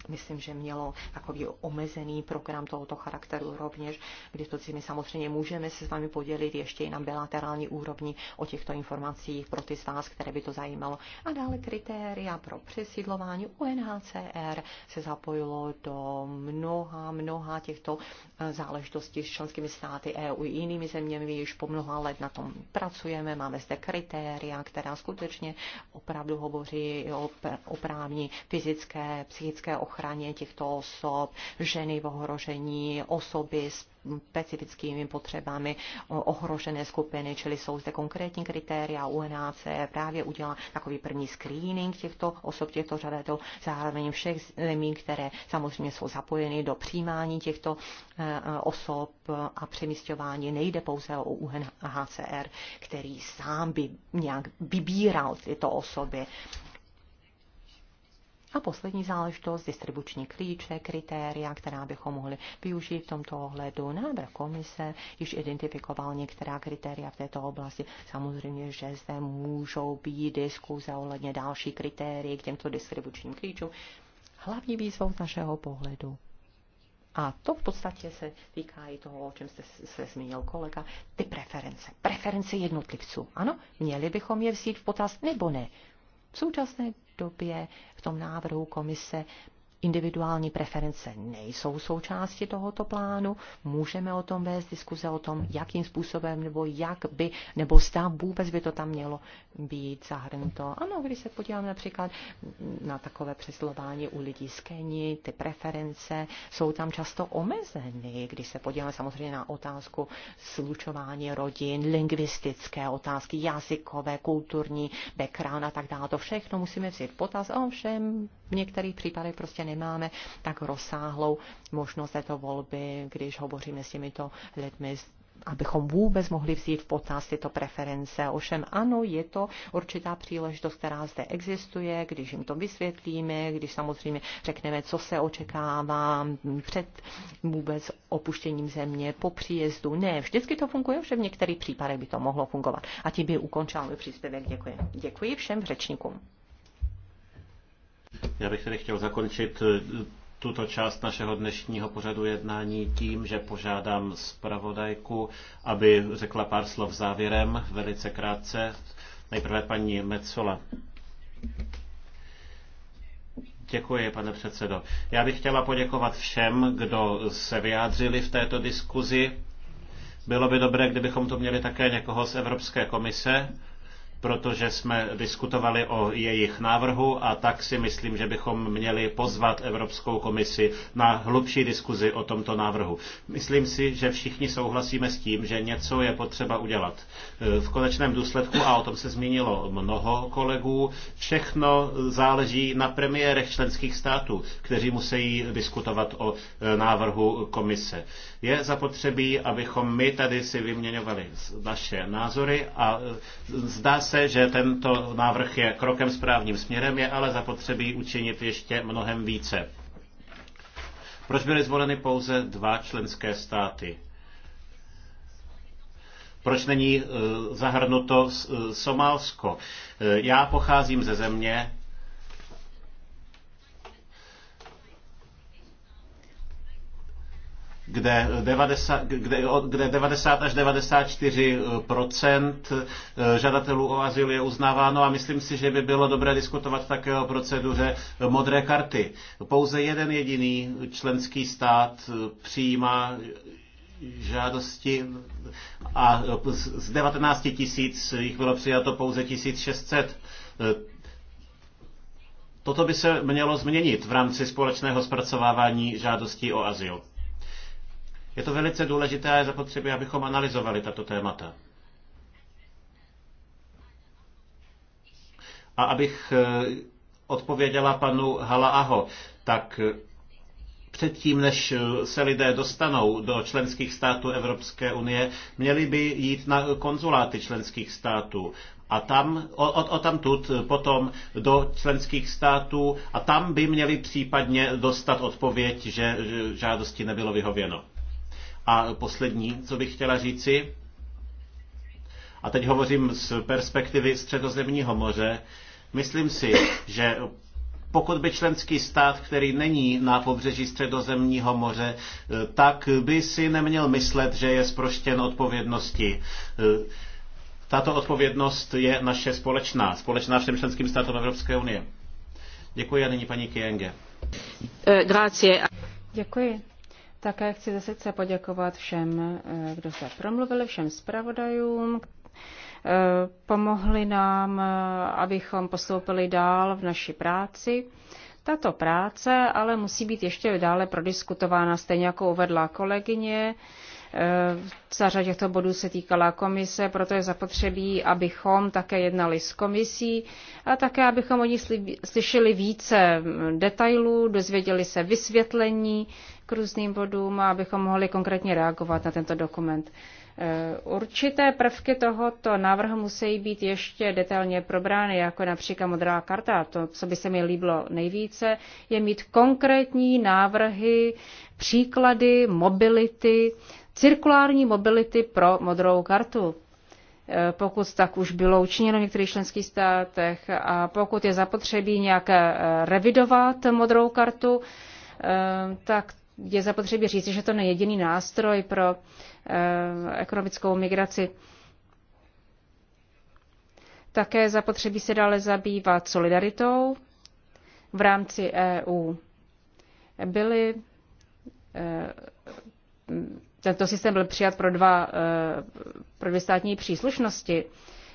myslím, že mělo takový omezený program tohoto charakteru rovněž, kdy to my samozřejmě můžeme se s vámi podělit ještě i na bilaterální úrovni o těchto informacích pro ty z vás, které by to zajímalo. A dále kritéria pro přesídlování UNHCR se zapojilo do mnoha, mnoha těchto eh, záležitostí s členskými státy EU i jinými zeměmi. Již po mnoha let na tom pracujeme, máme zde kritéria, která skutečně opravdu hovoří o, o právní, fyzické, psychické ochrany ochraně těchto osob, ženy v ohrožení, osoby s specifickými potřebami ohrožené skupiny, čili jsou zde konkrétní kritéria. UNAC právě udělá takový první screening těchto osob, těchto žadatelů, zároveň všech zemí, které samozřejmě jsou zapojeny do přijímání těchto e, e, osob a přemysťování. Nejde pouze o UNHCR, který sám by nějak vybíral tyto osoby a poslední záležitost, distribuční klíče, kritéria, která bychom mohli využít v tomto ohledu. Návrh komise již identifikoval některá kritéria v této oblasti. Samozřejmě, že zde můžou být diskuze ohledně další kritérií k těmto distribučním klíčům. Hlavní výzvou z našeho pohledu a to v podstatě se týká i toho, o čem jste se zmínil kolega, ty preference. Preference jednotlivců. Ano, měli bychom je vzít v potaz nebo ne. V současné době v tom návrhu komise individuální preference nejsou součástí tohoto plánu. Můžeme o tom vést diskuze o tom, jakým způsobem nebo jak by, nebo zda vůbec by to tam mělo být zahrnuto. Ano, když se podíváme například na takové přeslování u lidí z Keni, ty preference jsou tam často omezeny. Když se podíváme samozřejmě na otázku slučování rodin, lingvistické otázky, jazykové, kulturní, background a tak dále, to všechno musíme vzít potaz. Ovšem, v některých případech prostě nemáme tak rozsáhlou možnost této volby, když hovoříme s těmito lidmi, abychom vůbec mohli vzít v potaz tyto preference. Ovšem ano, je to určitá příležitost, která zde existuje, když jim to vysvětlíme, když samozřejmě řekneme, co se očekává před vůbec opuštěním země, po příjezdu. Ne, vždycky to funguje, ovšem v některých případech by to mohlo fungovat. A tím by ukončil můj příspěvek. Děkuji. Děkuji všem řečníkům. Já bych tedy chtěl zakončit eh, tuto část našeho dnešního pořadu jednání tím, že požádám zpravodajku, aby řekla pár slov závěrem, velice krátce. Nejprve paní Metzola. Děkuji, pane předsedo. Já bych chtěla poděkovat všem, kdo se vyjádřili v této diskuzi. Bylo by dobré, kdybychom tu měli také někoho z Evropské komise, protože jsme diskutovali o jejich návrhu a tak si myslím, že bychom měli pozvat Evropskou komisi na hlubší diskuzi o tomto návrhu. Myslím si, že všichni souhlasíme s tím, že něco je potřeba udělat. E, v konečném důsledku, a o tom se zmínilo mnoho kolegů, všechno záleží na premiérech členských států, kteří musí diskutovat o e, návrhu komise. Je zapotřebí, abychom my tady si vyměňovali naše názory a zdá se, že tento návrh je krokem správným směrem, je ale zapotřebí učinit ještě mnohem více. Proč byly zvoleny pouze dva členské státy? Proč není eh, zahrnuto eh, Somálsko? Eh, já pocházím ze země, kde 90, kde, kde 90 až 94 eh, eh, žadatelů o azyl je uznáváno a myslím si, že by bylo dobré diskutovat také o proceduře eh, modré karty. Pouze jeden jediný členský stát přijímá žádosti a z 19 tisíc jich bylo přijato pouze 1600. Toto by se mělo změnit v rámci společného zpracovávání žádostí o azyl. Je to velice důležité a je zapotřebí, abychom analyzovali tato témata. A abych eh, odpověděla panu aho, tak eh, předtím, než eh, se lidé dostanou do členských států Evropské unie, měli by jít na konzuláty členských států a tam, od, od tamtud potom do členských států a tam by měli případně dostat odpověď, že žádosti nebylo vyhověno. A poslední, co bych chtěla říci, a teď hovořím z perspektivy středozemního moře, myslím si, že pokud by členský stát, který není na pobřeží středozemního moře, tak by si neměl myslet, že je sproštěn odpovědnosti. Tato odpovědnost je naše společná, společná všem členským státům Evropské unie. Děkuji a nyní paní Kienge. Eh, Děkuji. Také chci zase poděkovat všem, eh, kdo se promluvili, všem zpravodajům, eh, pomohli nám, eh, abychom postoupili dál v naší práci. Tato práce ale musí být ještě dále prodiskutována, stejně jako uvedla kolegyně. Celá eh, těchto bodů se týkala komise, proto je zapotřebí, abychom také jednali s komisí a také, abychom od nich slyšeli více detailů, dozvěděli se vysvětlení k různým bodům a abychom mohli konkrétně reagovat na tento dokument. Eh, určité prvky tohoto návrhu musí být ještě detailně probrány, jako například modrá karta. To, co by se mi líbilo nejvíce, je mít konkrétní návrhy, příklady, mobility, cirkulární mobility pro modrou kartu. E, pokud tak už bylo učiněno v některých členských státech a pokud je zapotřebí nějak e, revidovat modrou kartu, e, tak je zapotřebí říct, že to není jediný nástroj pro ekonomickou migraci. Také zapotřebí se dále zabývat solidaritou v rámci EU. Byly tento systém byl přijat pro, dva, eh, pro dvě státní příslušnosti.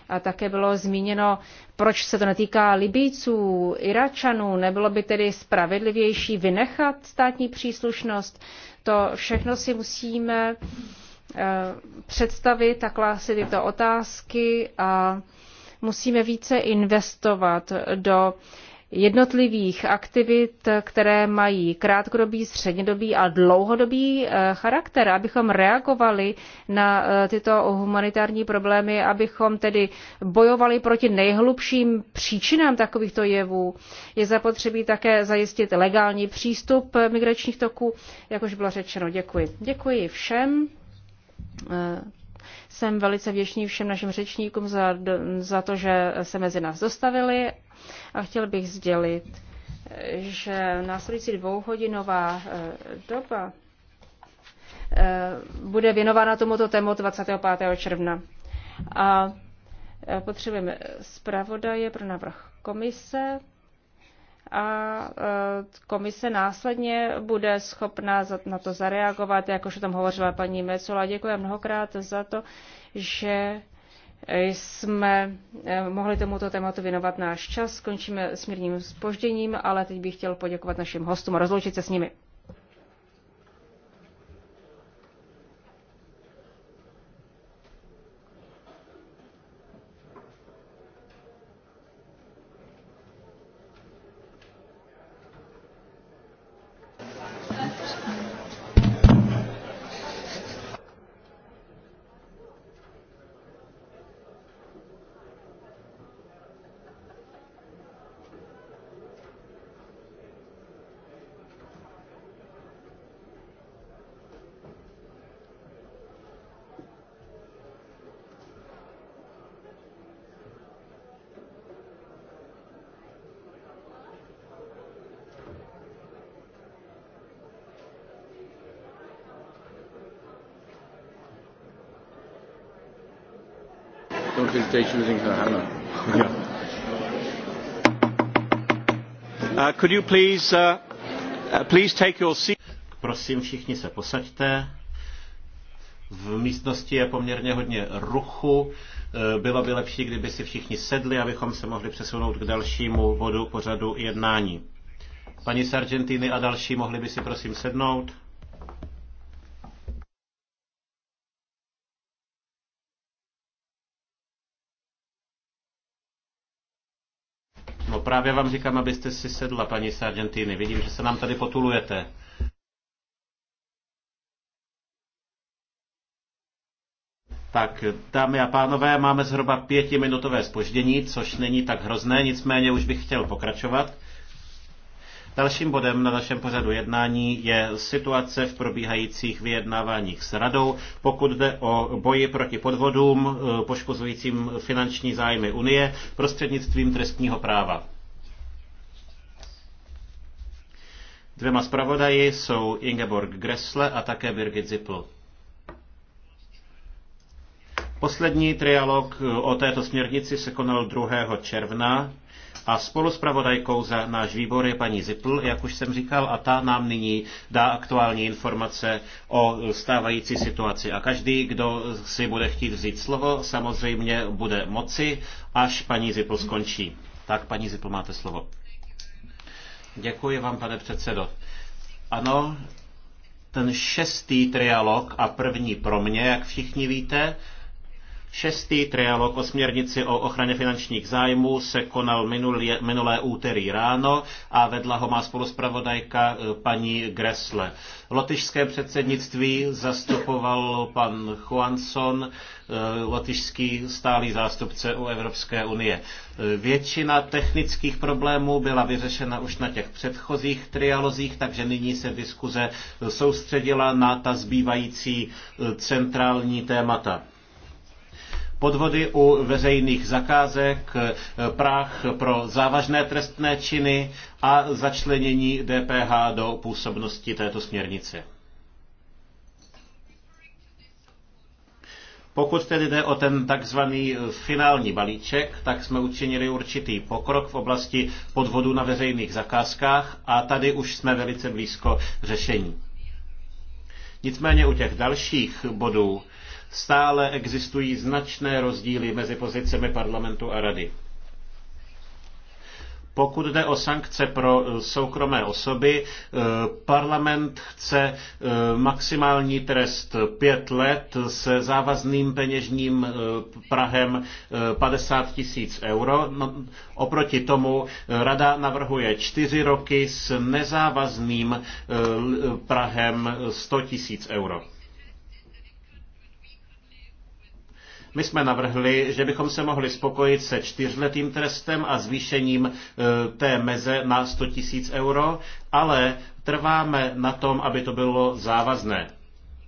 A také bylo zmíněno, proč se to netýká Libíců, Iračanů, nebylo by tedy spravedlivější vynechat státní příslušnost. To všechno si musíme eh, představit a klást si tyto otázky a musíme více investovat do jednotlivých aktivit, které mají krátkodobý, střednědobý a dlouhodobý eh, charakter, abychom reagovali na eh, tyto humanitární problémy, abychom tedy bojovali proti nejhlubším příčinám takovýchto jevů. Je zapotřebí také zajistit legální přístup migračních toků, jak už bylo řečeno. Děkuji. Děkuji všem eh, jsem velice věčný všem našim řečníkům za, za to, že se mezi nás dostavili a chtěl bych sdělit, že následující dvouhodinová eh, doba eh, bude věnována tomuto tématu 25. června. A eh, potřebujeme zpravodaje pro návrh komise a e, komise následně bude schopna na to zareagovat, jak už o tom hovořila paní Mecola. Děkuji mnohokrát za to, že jsme e, mohli tomuto tématu věnovat náš čas. Končíme mírným spožděním, ale teď bych chtěl poděkovat našim hostům a rozloučit se s nimi. conference stage using her hammer. could you please, uh, uh, please take your seat? Prosím, všichni se posaďte. V místnosti je poměrně hodně ruchu. Eh, bylo by lepší, kdyby si všichni sedli, abychom se mohli přesunout k dalšímu bodu pořadu jednání. Paní Sargentiny a další mohli by si prosím sednout. Právě vám říkám, abyste si sedla, paní z Argentiny. Vidím, že se nám tady potulujete. Tak, dámy a pánové, máme zhruba pětiminutové spoždění, což není tak hrozné, nicméně už bych chtěl pokračovat. Dalším bodem na našem pořadu jednání je situace v probíhajících vyjednáváních s radou, pokud jde o boji proti podvodům eh, poškozujícím finanční zájmy Unie prostřednictvím trestního práva. Dvěma zpravodaji jsou Ingeborg Gressle a také Birgit Zippel. Poslední trialog eh, o této směrnici se konal 2. června a spolu s pravodajkou za náš výbor je paní Zipl, jak už jsem říkal, a ta nám nyní dá aktuální informace o stávající situaci. A každý, kdo si bude chtít vzít slovo, samozřejmě bude moci, až paní Zipl skončí. Tak, paní Zipl, máte slovo. Děkuji vám, pane předsedo. Ano, ten šestý trialog a první pro mě, jak všichni víte, Šestý trialog o směrnici o ochraně finančních zájmů se konal minulé, minulé úterý ráno a vedla ho má spoluspravodajka eh, paní Gresle. Lotyšské předsednictví zastupoval pan Juanson, eh, lotyšský stálý zástupce u Evropské unie. Eh, většina technických problémů byla vyřešena už na těch předchozích trialozích, takže nyní se diskuze soustředila na ta zbývající centrální témata podvody u veřejných zakázek, eh, práh pro závažné trestné činy a začlenění DPH do působnosti této směrnice. Pokud tedy jde o ten takzvaný eh, finální balíček, tak jsme učinili určitý pokrok v oblasti podvodu na veřejných zakázkách a tady už jsme velice blízko řešení. Nicméně u těch dalších bodů stále existují značné rozdíly mezi pozicemi parlamentu a rady. Pokud jde o sankce pro eh, soukromé osoby, eh, parlament chce eh, maximální trest pět let se závazným peněžním prahem 50 tisíc euro. No, oproti tomu rada navrhuje čtyři roky s nezávazným prahem 100 tisíc euro. My jsme navrhli, že bychom se mohli spokojit se čtyřletým trestem a zvýšením e, té meze na 100 tisíc euro, ale trváme na tom, aby to bylo závazné.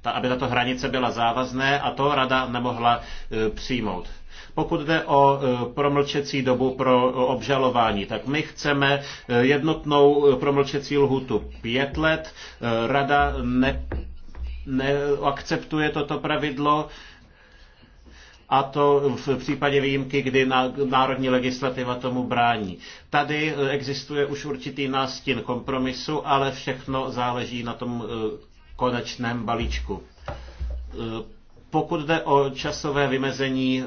Ta, aby tato hranice byla závazné a to rada nemohla e, přijmout. Pokud jde o e, promlčecí dobu pro obžalování, tak my chceme jednotnou promlčecí lhutu pět let. Rada ne, neakceptuje toto pravidlo a to v případě výjimky, kdy národní legislativa tomu brání. Tady eh, existuje už určitý nástin kompromisu, ale všechno záleží na tom eh, konečném balíčku. Eh, pokud jde o časové vymezení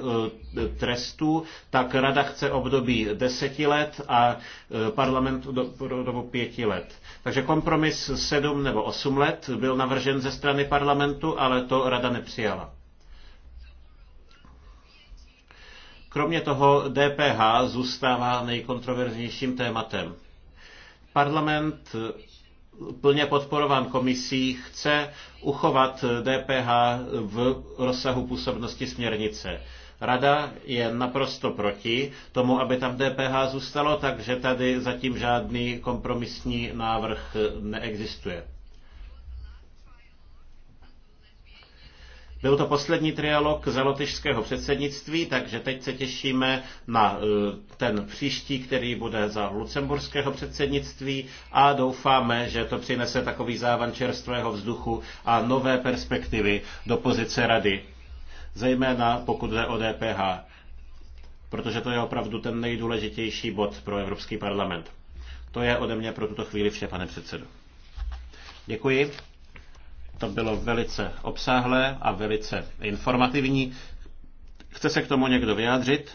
trestů, tak Rada chce období deseti let a parlament do, dobu pěti let. Takže kompromis sedm nebo osm let byl navržen ze strany parlamentu, ale to Rada nepřijala. Kromě toho DPH zůstává nejkontroverznějším tématem. Parlament plně podporován komisí chce uchovat DPH v rozsahu působnosti směrnice. Rada je naprosto proti tomu, aby tam DPH zůstalo, takže tady zatím žádný kompromisní návrh neexistuje. Byl to poslední trialog za lotyšského předsednictví, takže teď se těšíme na e, ten příští, který bude za lucemburského předsednictví a doufáme, že to přinese takový závan čerstvého vzduchu a nové perspektivy do pozice rady, zejména pokud jde o DPH, protože to je opravdu ten nejdůležitější bod pro Evropský parlament. To je ode mě pro tuto chvíli vše, pane předsedo. Děkuji. To bylo velice obsáhlé a velice informativní. Chce se k tomu někdo vyjádřit?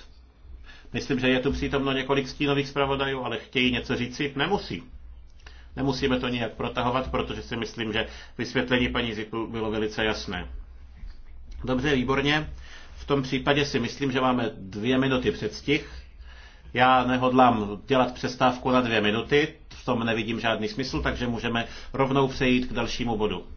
Myslím, že je tu přítomno několik stínových zpravodajů, ale chtějí něco říci? Nemusí. Nemusíme to nijak protahovat, protože si myslím, že vysvětlení paní Zipu bylo velice jasné. Dobře, výborně. V tom případě si myslím, že máme dvě minuty předstih. Já nehodlám dělat přestávku na dvě minuty, v tom nevidím žádný smysl, takže můžeme rovnou přejít k dalšímu bodu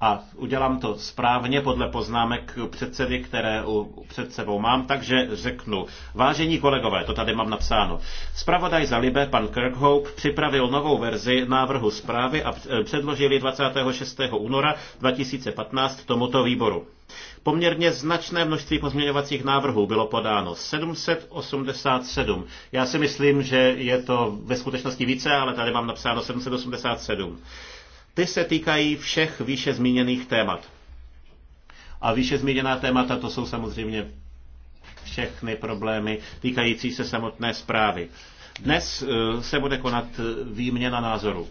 a udělám to správně podle poznámek předsedy, které před sebou mám, takže řeknu. Vážení kolegové, to tady mám napsáno. Spravodaj za Libe, pan Kirkhope, připravil novou verzi návrhu zprávy a předložili 26. února 2015 tomuto výboru. Poměrně značné množství pozměňovacích návrhů bylo podáno 787. Já si myslím, že je to ve skutečnosti více, ale tady mám napsáno 787. Ty se týkají všech výše zmíněných témat. A výše zmíněná témata to jsou samozřejmě všechny problémy týkající se samotné zprávy. Dnes eh, se bude konat eh, výměna názorů.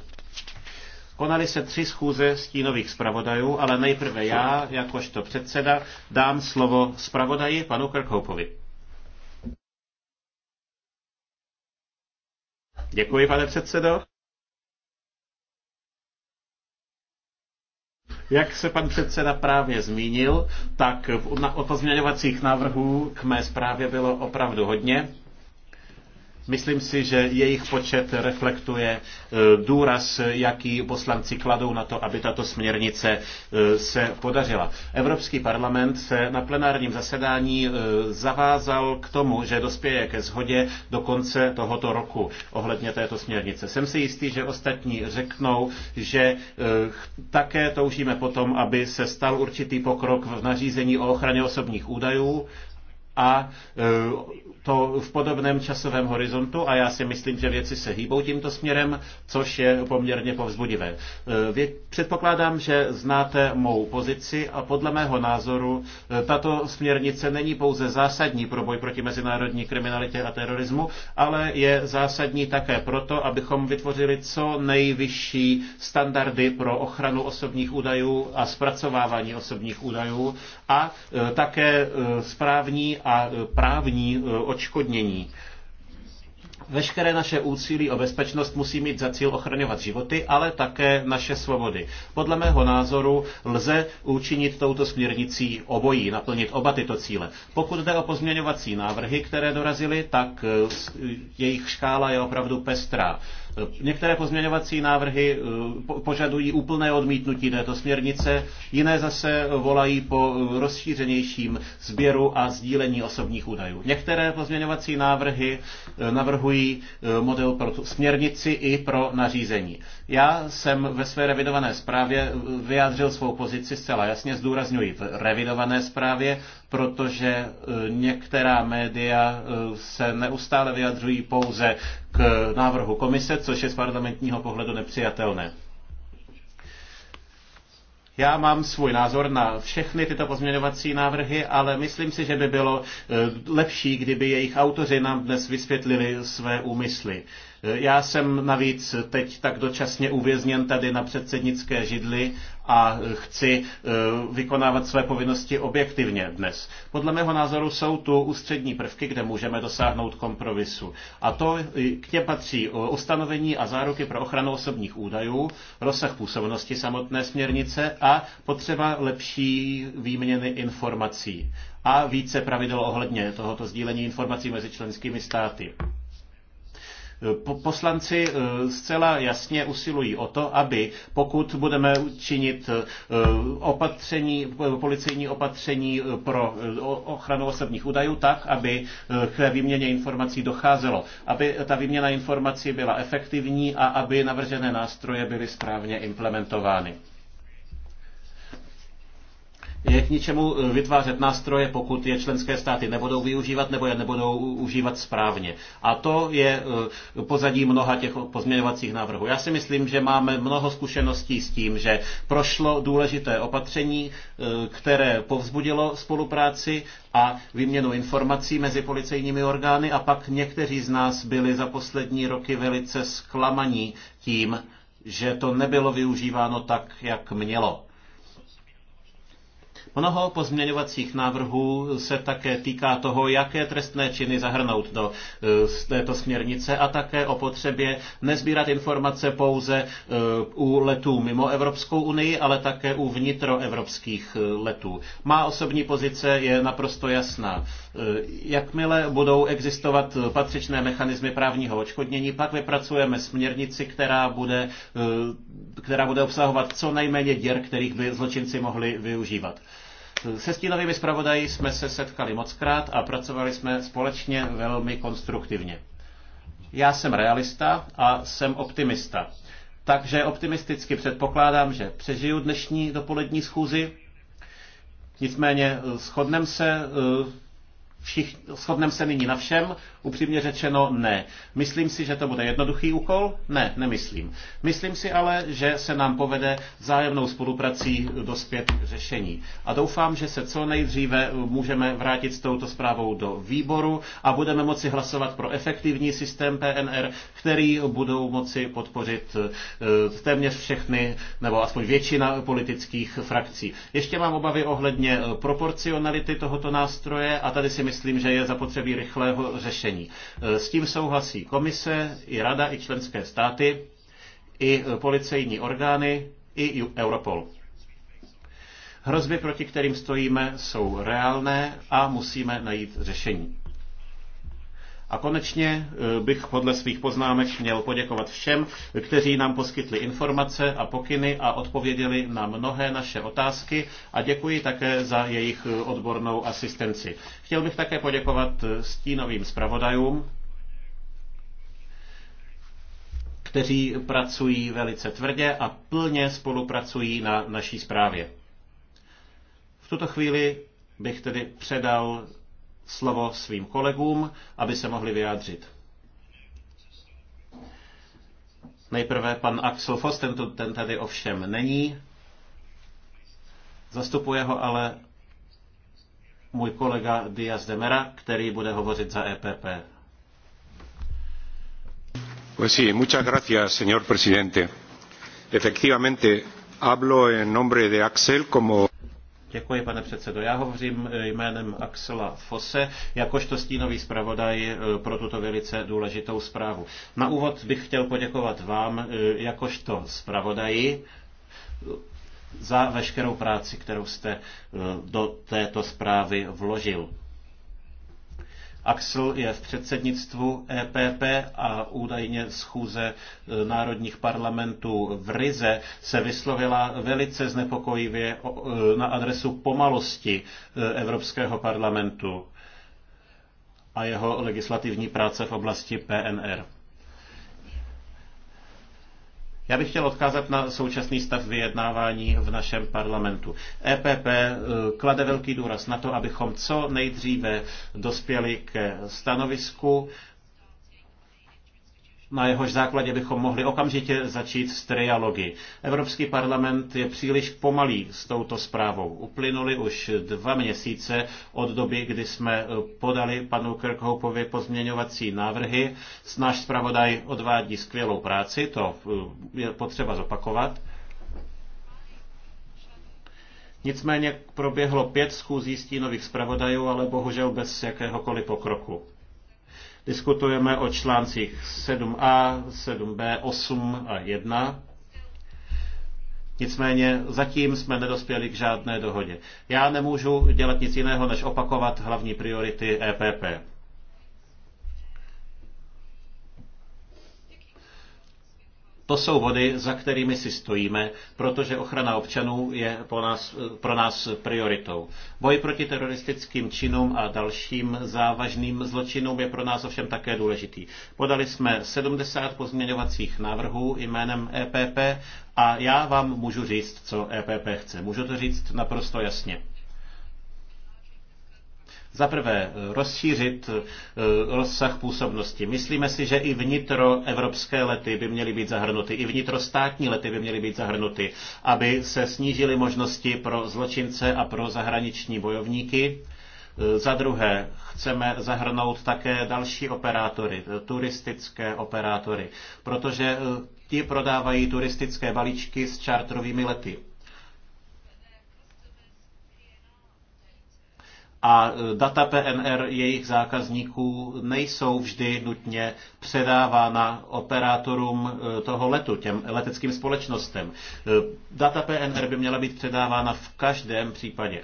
Konaly se tři schůze stínových zpravodajů, ale nejprve já, jakožto předseda, dám slovo zpravodaji panu Krkhoupovi. Děkuji, pane předsedo. Jak se pan předseda právě zmínil, tak o pozměňovacích návrhů k mé zprávě bylo opravdu hodně. Myslím si, že jejich počet reflektuje eh, důraz, jaký poslanci kladou na to, aby tato směrnice eh, se podařila. Evropský parlament se na plenárním zasedání eh, zavázal k tomu, že dospěje ke shodě do konce tohoto roku ohledně této směrnice. Jsem si jistý, že ostatní řeknou, že také toužíme potom, aby se stal určitý pokrok v nařízení o ochraně osobních údajů a to v podobném časovém horizontu a já si myslím, že věci se hýbou tímto směrem, což je poměrně povzbudivé. E, předpokládám, že znáte mou pozici a podle mého názoru e, tato směrnice není pouze zásadní pro boj proti mezinárodní kriminalitě a terorismu, ale je zásadní také proto, abychom vytvořili co nejvyšší standardy pro ochranu osobních údajů a zpracovávání osobních údajů a e, také správní a právní odškodnění. Veškeré naše úsilí o bezpečnost musí mít za cíl ochraňovat životy, ale také naše svobody. Podle mého názoru lze učinit touto směrnicí obojí, naplnit oba tyto cíle. Pokud jde o pozměňovací návrhy, které dorazily, tak eh, jejich škála je opravdu pestrá. Některé pozměňovací návrhy eh, požadují úplné odmítnutí této směrnice, jiné zase volají po eh, rozšířenějším sběru a sdílení osobních údajů. Některé pozměňovací návrhy eh, navrhují model pro směrnici i pro nařízení. Já jsem ve své revidované zprávě vyjádřil svou pozici zcela jasně, zdůrazňuji v revidované zprávě, protože e, některá média e, se neustále vyjadřují pouze k návrhu komise, což je z parlamentního pohledu nepřijatelné. Já mám svůj názor na všechny tyto pozměňovací návrhy, ale myslím si, že by bylo e, lepší, kdyby jejich autoři nám dnes vysvětlili své úmysly. Já jsem navíc teď tak dočasně uvězněn tady na předsednické židli a chci eh, vykonávat své povinnosti objektivně dnes. Podle mého názoru jsou tu ústřední prvky, kde můžeme dosáhnout kompromisu. A to eh, k těm patří eh, ustanovení a záruky pro ochranu osobních údajů, rozsah působnosti samotné směrnice a potřeba lepší výměny informací a více pravidel ohledně tohoto sdílení informací mezi členskými státy. Poslanci eh, zcela jasně usilují o to, aby pokud budeme činit eh, opatření, eh, policejní opatření pro ochranu osobních údajů, tak, aby k výměně informací docházelo, aby ta výměna informací byla efektivní a aby navržené nástroje byly správně implementovány je k ničemu eh, vytvářet nástroje, pokud je členské státy nebudou využívat nebo je nebudou užívat správně. A to je eh, pozadí mnoha těch pozměňovacích návrhů. Já si myslím, že máme mnoho zkušeností s tím, že prošlo důležité opatření, eh, které povzbudilo spolupráci a výměnu informací mezi policejními orgány a pak někteří z nás byli za poslední roky velice zklamaní tím, že to nebylo využíváno tak, jak mělo. Mnoho pozměňovacích návrhů se také týká toho, jaké trestné činy zahrnout do eh, této směrnice a také o potřebě nezbírat informace pouze eh, u letů mimo Evropskou unii, ale také u vnitroevropských eh, letů. Má osobní pozice je naprosto jasná. Jakmile budou existovat patřičné mechanismy právního odškodnění, pak vypracujeme směrnici, která bude, která bude obsahovat co nejméně děr, kterých by zločinci mohli využívat. Se stínovými zpravodaji jsme se setkali mockrát a pracovali jsme společně velmi konstruktivně. Já jsem realista a jsem optimista. Takže optimisticky předpokládám, že přežiju dnešní dopolední schůzi. Nicméně eh, shodneme se, eh, shodnem se nyní na všem Upřímně řečeno ne. Myslím si, že to bude jednoduchý úkol? Ne, nemyslím. Myslím si ale, že se nám povede zájemnou spoluprací dospět k řešení. A doufám, že se co nejdříve můžeme vrátit s touto zprávou do výboru a budeme moci hlasovat pro efektivní systém PNR, který budou moci podpořit eh, téměř všechny, nebo aspoň většina politických frakcí. Ještě mám obavy ohledně eh, proporcionality tohoto nástroje a tady si myslím, že je zapotřebí rychlého řešení řešení. E, s tím souhlasí komise, i rada, i členské státy, i e, policejní orgány, i Europol. Hrozby, proti kterým stojíme, jsou reálné a musíme najít řešení. A konečně eh, bych podle svých poznámek měl poděkovat všem, kteří nám poskytli informace a pokyny a odpověděli na mnohé naše otázky a děkuji také za jejich eh, odbornou asistenci. Chtěl bych také poděkovat eh, stínovým zpravodajům, kteří pracují velice tvrdě a plně spolupracují na naší zprávě. V tuto chvíli bych tedy předal slovo svým kolegům, aby se mohli vyjádřit. Nejprve pan Axel Foss, ten, ten tady ovšem není. Zastupuje ho ale můj kolega Diaz Demera, který bude hovořit za EPP. Pues sí, muchas gracias, señor presidente. Efectivamente, hablo en nombre de Axel como Děkuji, pane předsedo. Já hovořím eh, jménem Axela Fosse, jakožto stínový zpravodaj eh, pro tuto velice důležitou zprávu. Na úvod bych chtěl poděkovat vám, eh, jakožto zpravodaji, za veškerou práci, kterou jste do této zprávy vložil. Axel je v předsednictvu EPP a údajně schůze e, národních parlamentů v Rize se vyslovila velice znepokojivě e, na adresu pomalosti e, Evropského parlamentu a jeho legislativní práce v oblasti PNR. Já bych chtěl odkázat na současný stav vyjednávání v našem parlamentu. EPP eh, klade velký důraz na to, abychom co nejdříve dospěli ke stanovisku, na jehož základě bychom mohli okamžitě začít s trialogy. Evropský parlament je příliš pomalý s touto zprávou. Uplynuly už dva měsíce od doby, kdy jsme eh, podali panu Kirkhopovi pozměňovací návrhy. Náš zpravodaj odvádí skvělou práci, to eh, je potřeba zopakovat. Nicméně proběhlo pět schůzí stínových zpravodajů, ale bohužel bez jakéhokoliv pokroku. Diskutujeme o článcích 7a, 7b, 8 a 1. Nicméně zatím jsme nedospěli k žádné dohodě. Já nemůžu dělat nic jiného, než opakovat hlavní priority EPP. To jsou vody, za kterými si stojíme, protože ochrana občanů je pro nás, pro nás prioritou. Boj proti teroristickým činům a dalším závažným zločinům je pro nás ovšem také důležitý. Podali jsme 70 pozměňovacích návrhů jménem EPP a já vám můžu říct, co EPP chce. Můžu to říct naprosto jasně. Za prvé, rozšířit eh, rozsah působnosti. Myslíme si, že i vnitroevropské lety by měly být zahrnuty, i vnitrostátní lety by měly být zahrnuty, aby se snížily možnosti pro zločince a pro zahraniční bojovníky. Eh, za druhé, chceme zahrnout také další operátory, eh, turistické operátory, protože ti prodávají turistické balíčky s čártrovými lety. a data PNR jejich zákazníků nejsou vždy nutně předávána operátorům eh, toho letu, těm leteckým společnostem. Eh, data PNR by měla být předávána v každém případě.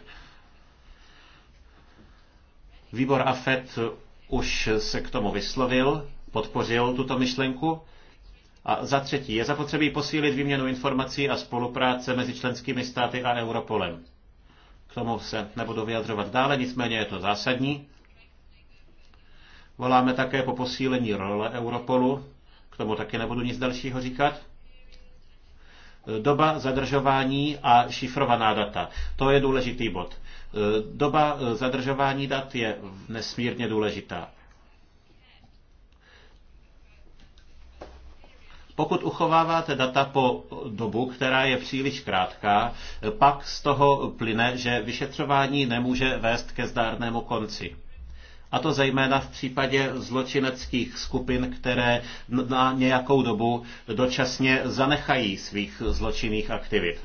Výbor AFET už se k tomu vyslovil, podpořil tuto myšlenku. A za třetí, je zapotřebí posílit výměnu informací a spolupráce mezi členskými státy a Europolem. K tomu se nebudu vyjadřovat dále, nicméně je to zásadní. Voláme také po posílení role Europolu. K tomu taky nebudu nic dalšího říkat doba zadržování a šifrovaná data. To je důležitý bod. Doba zadržování dat je nesmírně důležitá. Pokud uchováváte data po dobu, která je příliš krátká, pak z toho plyne, že vyšetřování nemůže vést ke zdárnému konci. A to zejména v případě zločineckých skupin, které na nějakou dobu dočasně zanechají svých zločinných aktivit.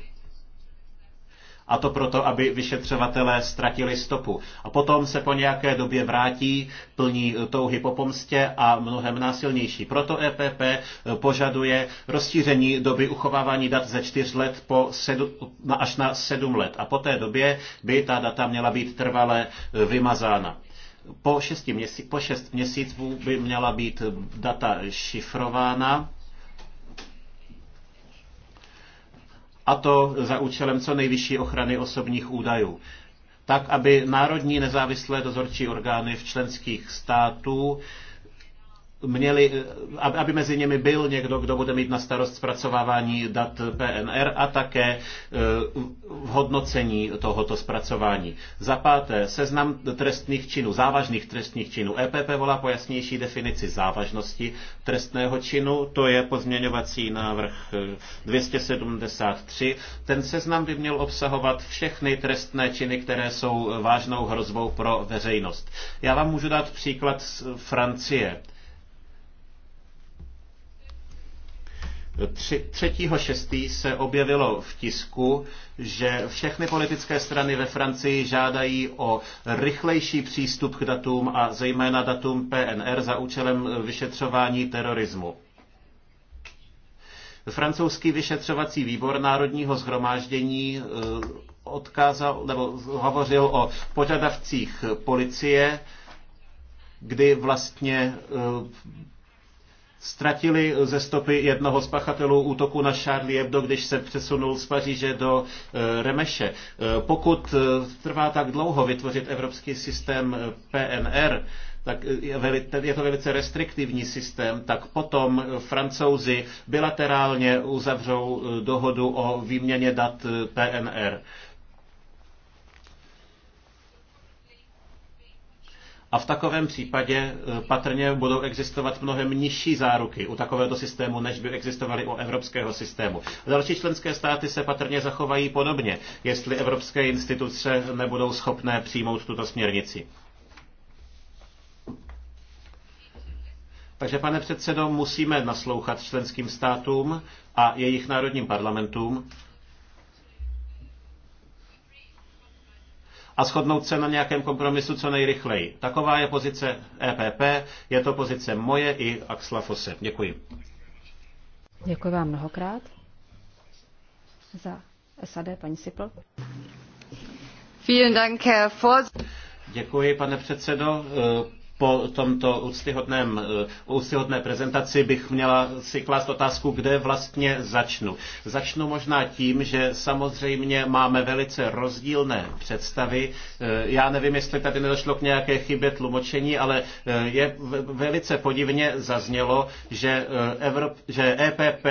A to proto, aby vyšetřovatelé ztratili stopu. A potom se po nějaké době vrátí, plní eh, touhy po pomstě a mnohem násilnější. Proto EPP eh, požaduje rozšíření doby uchovávání dat ze čtyř let po sedm, až na sedm let. A po té době by ta data měla být trvale eh, vymazána po, šesti měsících po šest měsíců by měla být data šifrována a to za účelem co nejvyšší ochrany osobních údajů tak aby národní nezávislé dozorčí orgány v členských států měli, aby mezi nimi byl někdo, kdo bude mít na starost zpracovávání dat PNR a také e, v hodnocení tohoto zpracování. Za páté, seznam trestných činů, závažných trestných činů. EPP volá po jasnější definici závažnosti trestného činu, to je pozměňovací návrh 273. E, Ten seznam by měl obsahovat všechny trestné činy, které jsou vážnou hrozbou pro veřejnost. Já vám můžu dát příklad z Francie. 6. se objevilo v tisku, že všechny politické strany ve Francii žádají o rychlejší přístup k datům a zejména datům PNR za účelem vyšetřování terorismu. Francouzský vyšetřovací výbor Národního zhromáždění eh, odkázal, nebo hovořil o požadavcích policie, kdy vlastně eh, ztratili ze stopy jednoho z pachatelů útoku na Charlie Hebdo, když se přesunul z Paříže do eh, Remeše. Eh, pokud eh, trvá tak dlouho vytvořit evropský systém PNR, tak je to velice restriktivní systém, tak potom francouzi bilaterálně uzavřou dohodu o výměně dat PNR. A v takovém případě e, patrně budou existovat mnohem nižší záruky u takovéhoto systému, než by existovaly u evropského systému. Další členské státy se patrně zachovají podobně, jestli evropské instituce nebudou schopné přijmout tuto směrnici. Takže, pane předsedo, musíme naslouchat členským státům a jejich národním parlamentům a shodnout se na nějakém kompromisu co nejrychleji. Taková je pozice EPP, je to pozice moje i Axla Fosse. Děkuji. Děkuji vám mnohokrát za SAD, paní Sipl. Vielen Dank, Herr Děkuji, pane předsedo po tomto úctyhodném, eh, úctyhodné prezentaci bych měla si klást otázku, kde vlastně začnu. Začnu možná tím, že samozřejmě máme velice rozdílné představy. Eh, já nevím, jestli tady nedošlo k nějaké chybě tlumočení, ale eh, je velice podivně zaznělo, že, Evrop, že EPP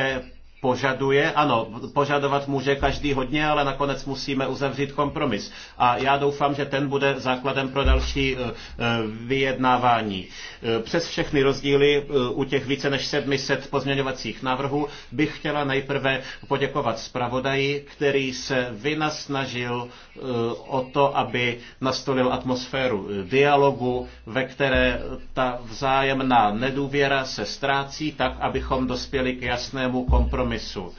požaduje. Ano, požadovat může každý hodně, ale nakonec musíme uzavřít kompromis. A já doufám, že ten bude základem pro další eh, eh, vyjednávání. Eh, přes všechny rozdíly u těch více než 700 pozměňovacích návrhů bych chtěla nejprve poděkovat zpravodaji, který se vynasnažil o to, aby nastolil atmosféru dialogu, ve které ta vzájemná nedůvěra se ztrácí tak, abychom dospěli k jasnému kompromisu kompromisu.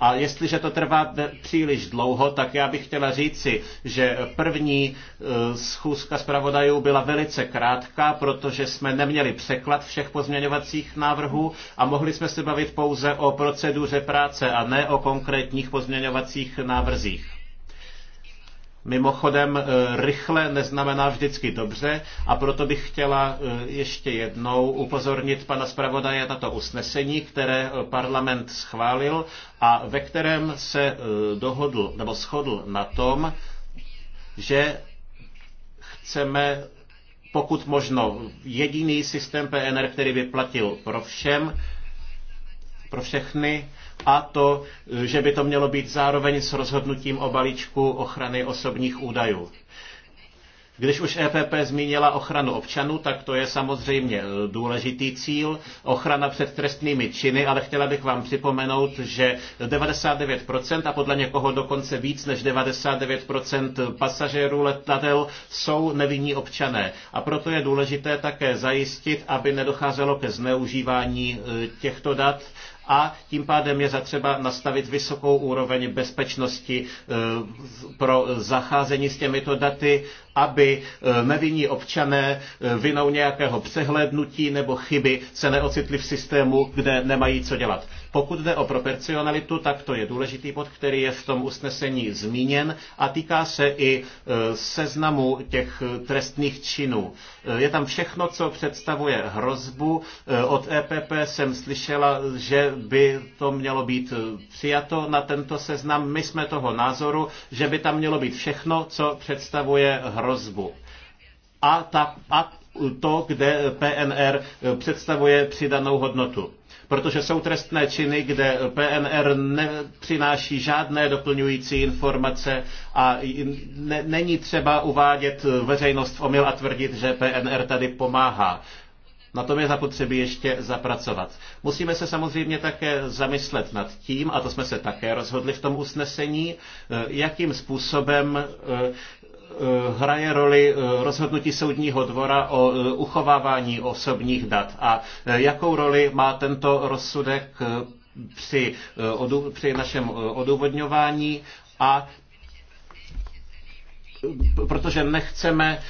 A jestliže to trvá příliš dlouho, tak já bych chtěla říci, že první e, schůzka zpravodajů byla velice krátká, protože jsme neměli překlad všech pozměňovacích návrhů a mohli jsme se bavit pouze o proceduře práce a ne o konkrétních pozměňovacích návrzích. Mimochodem, eh, rychle neznamená vždycky dobře a proto bych chtěla eh, ještě jednou upozornit pana zpravodaje na to usnesení, které eh, parlament schválil a ve kterém se dohodl nebo shodl na tom, že chceme pokud možno jediný systém PNR, který by platil pro všem, pro všechny a to, že by to mělo být zároveň s rozhodnutím o balíčku ochrany osobních údajů. Když už EPP zmínila ochranu občanů, tak to je samozřejmě důležitý cíl, ochrana před trestnými činy, ale chtěla bych vám připomenout, že 99% a podle někoho dokonce víc než 99% pasažérů letadel jsou nevinní občané. A proto je důležité také zajistit, aby nedocházelo ke zneužívání e, těchto dat a tím pádem je zatřeba nastavit vysokou úroveň bezpečnosti eh, pro zacházení s těmito daty, aby eh, nevinní občané eh, vinou nějakého přehlédnutí nebo chyby se neocitli v systému, kde nemají co dělat. Pokud jde o proporcionalitu, tak to je důležitý bod, který je v tom usnesení zmíněn a týká se i e, seznamu těch e, trestných činů. E, je tam všechno, co představuje hrozbu. Od EPP jsem slyšela, že by to mělo být přijato na tento seznam. My jsme toho názoru, že by tam mělo být všechno, co představuje hrozbu. A, ta, a to, kde PNR představuje přidanou hodnotu protože jsou trestné činy, kde PNR nepřináší žádné doplňující informace a ne, není třeba uvádět veřejnost v omyl a tvrdit, že PNR tady pomáhá. Na tom je zapotřebí ještě zapracovat. Musíme se samozřejmě také zamyslet nad tím, a to jsme se také rozhodli v tom usnesení, eh, jakým způsobem eh, Eh, hraje roli eh, rozhodnutí soudního dvora o eh, uchovávání osobních dat a jakou roli má tento rozsudek při, při našem odůvodňování a protože nechceme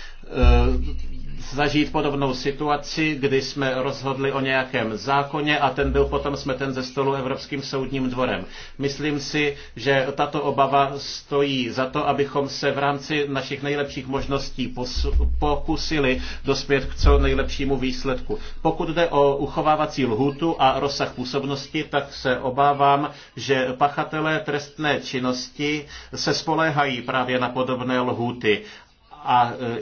zažít podobnou situaci, kdy jsme rozhodli o nějakém zákoně a ten byl potom smeten ze stolu Evropským soudním dvorem. Myslím si, že tato obava stojí za to, abychom se v rámci našich nejlepších možností pokusili dospět k co nejlepšímu výsledku. Pokud jde o uchovávací lhůtu a rozsah působnosti, tak se obávám, že pachatelé trestné činnosti se spoléhají právě na podobné lhůty. A e,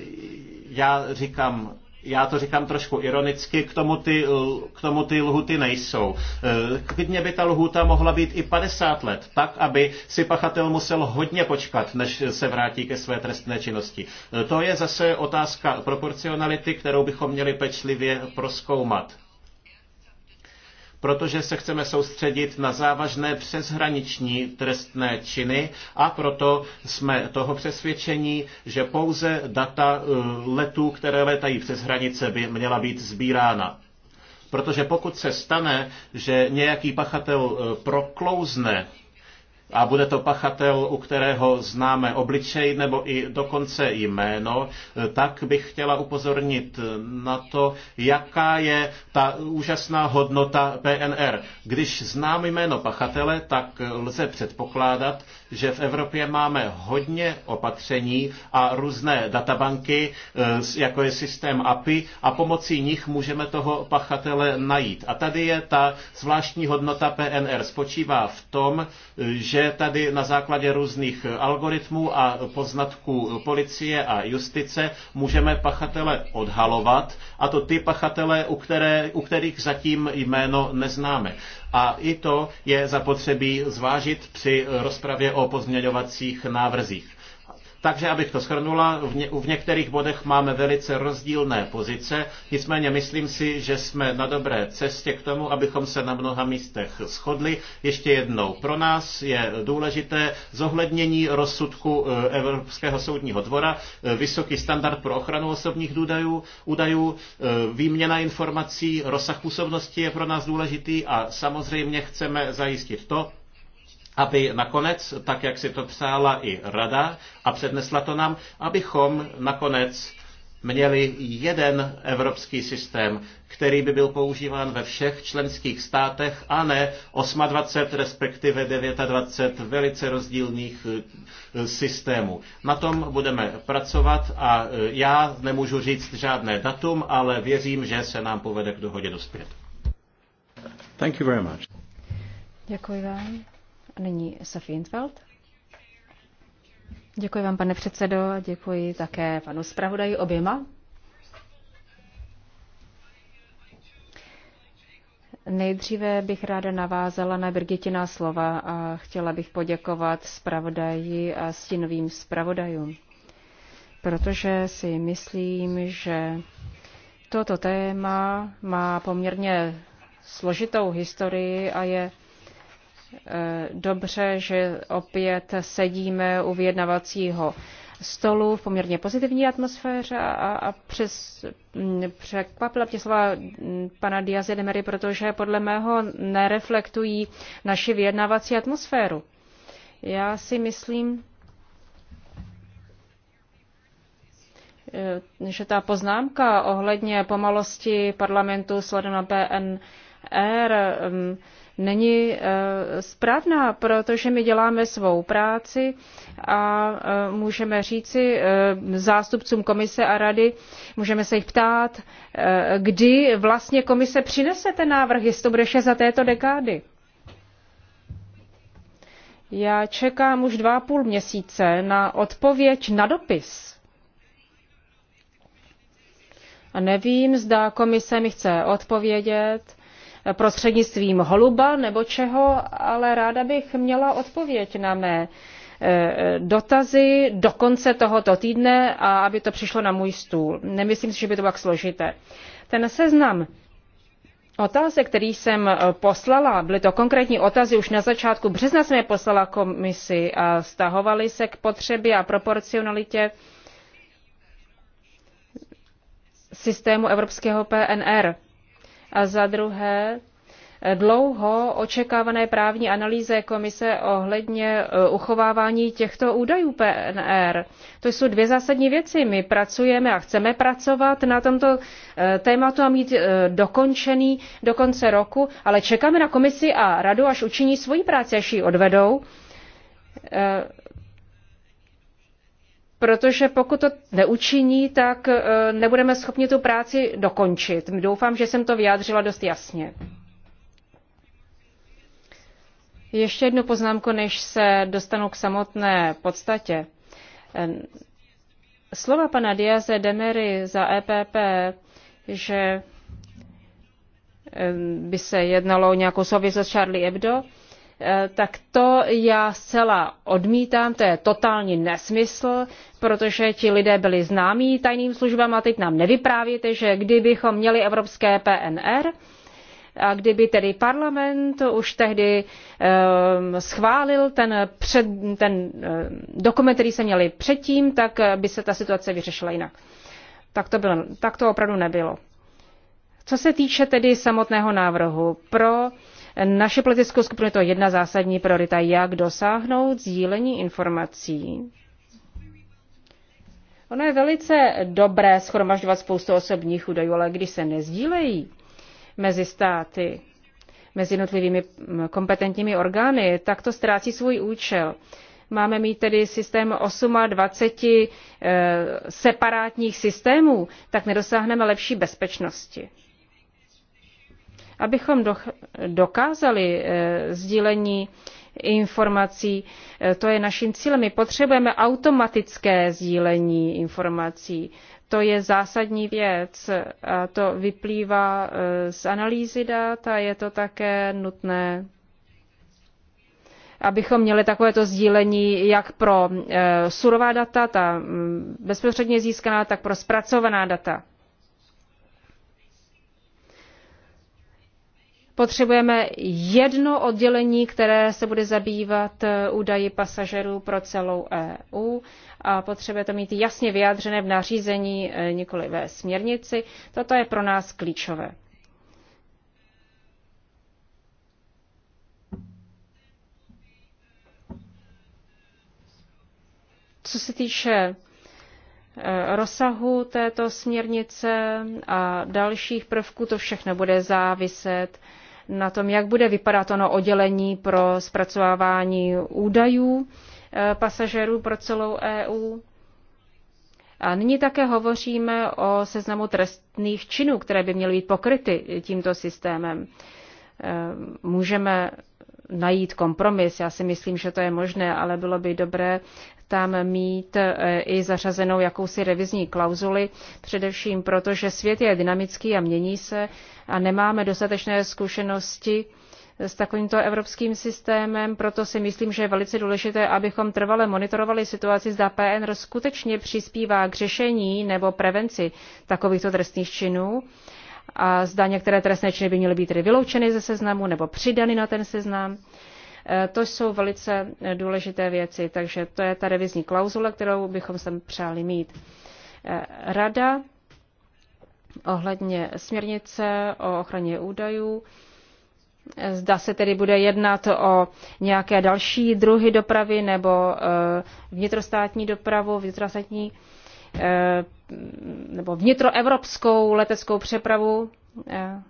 já říkám, já to říkám trošku ironicky, k tomu ty, k tomu ty lhuty nejsou. E, klidně by ta lhuta mohla být i 50 let, tak, aby si pachatel musel hodně počkat, než se vrátí ke své trestné činnosti. E, to je zase otázka proporcionality, kterou bychom měli pečlivě proskoumat protože se chceme soustředit na závažné přeshraniční trestné činy a proto jsme toho přesvědčení, že pouze data eh, letů, které letají přes hranice, by měla být sbírána. Protože pokud se stane, že nějaký pachatel eh, proklouzne a bude to pachatel, u kterého známe obličej nebo i dokonce jméno, tak bych chtěla upozornit na to, jaká je ta úžasná hodnota PNR. Když znám jméno pachatele, tak lze předpokládat, že v Evropě máme hodně opatření a různé databanky, eh, jako je systém API, a pomocí nich můžeme toho pachatele najít. A tady je ta zvláštní hodnota PNR. Spočívá v tom, eh, že tady na základě různých eh, algoritmů a poznatků policie a justice můžeme pachatele odhalovat, a to ty pachatele, u, které, u kterých zatím jméno neznáme. A i to je zapotřebí zvážit při rozpravě o pozměňovacích návrzích. Takže abych to shrnula, v, ně, v některých bodech máme velice rozdílné pozice, nicméně myslím si, že jsme na dobré cestě k tomu, abychom se na mnoha místech shodli. Ještě jednou, pro nás je důležité zohlednění rozsudku e, Evropského soudního dvora, e, vysoký standard pro ochranu osobních údajů, údajů e, výměna informací, rozsah působnosti je pro nás důležitý a samozřejmě chceme zajistit to, aby nakonec, tak jak si to přála i rada a přednesla to nám, abychom nakonec měli jeden evropský systém, který by byl používán ve všech členských státech a ne 28, respektive 29 velice rozdílných eh, systémů. Na tom budeme pracovat a eh, já nemůžu říct žádné datum, ale věřím, že se nám povede k dohodě dospět. Thank you very much. Děkuji vám. Nyní Sophie Infeld. Děkuji vám, pane předsedo, a děkuji také panu zpravodaji oběma. Nejdříve bych ráda navázala na Brigitina slova a chtěla bych poděkovat zpravodaji a stínovým zpravodajům, protože si myslím, že toto téma má poměrně složitou historii a je Eh, dobře, že opět sedíme u vyjednavacího stolu v poměrně pozitivní atmosféře a, a přes, mm, překvapila tě slova mm, pana Diaz Demery, protože podle mého nereflektují naši vyjednavací atmosféru. Já si myslím, eh, že ta poznámka ohledně pomalosti parlamentu sledem na PNR mm, není eh, správná, protože my děláme svou práci a eh, můžeme říci eh, zástupcům komise a rady, můžeme se jich ptát, kdy vlastně komise přinese ten návrh, jestli to bude ještě za této dekády. Já čekám už dva a půl měsíce na odpověď na dopis. A nevím, zda komise mi chce odpovědět, prostřednictvím holuba nebo čeho, ale ráda bych měla odpověď na mé e, dotazy do konce tohoto týdne a aby to přišlo na můj stůl. Nemyslím si, že by to bylo tak složité. Ten seznam otázek, který jsem e, poslala, byly to konkrétní otázky už na začátku března jsem je poslala komisi a stahovaly se k potřebě a proporcionalitě systému evropského PNR. A za druhé, dlouho očekávané právní analýze komise ohledně e, uchovávání těchto údajů PNR. To jsou dvě zásadní věci. My pracujeme a chceme pracovat na tomto e, tématu a mít e, dokončený do konce roku, ale čekáme na komisi a radu, až učiní svoji práci, až ji odvedou protože pokud to neučiní, tak eh, nebudeme schopni tu práci dokončit. Doufám, že jsem to vyjádřila dost jasně. Ještě jednu poznámku, než se dostanu k samotné podstatě. Eh, slova pana Diaze Demery za EPP, že eh, by se jednalo o nějakou souvislost Charlie Hebdo, Eh, tak to já zcela odmítám, to je totální nesmysl, protože ti lidé byli známí tajným službám a teď nám nevyprávíte, že kdybychom měli evropské PNR, a kdyby tedy parlament už tehdy um, schválil ten, před, ten um, dokument, který se měli předtím, tak by se ta situace vyřešila jinak. Tak to, bylo, tak to opravdu nebylo. Co se týče tedy samotného návrhu, pro uh, naše politickou skupinu je to jedna zásadní priorita, jak dosáhnout sdílení informací. Ono je velice dobré schromažďovat spoustu osobních údajů, ale když se nezdílejí mezi státy, mezi jednotlivými kompetentními orgány, tak to ztrácí svůj účel. Máme mít tedy systém 28 eh, separátních systémů, tak nedosáhneme lepší bezpečnosti. Abychom dokázali eh, sdílení informací, eh, to je naším cílem. My potřebujeme automatické sdílení informací. To je zásadní věc. A to vyplývá eh, z analýzy dat a je to také nutné abychom měli takovéto sdílení jak pro surová data, ta mm, bezprostředně získaná, tak pro zpracovaná data. Potřebujeme jedno oddělení, které se bude zabývat eh, údaji pasažerů pro celou EU a potřebuje to mít jasně vyjádřené v nařízení, eh, nikoli ve směrnici. Toto je pro nás klíčové. Co se týče eh, rozsahu této směrnice a dalších prvků, to všechno bude záviset na tom, jak bude vypadat ono oddělení pro zpracovávání údajů eh, pasažerů pro celou EU. A nyní také hovoříme o seznamu trestných činů, které by měly být pokryty tímto systémem. Eh, můžeme najít kompromis. Já si myslím, že to je možné, ale bylo by dobré tam mít e, i zařazenou jakousi revizní klauzuli, především proto, že svět je dynamický a mění se a nemáme dostatečné zkušenosti s takovýmto evropským systémem, proto si myslím, že je velice důležité, abychom trvale monitorovali situaci, zda PNR skutečně přispívá k řešení nebo prevenci takovýchto trestných činů a zda některé trestné činy by měly být tedy vyloučeny ze seznamu nebo přidany na ten seznam. To jsou velice důležité věci, takže to je ta revizní klauzule, kterou bychom sem přáli mít. Rada ohledně směrnice o ochraně údajů. Zda se tedy bude jednat o nějaké další druhy dopravy nebo eh, vnitrostátní dopravu, vnitrostátní eh, nebo vnitroevropskou leteckou přepravu eh,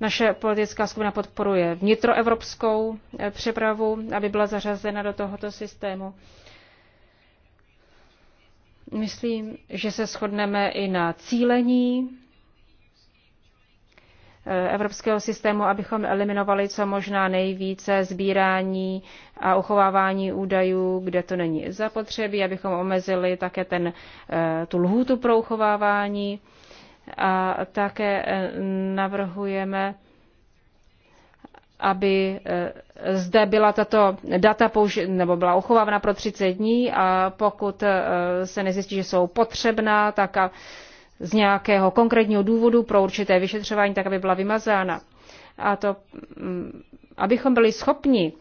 naše politická skupina podporuje vnitroevropskou eh, přepravu, aby byla zařazena do tohoto systému. Myslím, že se shodneme i na cílení eh, evropského systému, abychom eliminovali co možná nejvíce sbírání a uchovávání údajů, kde to není zapotřebí, abychom omezili také ten, eh, tu lhůtu pro uchovávání a také e, navrhujeme, aby e, zde byla tato data použi- nebo byla uchována pro 30 dní a pokud e, se nezjistí, že jsou potřebná, tak a z nějakého konkrétního důvodu pro určité vyšetřování, tak aby byla vymazána. A to, mm, abychom byli schopni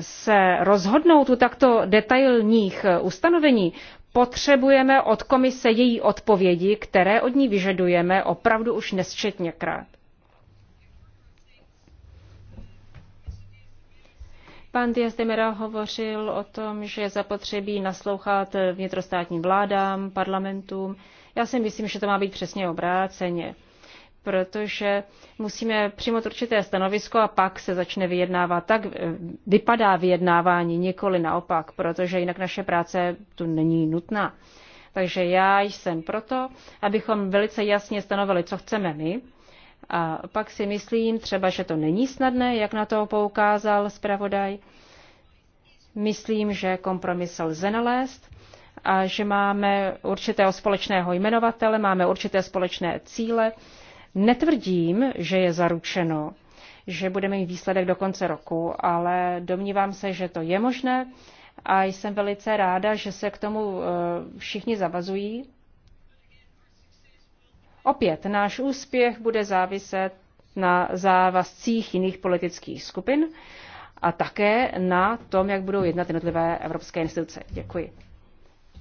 se rozhodnout u takto detailních ustanovení, potřebujeme od komise její odpovědi, které od ní vyžadujeme opravdu už nesčetněkrát. Pan Diaz de Mera hovořil o tom, že zapotřebí naslouchat vnitrostátním vládám, parlamentům. Já si myslím, že to má být přesně obráceně protože musíme přijmout určité stanovisko a pak se začne vyjednávat. Tak eh, vypadá vyjednávání, nikoli naopak, protože jinak naše práce tu není nutná. Takže já jsem proto, abychom velice jasně stanovili, co chceme my. A pak si myslím třeba, že to není snadné, jak na to poukázal zpravodaj. Myslím, že kompromis lze nalézt a že máme určitého společného jmenovatele, máme určité společné cíle Netvrdím, že je zaručeno, že budeme mít výsledek do konce roku, ale domnívám se, že to je možné a jsem velice ráda, že se k tomu eh, všichni zavazují. Opět, náš úspěch bude záviset na závazcích jiných politických skupin a také na tom, jak budou jednat jednotlivé evropské instituce. Děkuji.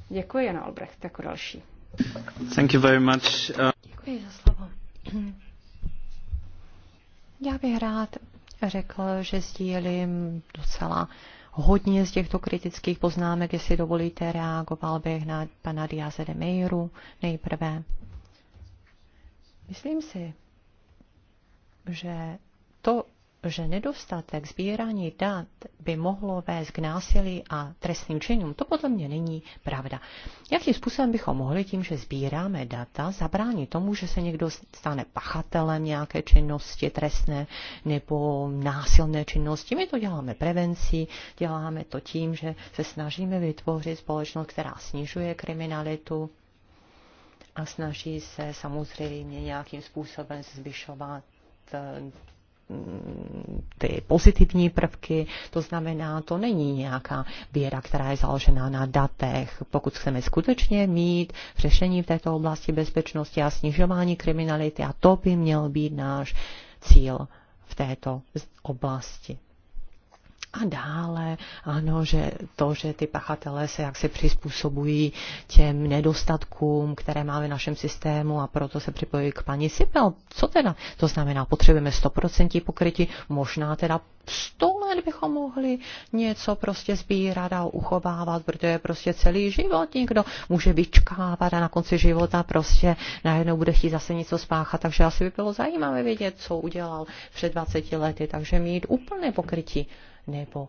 Děkuji, Jana Albrecht, jako další. Thank you very much. Děkuji za slovo. Já bych rád řekl, že sdílím docela hodně z těchto kritických poznámek, jestli dovolíte, reagoval bych na pana Diaze de Meiru nejprve. Myslím si, že to, že nedostatek sbírání dat by mohlo vést k násilí a trestným činům. To podle mě není pravda. Jakým způsobem bychom mohli tím, že sbíráme data, zabránit tomu, že se někdo stane pachatelem nějaké činnosti trestné nebo násilné činnosti? My to děláme prevencí, děláme to tím, že se snažíme vytvořit společnost, která snižuje kriminalitu a snaží se samozřejmě nějakým způsobem zvyšovat eh, Mm, ty pozitivní prvky, to znamená, to není nějaká věda, která je založená na datech. Pokud chceme skutečně mít řešení v této oblasti bezpečnosti a snižování kriminality, a to by měl být náš cíl v této oblasti. A dále, ano, že to, že ty pachatelé se jaksi přizpůsobují těm nedostatkům, které máme v našem systému a proto se připojí k paní Sipel. Co teda? To znamená, potřebujeme 100% pokrytí, možná teda 100 let bychom mohli něco prostě sbírat a uchovávat, protože prostě celý život někdo může vyčkávat a na konci života prostě najednou bude chtít zase něco spáchat, takže asi by bylo zajímavé vědět, co udělal před 20 lety, takže mít úplné pokrytí nebo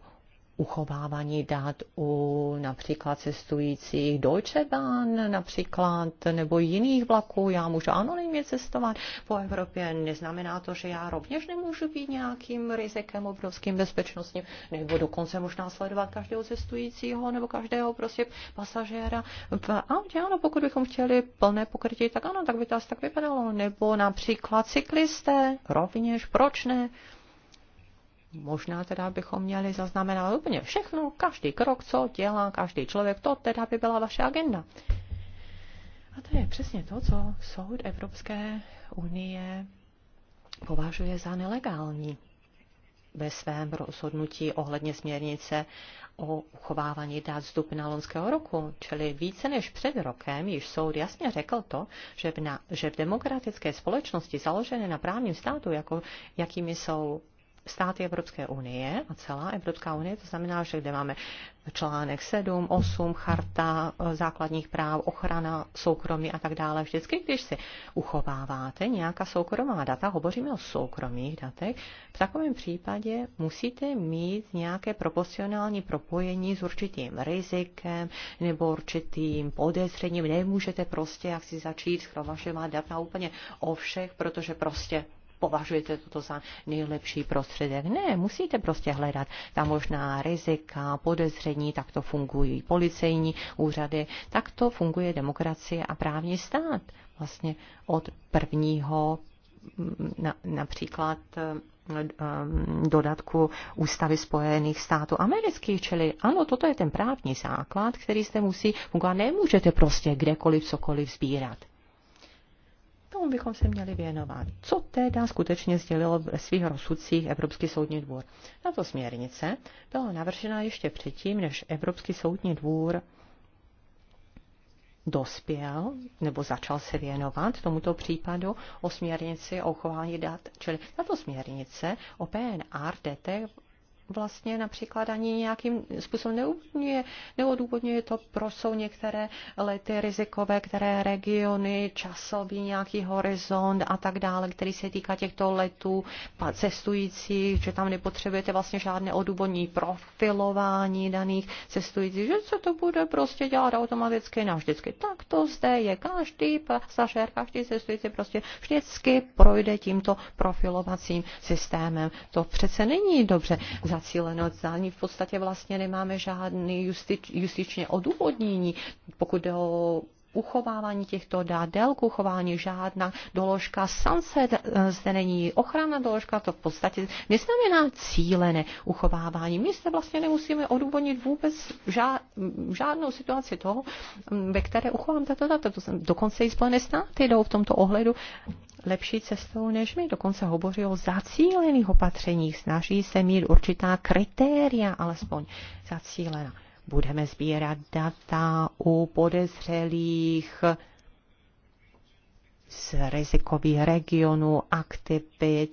uchovávání dat u například cestujících Deutsche Bahn například nebo jiných vlaků. Já můžu anonymně cestovat po Evropě. Neznamená to, že já rovněž nemůžu být nějakým rizikem obrovským bezpečnostním nebo dokonce možná sledovat každého cestujícího nebo každého prostě pasažéra A Ano, pokud bychom chtěli plné pokrytí, tak ano, tak by to asi tak vypadalo. Nebo například cyklisté rovněž, proč ne? možná teda bychom měli zaznamenat úplně všechno, každý krok, co dělá každý člověk, to teda by byla vaše agenda. A to je přesně to, co soud Evropské unie považuje za nelegální ve svém rozhodnutí ohledně směrnice o uchovávání dat z dubna loňského roku, čili více než před rokem, již soud jasně řekl to, že v, na, že v demokratické společnosti založené na právním státu, jako, jakými jsou státy Evropské unie a celá Evropská unie, to znamená, že kde máme článek 7, 8, charta eh, základních práv, ochrana soukromí a tak dále. Vždycky, když si uchováváte nějaká soukromá data, hovoříme o soukromých datech, v takovém případě musíte mít nějaké proporcionální propojení s určitým rizikem nebo určitým podezřením. Nemůžete prostě jak si začít schromažovat data úplně o všech, protože prostě považujete toto za nejlepší prostředek. Ne, musíte prostě hledat ta možná rizika, podezření, tak to fungují policejní úřady, tak to funguje demokracie a právní stát. Vlastně od prvního mm, na, například mm, mm, dodatku Ústavy Spojených států amerických, čili ano, toto je ten právní základ, který zde musí fungovat. Nemůžete prostě kdekoliv cokoliv sbírat. Tomu bychom se měli věnovat. Co teda skutečně sdělilo ve svých rozsudcích Evropský soudní dvůr? Tato směrnice byla navržena ještě předtím, než Evropský soudní dvůr dospěl nebo začal se věnovat tomuto případu o směrnici o chování dat. Čili tato směrnice o PNR DT vlastně například ani nějakým způsobem neudůvodňuje, neodůvodňuje to, proč jsou některé lety rizikové, které regiony, časový nějaký horizont a tak dále, který se týká těchto letů cestujících, že tam nepotřebujete vlastně žádné odůvodní profilování daných cestujících, že se to bude prostě dělat automaticky no, vždycky. Tak to zde je každý pasažér, každý cestující prostě vždycky projde tímto profilovacím systémem. To přece není dobře. Za zacílenost ní. V podstatě vlastně nemáme žádný justič, justičně odůvodnění, pokud jde o uchovávání těchto dat, délku uchování žádná doložka, sunset eh, zde není, ochrana doložka, to v podstatě neznamená cílené uchovávání. My se vlastně nemusíme odůvodnit vůbec žádnou situaci toho, mm, ve které uchovám tato data. To jsem, dokonce i Spojené státy jdou v tomto ohledu lepší cestou než my. Dokonce hovoří o zacílených opatřeních. Snaží se mít určitá kritéria alespoň zacílená budeme sbírat data u podezřelých z rizikových regionů, aktivit,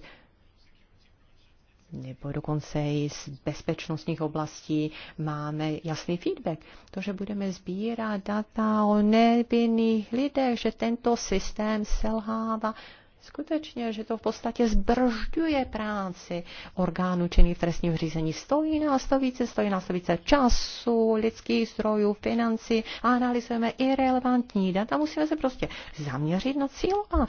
nebo dokonce i z bezpečnostních oblastí máme jasný feedback. To, že budeme sbírat data o nevinných lidech, že tento systém selhává, skutečně, že to v podstatě zbržďuje práci orgánů činný v trestním řízení. Stojí nás to více, stojí nás to více času, lidských zdrojů, financí a analyzujeme i relevantní data. Musíme se prostě zaměřit na cílová,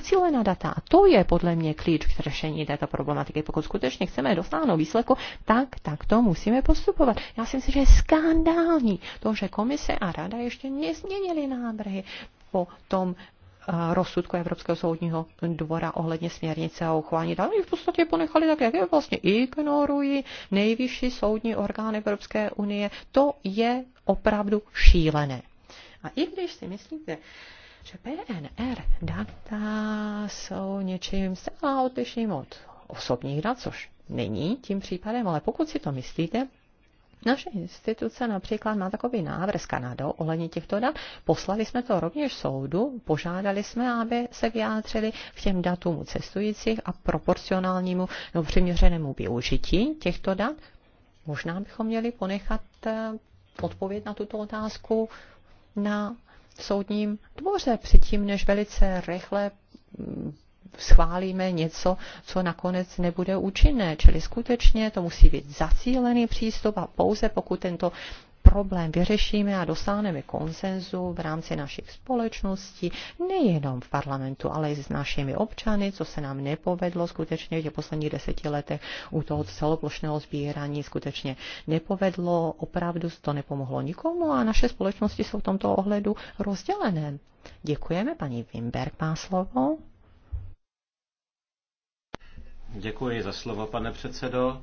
cílená data. A to je podle mě klíč k řešení této problematiky. Pokud skutečně chceme dosáhnout výsledku, tak, tak to musíme postupovat. Já si myslím, že je skandální to, že komise a rada ještě nezměnili návrhy po tom rozsudku Evropského soudního dvora ohledně směrnice a uchování Tam Oni v podstatě ponechali tak, jak je vlastně ignorují nejvyšší soudní orgány Evropské unie. To je opravdu šílené. A i když si myslíte, že PNR data jsou něčím zcela odlišným od osobních dat, což není tím případem, ale pokud si to myslíte, naše instituce například má takový návrh s Kanadou ohledně těchto dat. Poslali jsme to rovněž soudu, požádali jsme, aby se vyjádřili k těm datům cestujících a proporcionálnímu nebo přiměřenému využití těchto dat. Možná bychom měli ponechat eh, odpověď na tuto otázku na soudním dvoře předtím, než velice rychle mm, schválíme něco, co nakonec nebude účinné. Čili skutečně to musí být zacílený přístup a pouze pokud tento problém vyřešíme a dosáhneme konsenzu v rámci našich společností, nejenom v parlamentu, ale i s našimi občany, co se nám nepovedlo skutečně v těch posledních deseti letech u toho celoplošného sbírání skutečně nepovedlo, opravdu to nepomohlo nikomu a naše společnosti jsou v tomto ohledu rozdělené. Děkujeme, paní Wimberg má slovo. Děkuji za slovo, pane předsedo.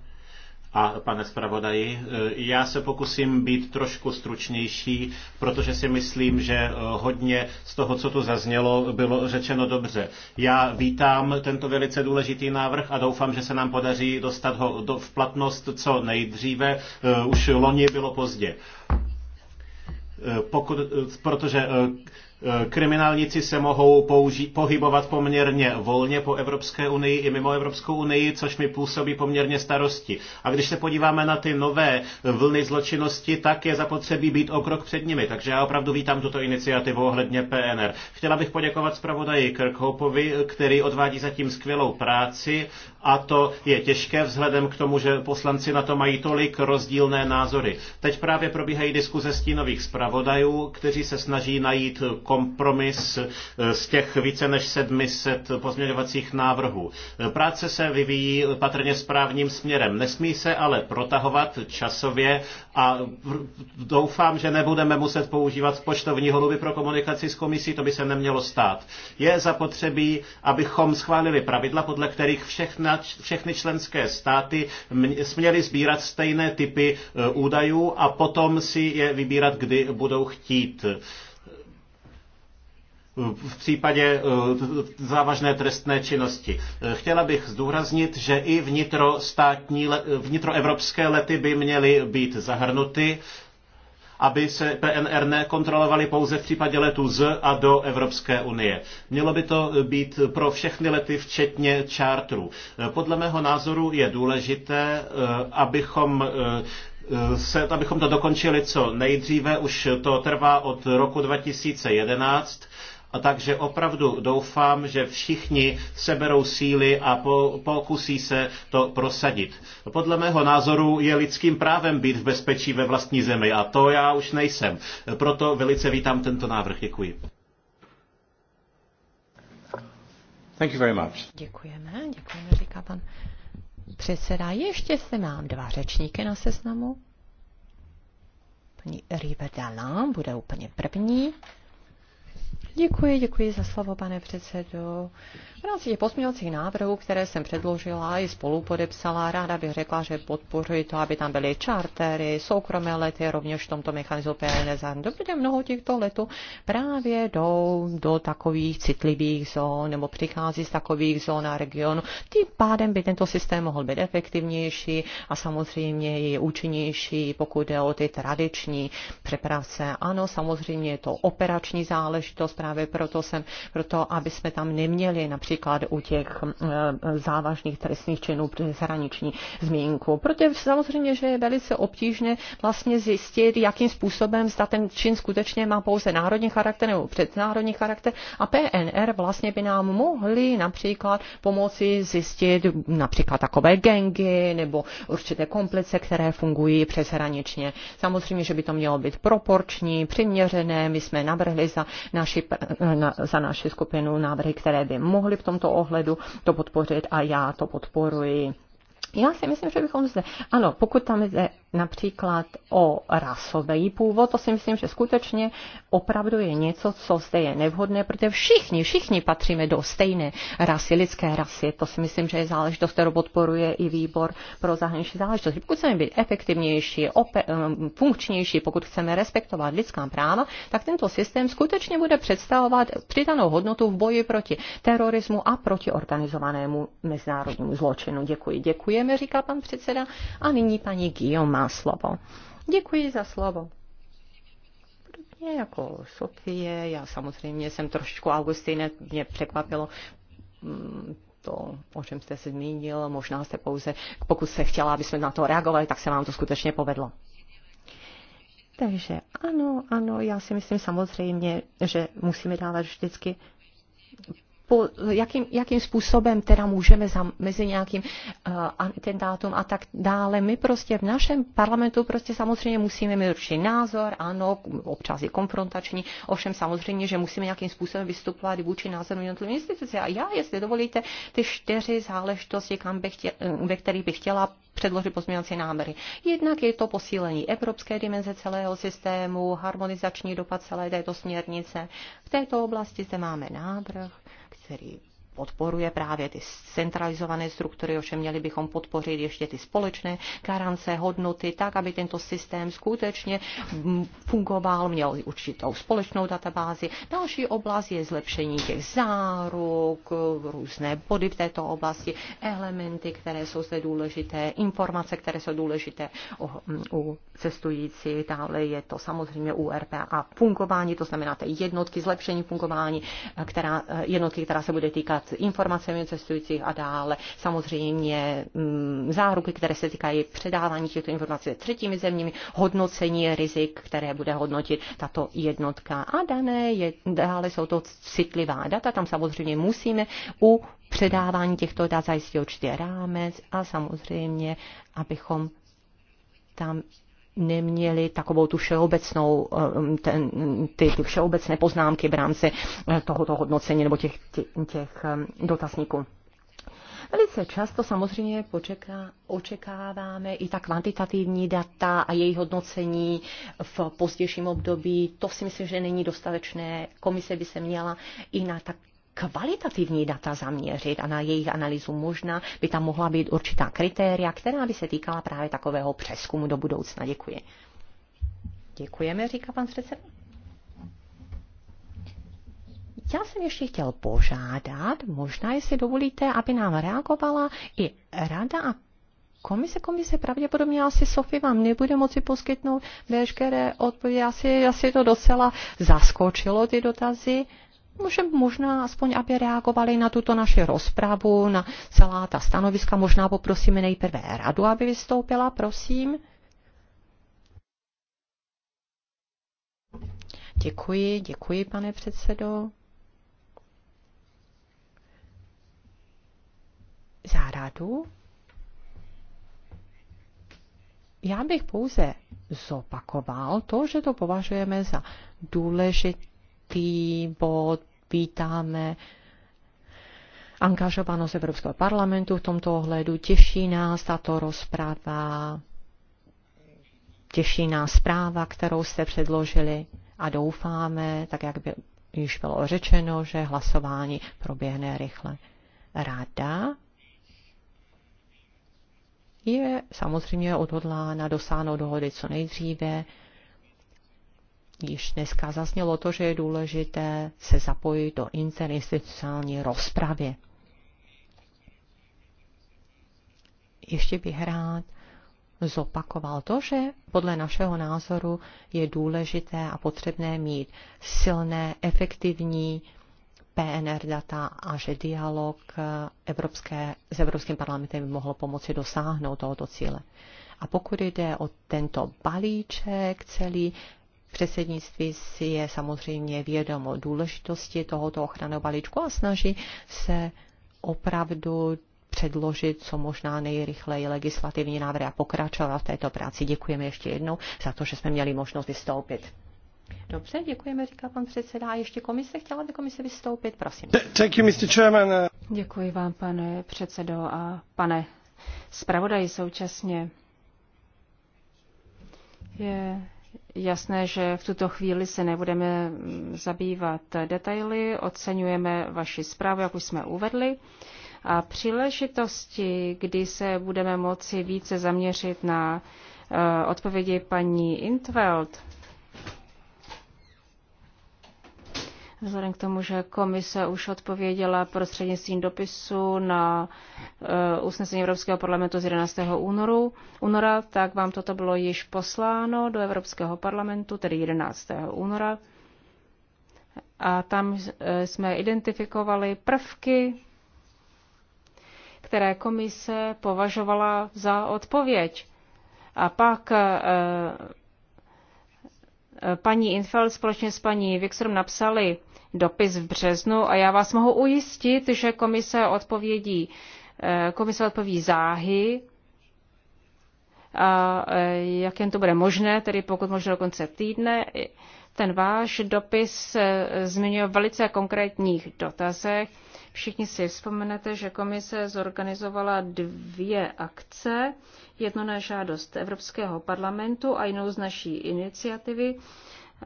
A pane zpravodaji, e, já se pokusím být trošku stručnější, protože si myslím, že e, hodně z toho, co tu zaznělo, bylo řečeno dobře. Já vítám tento velice důležitý návrh a doufám, že se nám podaří dostat ho do, v platnost co nejdříve. E, už loni bylo pozdě. Pokud, protože Eh, kriminálníci se mohou pohybovat poměrně volně po Evropské unii i mimo Evropskou unii, což mi působí poměrně starosti. A když se podíváme na ty nové vlny zločinnosti, tak je zapotřebí být o krok před nimi. Takže já opravdu vítám tuto iniciativu ohledně PNR. Chtěla bych poděkovat zpravodaji Kirkhopovi, který odvádí zatím skvělou práci a to je těžké vzhledem k tomu, že poslanci na to mají tolik rozdílné názory. Teď právě probíhají diskuze stínových zpravodajů, kteří se snaží najít kompromis eh, z těch více než 700 pozměňovacích návrhů. Práce se vyvíjí patrně správným směrem. Nesmí se ale protahovat časově a doufám, že nebudeme muset používat poštovní holuby pro komunikaci s komisí, to by se nemělo stát. Je zapotřebí, abychom schválili pravidla, podle kterých všechna všechny členské státy směly sbírat stejné typy e, údajů a potom si je vybírat, kdy budou chtít v případě e, závažné trestné činnosti. E, chtěla bych zdůraznit, že i vnitrostátní, vnitroevropské lety by měly být zahrnuty aby se PNR nekontrolovaly pouze v případě letů z a do Evropské unie. Mělo by to být pro všechny lety, včetně čártrů. Podle mého názoru je důležité, eh, abychom eh, se, abychom to dokončili co nejdříve, už to trvá od roku 2011 a takže opravdu doufám, že všichni seberou síly a po, pokusí se to prosadit. Podle mého názoru je lidským právem být v bezpečí ve vlastní zemi a to já už nejsem. Proto velice vítám tento návrh. Děkuji. Thank you very much. Děkujeme, děkujeme, říká pan předseda. Ještě se mám dva řečníky na seznamu. Paní Rive bude úplně první. Děkuji, děkuji za slovo, pane předsedo. V rámci těch posměvacích návrhů, které jsem předložila i spolu ráda bych řekla, že podporuji to, aby tam byly čartery, soukromé lety, rovněž v tomto mechanismu PNZ. Dobře, mnoho těchto letů právě jdou do takových citlivých zón nebo přichází z takových zón a regionů. Tím pádem by tento systém mohl být efektivnější a samozřejmě i účinnější, pokud jde o ty tradiční přepravce. Ano, samozřejmě je to operační záležitost, právě proto jsem, proto aby jsme tam neměli například u těch eh, závažných trestných činů zahraniční zmínku. Protože samozřejmě, že je velice obtížné vlastně zjistit, jakým způsobem zda ten čin skutečně má pouze národní charakter nebo přednárodní charakter a PNR vlastně by nám mohli například pomoci zjistit například takové gengy nebo určité komplice, které fungují přeshraničně. Samozřejmě, že by to mělo být proporční, přiměřené. My jsme navrhli za naši Eh, za naši skupinu návrhy, které by mohly v tomto ohledu to podpořit a já to podporuji já si myslím, že bychom se... ano, pokud tam jde například o rasový původ, to si myslím, že skutečně opravdu je něco, co zde je nevhodné, protože všichni, všichni patříme do stejné rasy, lidské rasy. To si myslím, že je záležitost, kterou podporuje i výbor pro zahraniční záležitosti. Pokud chceme být efektivnější, eh, funkčnější, pokud chceme respektovat lidská práva, tak tento systém skutečně bude představovat přidanou hodnotu v boji proti terorismu a proti organizovanému mezinárodnímu zločinu. Děkuji, děkuji. Děkujeme, říká pan předseda. A nyní paní Gio má slovo. Děkuji za slovo. Podobně jako Sofie, já samozřejmě jsem trošku Augustine, mě překvapilo mm, to, o čem jste se zmínil, možná jste pouze, pokud se chtěla, aby jsme na to reagovali, tak se vám to skutečně povedlo. Takže ano, ano, já si myslím samozřejmě, že musíme dávat vždycky po, jakým, jakým způsobem teda můžeme mezi nějakým uh, eh, atentátům a tak dále. My prostě v našem parlamentu prostě samozřejmě musíme mít určitý názor, ano, občas je konfrontační, ovšem samozřejmě, že musíme nějakým způsobem vystupovat vůči názoru jednotlivých instituce. A já, jestli dovolíte, ty čtyři záležitosti, kam bych chtěl, eh, ve kterých bych chtěla předložit pozměňovací návrhy. Jednak je to posílení evropské dimenze celého systému, harmonizační dopad celé této směrnice. V této oblasti zde máme návrh který podporuje právě ty centralizované struktury, ovšem měli bychom podpořit ještě ty společné garance, hodnoty, tak, aby tento systém skutečně fungoval, měl určitou společnou databázi. Další oblast je zlepšení těch záruk, různé body v této oblasti, elementy, které jsou zde důležité, informace, které jsou důležité u cestující, dále je to samozřejmě u RPA fungování, to znamená té jednotky, zlepšení fungování, která, jednotky, která se bude týkat například informacemi cestujících a dále. Samozřejmě mm, záruky, které se týkají předávání těchto informací třetími zeměmi, hodnocení rizik, které bude hodnotit tato jednotka. A dané je, dále jsou to citlivá data, tam samozřejmě musíme u předávání těchto dat zajistit určitě rámec a samozřejmě, abychom tam neměli takovou tu všeobecnou, um, ten, ty, ty všeobecné poznámky v rámci eh, tohoto hodnocení nebo těch, těch, těch um, dotazníků. Velice často samozřejmě počeká, očekáváme i ta kvantitativní data a jejich hodnocení v pozdějším období. To si myslím, že není dostatečné. Komise by se měla i na tak kvalitativní data zaměřit a na jejich analýzu možná by tam mohla být určitá kritéria, která by se týkala právě takového přeskumu do budoucna. Děkuji. Děkujeme, říká pan předseda. Já jsem ještě chtěl požádat, možná jestli dovolíte, aby nám reagovala i rada a komise. Komise pravděpodobně asi Sofie vám nebude moci poskytnout veškeré odpovědi. Asi, asi to docela zaskočilo, ty dotazy. Můžeme možná aspoň, aby reagovali na tuto naši rozpravu, na celá ta stanoviska. Možná poprosíme nejprve radu, aby vystoupila, prosím. Děkuji, děkuji, pane předsedo. Za radu já bych pouze zopakoval to, že to považujeme za důležitý bod vítáme angažovanost Evropského parlamentu v tomto ohledu. Těší nás tato rozprava, těší nás zpráva, kterou jste předložili a doufáme, tak jak by již bylo řečeno, že hlasování proběhne rychle. Rada je samozřejmě odhodlána dosáhnout dohody co nejdříve již dneska zaznělo to, že je důležité se zapojit do interinstitucionální rozpravy. Ještě bych rád zopakoval to, že podle našeho názoru je důležité a potřebné mít silné, efektivní PNR data a že dialog Evropské, s Evropským parlamentem by mohl pomoci dosáhnout tohoto cíle. A pokud jde o tento balíček celý, Předsednictví si je samozřejmě vědomo důležitosti tohoto ochranného balíčku a snaží se opravdu předložit co možná nejrychleji legislativní návrhy a pokračovat v této práci. Děkujeme ještě jednou za to, že jsme měli možnost vystoupit. Dobře, děkujeme, říká pan předseda. A ještě komise, chtěla by komise vystoupit, prosím. Thank you, Mr. Chairman. Děkuji vám, pane předsedo a pane zpravodaji současně. Je jasné, že v tuto chvíli se nebudeme mm, zabývat detaily, oceňujeme vaši zprávu, jak už jsme uvedli. A příležitosti, kdy se budeme moci více zaměřit na eh, odpovědi paní Intveld, Vzhledem k tomu, že komise už odpověděla prostřednictvím dopisu na uh, usnesení Evropského parlamentu z 11. Únoru, února, tak vám toto bylo již posláno do Evropského parlamentu, tedy 11. února. A tam e, jsme identifikovali prvky, které komise považovala za odpověď. A pak e, paní Infeld společně s paní Vixrom napsali dopis v březnu a já vás mohu ujistit, že komise odpovědí, eh, komise odpoví záhy, a eh, jak jen to bude možné, tedy pokud možná do konce týdne. Ten váš dopis eh, zmiňuje velice konkrétních dotazech. Všichni si vzpomenete, že komise zorganizovala dvě akce, jednu na žádost Evropského parlamentu a jinou z naší iniciativy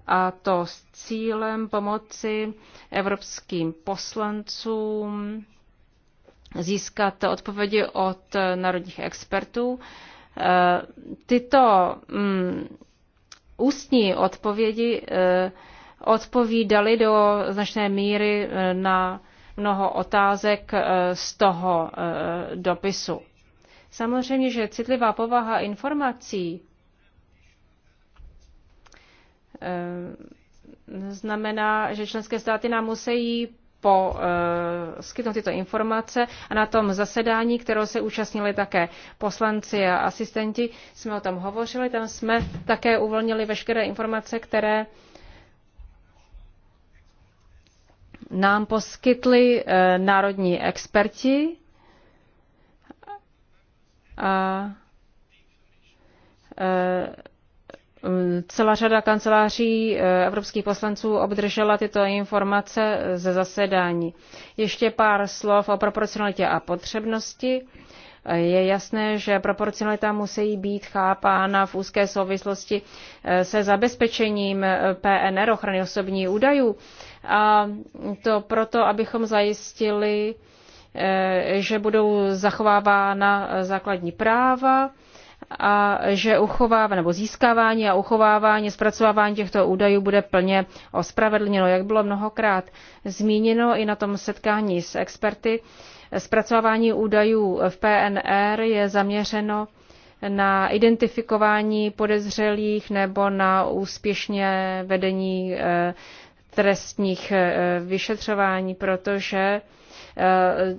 a to s cílem pomoci evropským poslancům získat odpovědi od národních expertů. Eh, tyto mm, ústní odpovědi eh, odpovídaly do značné míry eh, na mnoho otázek z toho dopisu. Samozřejmě, že citlivá povaha informací Eh, znamená, že členské státy nám musí po eh, skytnout tyto informace a na tom zasedání, kterého se účastnili také poslanci a asistenti, jsme o tom hovořili, tam jsme také uvolnili veškeré informace, které nám poskytli eh, národní experti a Celá řada kanceláří eh, evropských poslanců obdržela tyto informace eh, ze zasedání. Ještě pár slov o proporcionalitě a potřebnosti. Eh, je jasné, že proporcionalita musí být chápána v úzké souvislosti se zabezpečením PNR ochrany osobních údajů. A to proto, abychom zajistili, že budou zachovávána základní práva, a že uchovávání nebo získávání a uchovávání, zpracovávání těchto údajů bude plně ospravedlněno, jak bylo mnohokrát zmíněno i na tom setkání s experty. Zpracovávání údajů v PNR je zaměřeno na identifikování podezřelých nebo na úspěšně vedení eh, trestních eh, vyšetřování, protože eh,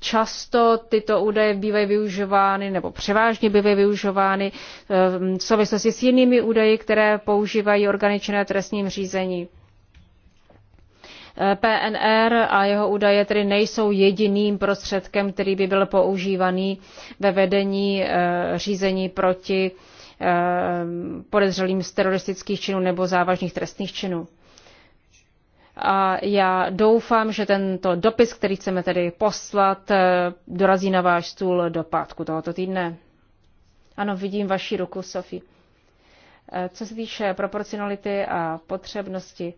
Často tyto údaje bývají využovány nebo převážně bývají využovány ehm, v souvislosti s jinými údaji, které používají orgány činné trestním řízení. Eh, PNR a jeho údaje tedy nejsou jediným prostředkem, který by byl používaný ve vedení eh, řízení proti ehm, podezřelým z teroristických činů nebo závažných trestných činů. A já doufám, že tento dopis, který chceme tedy poslat, eh, dorazí na váš stůl do pátku tohoto týdne. Ano, vidím vaši ruku, Sofie. Eh, co se týče proporcionality a potřebnosti,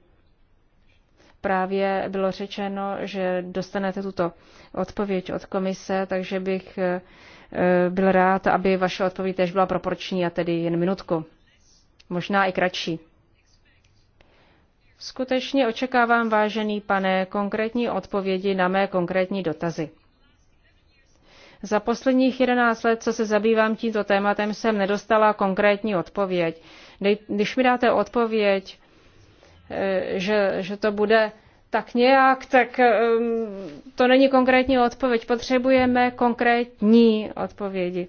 právě bylo řečeno, že dostanete tuto odpověď od komise, takže bych eh, byl rád, aby vaše odpověď tež byla proporční a tedy jen minutku. Možná i kratší. Skutečně očekávám, vážený pane, konkrétní odpovědi na mé konkrétní dotazy. Za posledních 11 let, co se zabývám tímto tématem, jsem nedostala konkrétní odpověď. Když mi dáte odpověď, eh, že, že to bude tak nějak, tak ehm, to není konkrétní odpověď. Potřebujeme konkrétní odpovědi.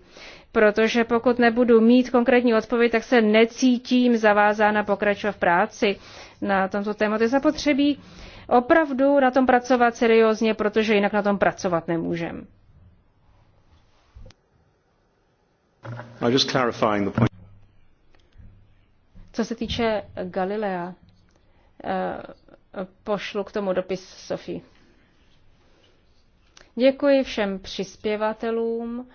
Protože pokud nebudu mít konkrétní odpověď, tak se necítím zavázána pokračovat v práci na tomto tématu. Je zapotřebí opravdu na tom pracovat seriózně, protože jinak na tom pracovat nemůžeme. Co se týče Galilea, eh, pošlu k tomu dopis Sofii. Děkuji všem přispěvatelům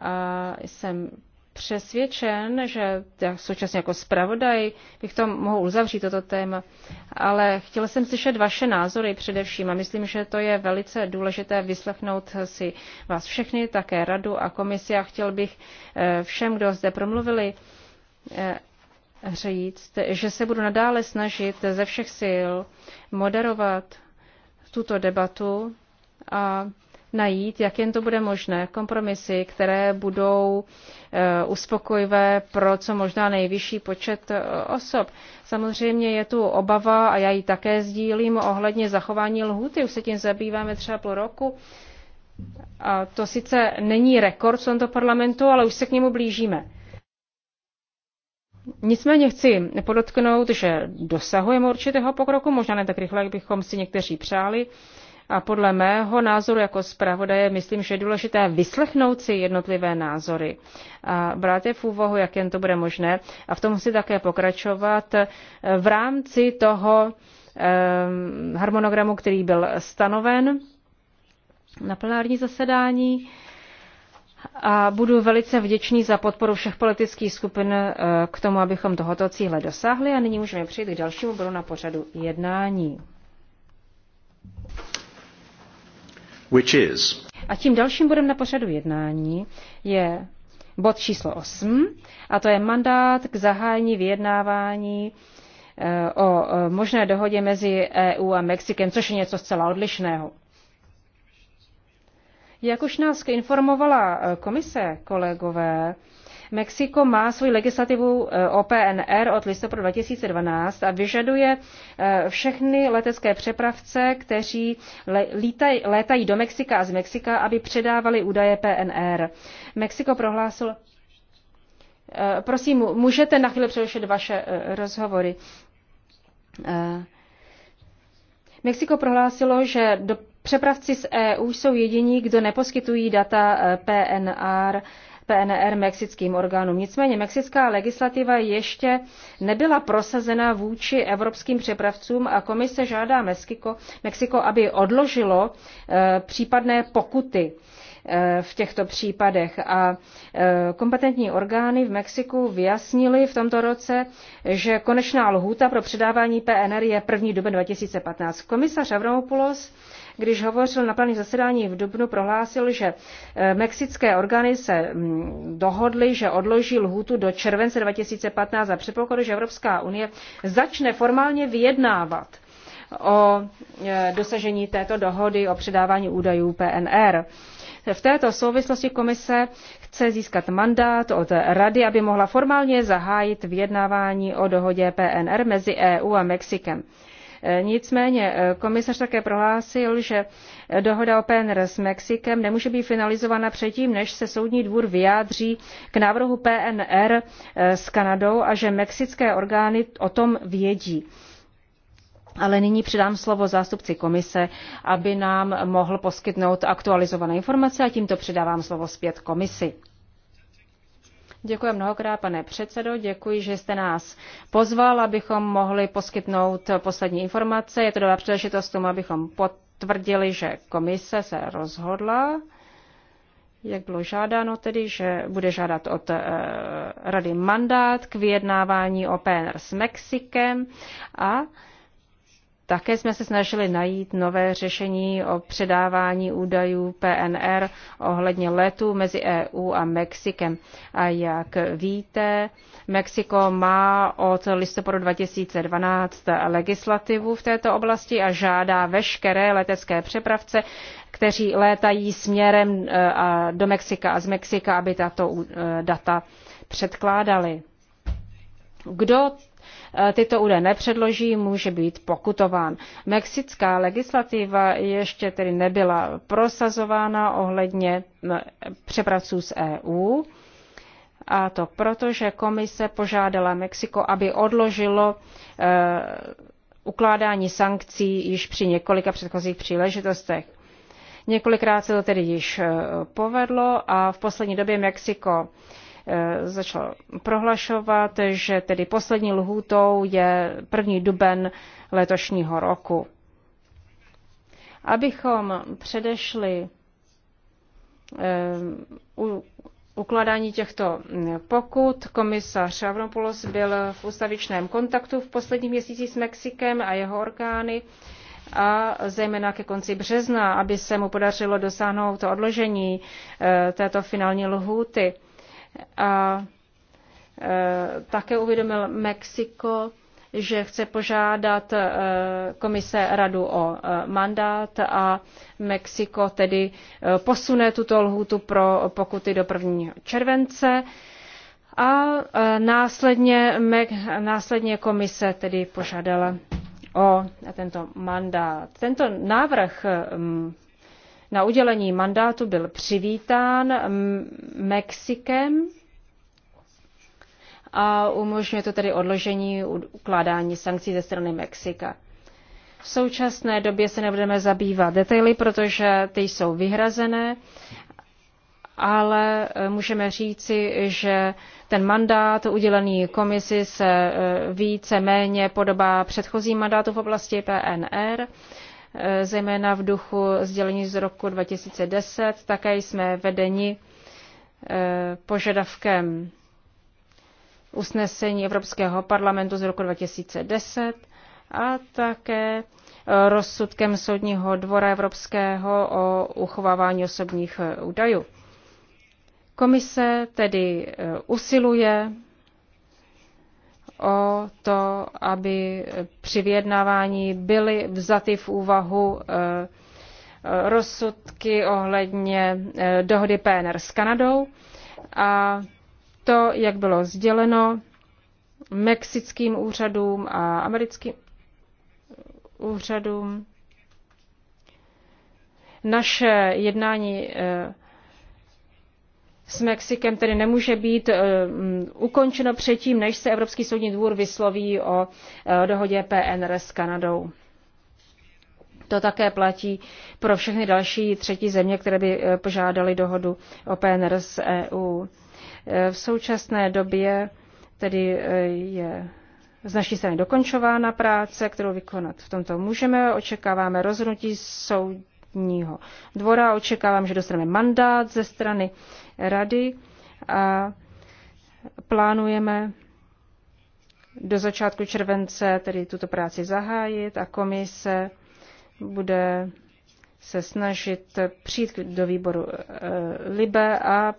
a jsem přesvědčen, že já současně jako zpravodaj bych to mohl uzavřít toto téma, ale chtěl jsem slyšet vaše názory především a myslím, že to je velice důležité vyslechnout si vás všechny, také radu a komisi a chtěl bych eh, všem, kdo zde promluvili, eh, říct, že se budu nadále snažit ze všech sil moderovat tuto debatu a najít, jak jen to bude možné, kompromisy, které budou eh, uspokojivé pro co možná nejvyšší počet eh, osob. Samozřejmě je tu obava, a já ji také sdílím, ohledně zachování lhuty. Už se tím zabýváme třeba půl roku. A to sice není rekord v tomto parlamentu, ale už se k němu blížíme. Nicméně chci podotknout, že dosahujeme určitého pokroku, možná ne tak rychle, jak bychom si někteří přáli. A podle mého názoru jako zpravodaje myslím, že je důležité vyslechnout si jednotlivé názory a brát je v úvahu, jak jen to bude možné. A v tom musí také pokračovat eh, v rámci toho eh, harmonogramu, který byl stanoven na plenární zasedání a budu velice vděčný za podporu všech politických skupin eh, k tomu, abychom tohoto cíle dosáhli a nyní můžeme přejít k dalšímu bodu na pořadu jednání. which is... A tím dalším bodem na pořadu jednání je bod číslo 8, a to je mandát k zahájení vyjednávání eh, o eh, možné dohodě mezi EU a Mexikem, což je něco zcela odlišného. Jak už nás informovala eh, komise, kolegové, Mexiko má svoji legislativu eh, o PNR od listopadu 2012 a vyžaduje eh, všechny letecké přepravce, kteří létají, létají do Mexika a z Mexika, aby předávali údaje PNR. Mexiko prohlásil. Eh, prosím, můžete na chvíli přerušit vaše rozhovory. Mexiko prohlásilo, že do Přepravci z EU jsou jediní, kdo neposkytují data PNR PNR mexickým orgánům. Nicméně mexická legislativa ještě nebyla prosazena vůči evropským přepravcům a komise žádá Mexiko, Mexiko aby odložilo eh, případné pokuty eh, v těchto případech. A eh, kompetentní orgány v Mexiku vyjasnili v tomto roce, že konečná lhůta pro předávání PNR je 1. duben 2015. Komisař Avramopoulos když hovořil na plném zasedání v Dubnu, prohlásil, že eh, mexické orgány se mm, dohodly, že odloží lhůtu do července 2015 a předpokladu, že Evropská unie začne formálně vyjednávat o eh, dosažení této dohody o předávání údajů PNR. V této souvislosti komise chce získat mandát od Rady, aby mohla formálně zahájit vyjednávání o dohodě PNR mezi EU a Mexikem. Eh, nicméně eh, komisař také prohlásil, že eh, dohoda o PNR s Mexikem nemůže být finalizována předtím, než se soudní dvůr vyjádří k návrhu PNR s Kanadou a že mexické orgány o tom vědí. Ale nyní předám slovo zástupci komise, aby nám mohl poskytnout aktualizované informace a tímto předávám slovo zpět komisi. Děkuji mnohokrát, pane předsedo, děkuji, že jste nás pozval, abychom mohli poskytnout poslední informace. Je to dobrá příležitost tomu, abychom potvrdili, že komise se rozhodla, jak bylo žádáno tedy, že bude žádat od e, Rady mandát k vyjednávání o PNR s Mexikem a také jsme se snažili najít nové řešení o předávání údajů PNR ohledně letů mezi EU a Mexikem. A jak víte, Mexiko má od listopadu 2012 legislativu v této oblasti a žádá veškeré letecké přepravce, kteří létají směrem e, do Mexika a z Mexika, aby tato e, data předkládali. Kdo Eh, tyto údaje nepředloží, může být pokutován. Mexická legislativa ještě tedy nebyla prosazována ohledně eh, přepravců z EU. A to proto, že komise požádala Mexiko, aby odložilo eh, ukládání sankcí již při několika předchozích příležitostech. Několikrát se to tedy již povedlo a v poslední době Mexiko Eh, začal prohlašovat, že tedy poslední lhůtou je první duben letošního roku. Abychom předešli eh, u ukládání těchto pokut. Komisař Avnopoulos byl v ústavičném kontaktu v posledním měsíci s Mexikem a jeho orgány a zejména ke konci března, aby se mu podařilo dosáhnout to odložení eh, této finální lhůty. A e, také uvědomil Mexiko, že chce požádat e, komise radu o e, mandát a Mexiko tedy posune tuto lhůtu pro pokuty do 1. července a následně, následně komise tedy požádala o tento mandát. Tento návrh na udělení mandátu byl přivítán Mexikem a umožňuje to tedy odložení ukládání sankcí ze strany Mexika. V současné době se nebudeme zabývat detaily, protože ty jsou vyhrazené, ale e, můžeme říci, že ten mandát udělený komisi se e, více méně podobá předchozím mandátu v oblasti PNR Eh, zejména v duchu sdělení z roku 2010. Také jsme vedeni eh, požadavkem usnesení Evropského parlamentu z roku 2010 a také eh, rozsudkem Soudního dvora Evropského o uchovávání osobních údajů. Komise tedy usiluje o to, aby při vyjednávání byly vzaty v úvahu eh, rozsudky ohledně eh, dohody PNR s Kanadou a to, jak bylo sděleno mexickým úřadům a americkým úřadům. Naše jednání eh, s Mexikem tedy nemůže být eh, ukončeno předtím, než se Evropský soudní dvůr vysloví o eh, dohodě PNR s Kanadou. To také platí pro všechny další třetí země, které by eh, požádali dohodu o PNR s EU. V současné době tedy je z naší strany dokončována práce, kterou vykonat v tomto můžeme. Očekáváme rozhodnutí soud účetního dvora. Očekávám, že dostaneme mandát ze strany rady a plánujeme do začátku července tedy tuto práci zahájit a komise bude se snažit přijít do výboru eh, LIBE a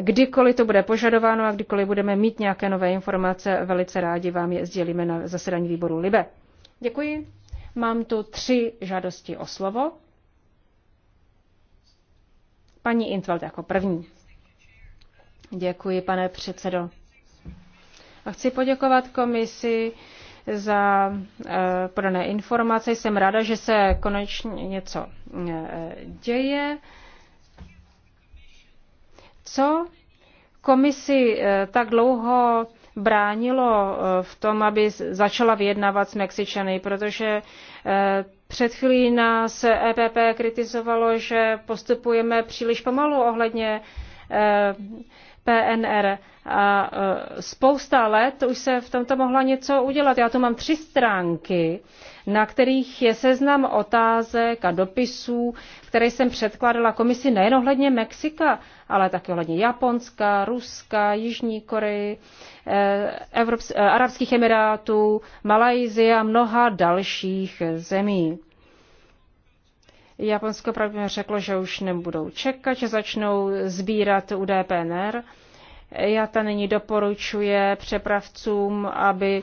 kdykoliv to bude požadováno a kdykoliv budeme mít nějaké nové informace, velice rádi vám je sdělíme na zasedání výboru LIBE. Děkuji. Mám tu tři žádosti o slovo. Paní Intveld jako první. Děkuji, pane předsedo. A chci poděkovat komisi za eh, podané informace. Jsem ráda, že se konečně něco eh, děje. Co komisi eh, tak dlouho bránilo v tom, aby začala vyjednávat s Mexičany, protože před chvílí nás EPP kritizovalo, že postupujeme příliš pomalu ohledně eh, PNR. A e, spousta let už se v tomto mohla něco udělat. Já tu mám tři stránky, na kterých je seznam otázek a dopisů, které jsem předkládala komisi nejen ohledně Mexika, ale také ohledně Japonska, Ruska, Jižní Koreji, e, Evrops- e, Arabských Emirátů, Malajzie a mnoha dalších zemí. Japonsko pravděpodobně řeklo, že už nebudou čekat, že začnou sbírat u DPNR. JATA nyní doporučuje přepravcům, aby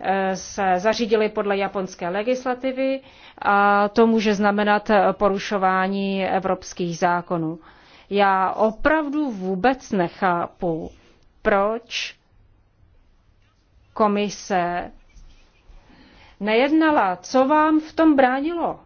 eh, se zařídili podle japonské legislativy a to může znamenat porušování evropských zákonů. Já opravdu vůbec nechápu, proč komise nejednala. Co vám v tom bránilo?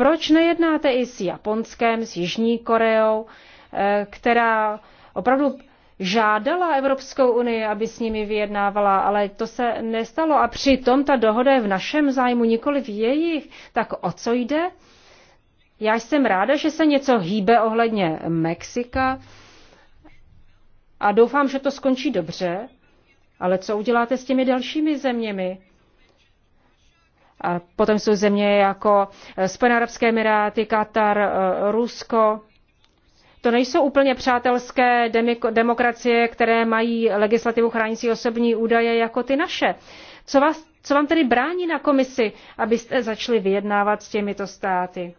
Proč nejednáte i s Japonskem, s Jižní Koreou, eh, která opravdu žádala Evropskou unii, aby s nimi vyjednávala, ale to se nestalo. A přitom ta dohoda je v našem zájmu, nikoli v jejich. Tak o co jde? Já jsem ráda, že se něco hýbe ohledně Mexika a doufám, že to skončí dobře. Ale co uděláte s těmi dalšími zeměmi? potom jsou země jako eh, Spojené arabské emiráty, Katar, eh, Rusko. To nejsou úplně přátelské demokracie, které mají legislativu chránící osobní údaje jako ty naše. Co, vás, co vám tedy brání na komisi, abyste začali vyjednávat s těmito státy?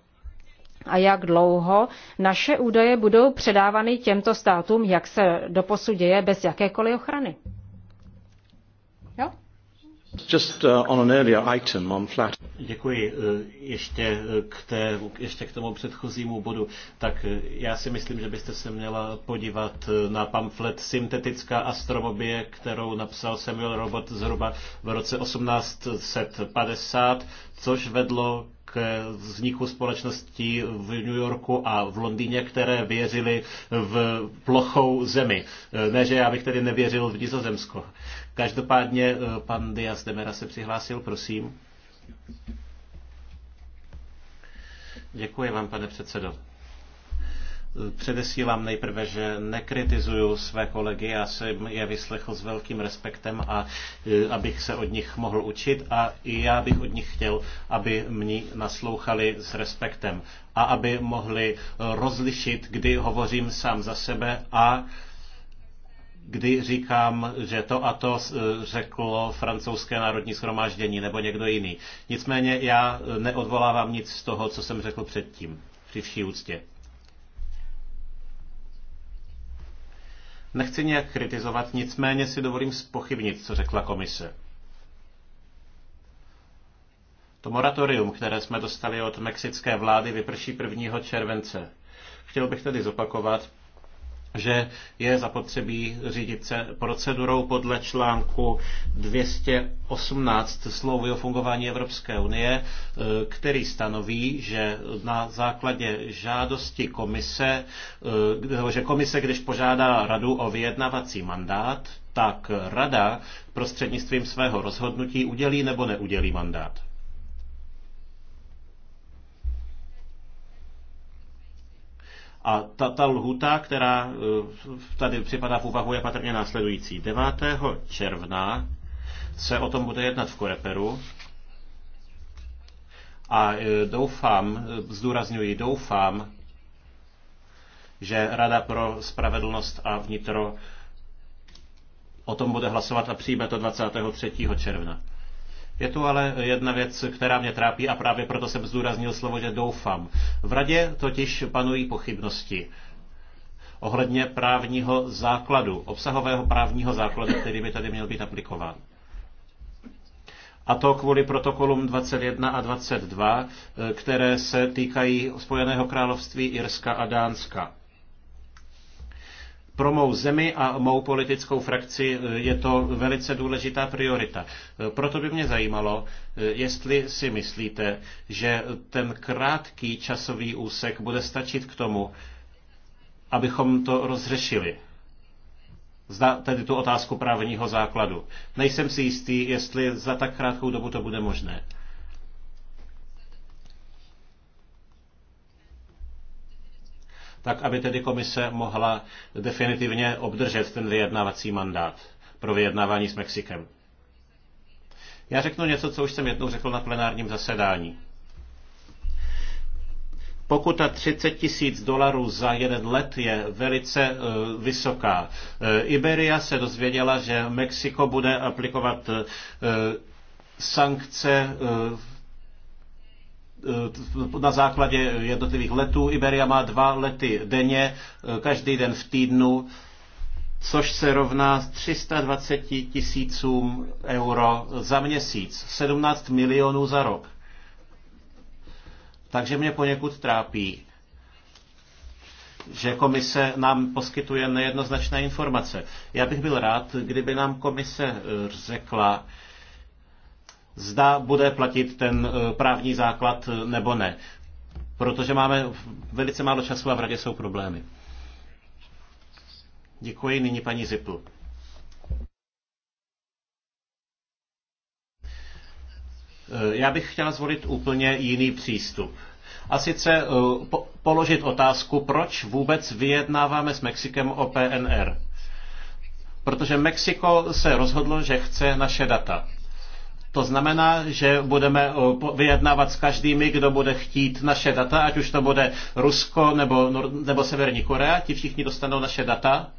a jak dlouho naše údaje budou předávány těmto státům, jak se doposud děje, bez jakékoliv ochrany. Just uh, on an earlier item on flat. Děkuji. Uh, ještě uh, k, té, ještě k tomu předchozímu bodu. Tak já si myslím, že byste se měla podívat na pamflet Syntetická astrobobie, kterou napsal Samuel Robot zhruba v roce 1850, což vedlo k vzniku společností v New Yorku a v Londýně, které věřili v plochou zemi. Ne, že já bych tedy nevěřil v Nizozemsko. Každopádně eh, pan Diaz Demera se přihlásil, prosím. Děkuji vám, pane předsedo. Eh, předesílám nejprve, že nekritizuju své kolegy, já jsem je vyslechl s velkým respektem a eh, abych se od nich mohl učit a i já bych od nich chtěl, aby mě naslouchali s respektem a aby mohli rozlišit, kdy hovořím sám za sebe a kdy říkám, že to a to eh, řeklo francouzské národní schromáždění nebo někdo jiný. Nicméně já eh, neodvolávám nic z toho, co jsem řekl předtím, při vší úctě. Nechci nějak kritizovat, nicméně si dovolím spochybnit, co řekla komise. To moratorium, které jsme dostali od mexické vlády, vyprší 1. července. Chtěl bych tedy zopakovat, že je zapotřebí řídit se procedurou podle článku 218 slovy o fungování Evropské unie, e, který stanoví, že na základě žádosti komise, e, že komise, když požádá radu o vyjednavací mandát, tak rada prostřednictvím svého rozhodnutí udělí nebo neudělí mandát. A ta, ta lhuta, která eh, tady připadá v úvahu, je patrně následující. 9. června se o tom bude jednat v Koreperu a eh, doufám, eh, zdůrazňuji, doufám, že Rada pro spravedlnost a vnitro o tom bude hlasovat a přijme to 23. června. Je tu ale jedna věc, která mě trápí a právě proto jsem zdůraznil slovo, že doufám. V radě totiž panují pochybnosti ohledně právního základu, obsahového právního základu, který by tady měl být aplikován. A to kvůli protokolům 21 a 22, které se týkají Spojeného království Irska a Dánska. Pro mou zemi a mou politickou frakci e, je to velice důležitá priorita. E, proto by mě zajímalo, e, jestli si myslíte, že ten krátký časový úsek bude stačit k tomu, abychom to rozřešili. Zda tedy tu otázku právního základu. Nejsem si jistý, jestli za tak krátkou dobu to bude možné. tak aby tedy komise mohla definitivně obdržet ten vyjednávací mandát pro vyjednávání s Mexikem. Já řeknu něco, co už jsem jednou řekl na plenárním zasedání. Pokuta 30 tisíc dolarů za jeden let je velice eh, vysoká. Eh, Iberia se dozvěděla, že Mexiko bude aplikovat eh, sankce Eh, na základě jednotlivých letů. Iberia má dva lety denně, eh, každý den v týdnu, což se rovná 320 tisícům euro za měsíc, 17 milionů za rok. Takže mě poněkud trápí, že komise nám poskytuje nejednoznačné informace. Já bych byl rád, kdyby nám komise eh, řekla, zda bude platit ten eh, právní základ eh, nebo ne. Protože máme velice málo času a v radě jsou problémy. Děkuji, nyní paní Zipl. Eh, já bych chtěla zvolit úplně jiný přístup. A sice po, položit otázku, proč vůbec vyjednáváme s Mexikem o PNR. Protože Mexiko se rozhodlo, že chce naše data. To znamená, že budeme eh, vyjednávat s každými, kdo bude chtít naše data, ať už to bude Rusko nebo, nebo Severní Korea, ti všichni dostanou naše data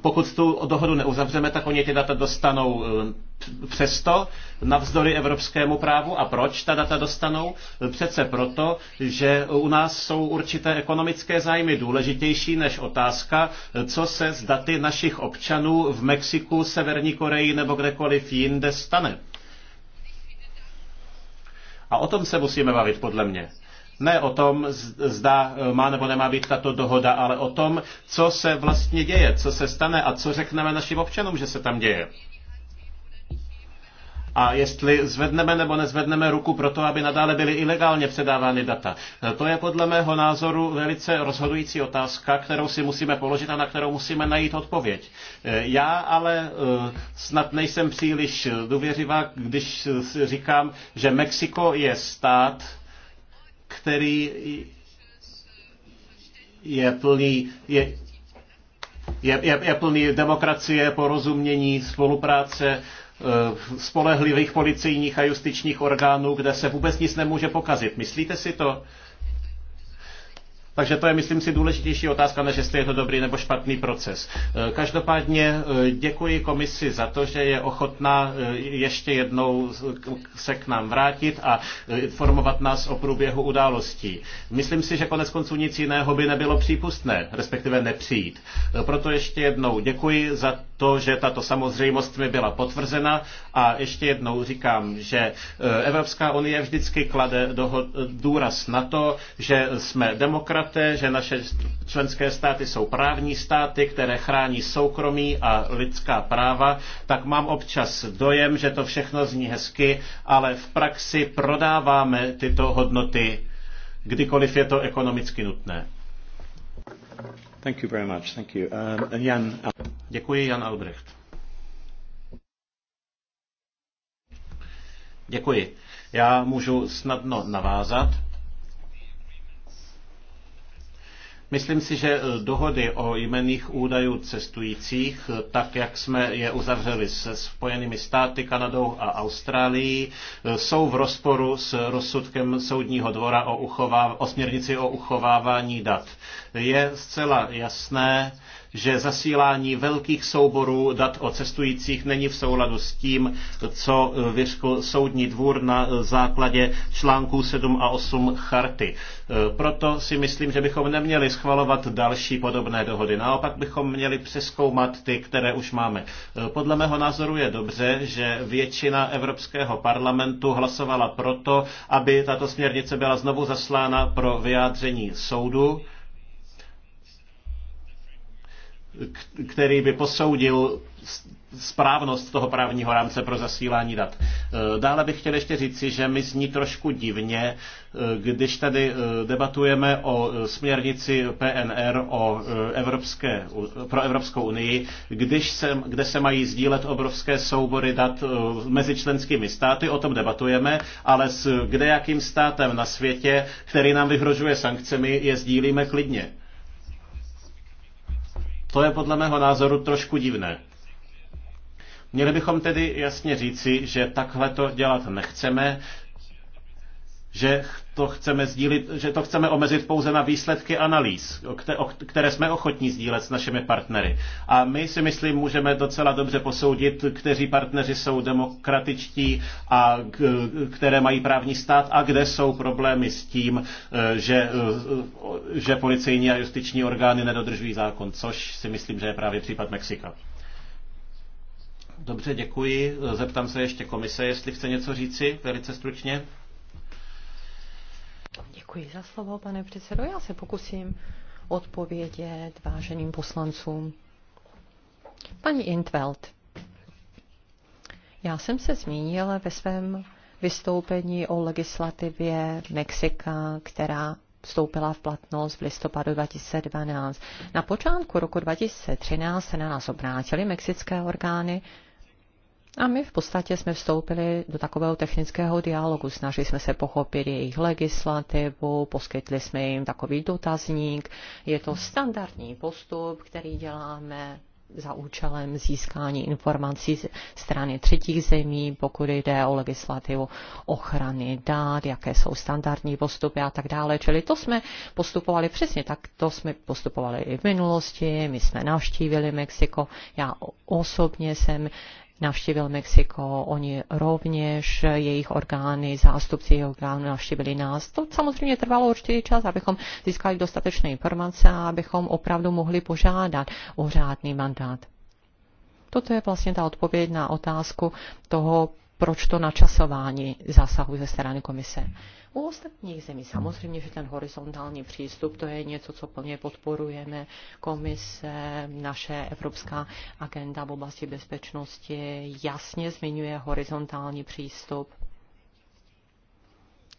pokud tu dohodu neuzavřeme, tak oni ty data dostanou eh, přesto navzdory evropskému právu. A proč ta data dostanou? Přece proto, že u nás jsou určité ekonomické zájmy důležitější než otázka, co se s daty našich občanů v Mexiku, Severní Koreji nebo kdekoliv jinde stane. A o tom se musíme bavit, podle mě. Ne o tom, zda e, má nebo nemá být tato dohoda, ale o tom, co se vlastně děje, co se stane a co řekneme našim občanům, že se tam děje. A jestli zvedneme nebo nezvedneme ruku pro to, aby nadále byly ilegálně předávány data. E, to je podle mého názoru velice rozhodující otázka, kterou si musíme položit a na kterou musíme najít odpověď. E, já ale snad nejsem příliš důvěřivá, když říkám, že Mexiko je stát, který je plný, je, je, je, je plný demokracie, porozumění, spolupráce, eh, spolehlivých policejních a justičních orgánů, kde se vůbec nic nemůže pokazit. Myslíte si to? Takže to je, myslím si, důležitější otázka, než jestli je to dobrý nebo špatný proces. E, každopádně e, děkuji komisi za to, že je ochotná e, ještě jednou se k nám vrátit a informovat nás o průběhu událostí. Myslím si, že konec konců nic jiného by nebylo přípustné, respektive nepřijít. Proto ještě jednou děkuji za to, že tato samozřejmost mi byla potvrzena a ještě jednou říkám, že Evropská unie vždycky klade důraz na to, že jsme demokrat chápete, že naše členské státy jsou právní státy, které chrání soukromí a lidská práva, tak mám občas dojem, že to všechno zní hezky, ale v praxi prodáváme tyto hodnoty, kdykoliv je to ekonomicky nutné. Thank you very much. Thank you. Um, Jan... Děkuji, Jan Albrecht. Děkuji. Já můžu snadno navázat. Myslím si, že dohody o jmenných údajů cestujících, tak jak jsme je uzavřeli se Spojenými státy, Kanadou a Austrálií, jsou v rozporu s rozsudkem Soudního dvora o, o směrnici o uchovávání dat. Je zcela jasné, že zasílání velkých souborů dat o cestujících není v souladu s tím, co vyřkl soudní dvůr na základě článků 7 a 8 charty. Proto si myslím, že bychom neměli schvalovat další podobné dohody. Naopak bychom měli přeskoumat ty, které už máme. Podle mého názoru je dobře, že většina Evropského parlamentu hlasovala proto, aby tato směrnice byla znovu zaslána pro vyjádření soudu který by posoudil správnost toho právního rámce pro zasílání dat. E, dále bych chtěl ještě říci, že mi zní trošku divně, e, když tady e, debatujeme o směrnici PNR o Evropské, pro Evropskou unii, když se, kde se mají sdílet obrovské soubory dat mezi členskými státy, o tom debatujeme, ale s kdejakým státem na světě, který nám vyhrožuje sankcemi, je sdílíme klidně. To je podle mého názoru trošku divné. Měli bychom tedy jasně říci, že takhle to dělat nechceme, že to chceme sdílit, že to chceme omezit pouze na výsledky analýz, které jsme ochotní sdílet s našimi partnery. A my si myslím, můžeme docela dobře posoudit, kteří partneři jsou demokratičtí a které mají právní stát a kde jsou problémy s tím, eh, že, eh, že policejní a justiční orgány nedodržují zákon, což si myslím, že je právě případ Mexika. Dobře, děkuji. Zeptám se ještě komise, jestli chce něco říci, velice stručně. Děkuji za slovo, pane předsedo. Já se pokusím odpovědět váženým poslancům. Paní Intveld, já jsem se zmínila ve svém vystoupení o legislativě Mexika, která vstoupila v platnost v listopadu 2012. Na počátku roku 2013 se na nás obrátily mexické orgány a my v podstatě jsme vstoupili do takového technického dialogu. Snažili jsme se pochopit jejich legislativu, poskytli jsme jim takový dotazník. Je to standardní postup, který děláme za účelem získání informací z strany třetích zemí, pokud jde o legislativu ochrany dát, jaké jsou standardní postupy a tak dále. Čili to jsme postupovali přesně tak, to jsme postupovali i v minulosti, my jsme navštívili Mexiko, já osobně jsem navštívil Mexiko, oni rovněž, jejich orgány, zástupci jejich orgánů navštívili nás. To samozřejmě trvalo určitý čas, abychom získali dostatečné informace a abychom opravdu mohli požádat o řádný mandát. Toto je vlastně ta odpověď na otázku toho, proč to načasování zásahu ze strany komise u ostatních zemí. Samozřejmě, že ten horizontální přístup, to je něco, co plně podporujeme. Komise, naše evropská agenda v oblasti bezpečnosti jasně zmiňuje horizontální přístup,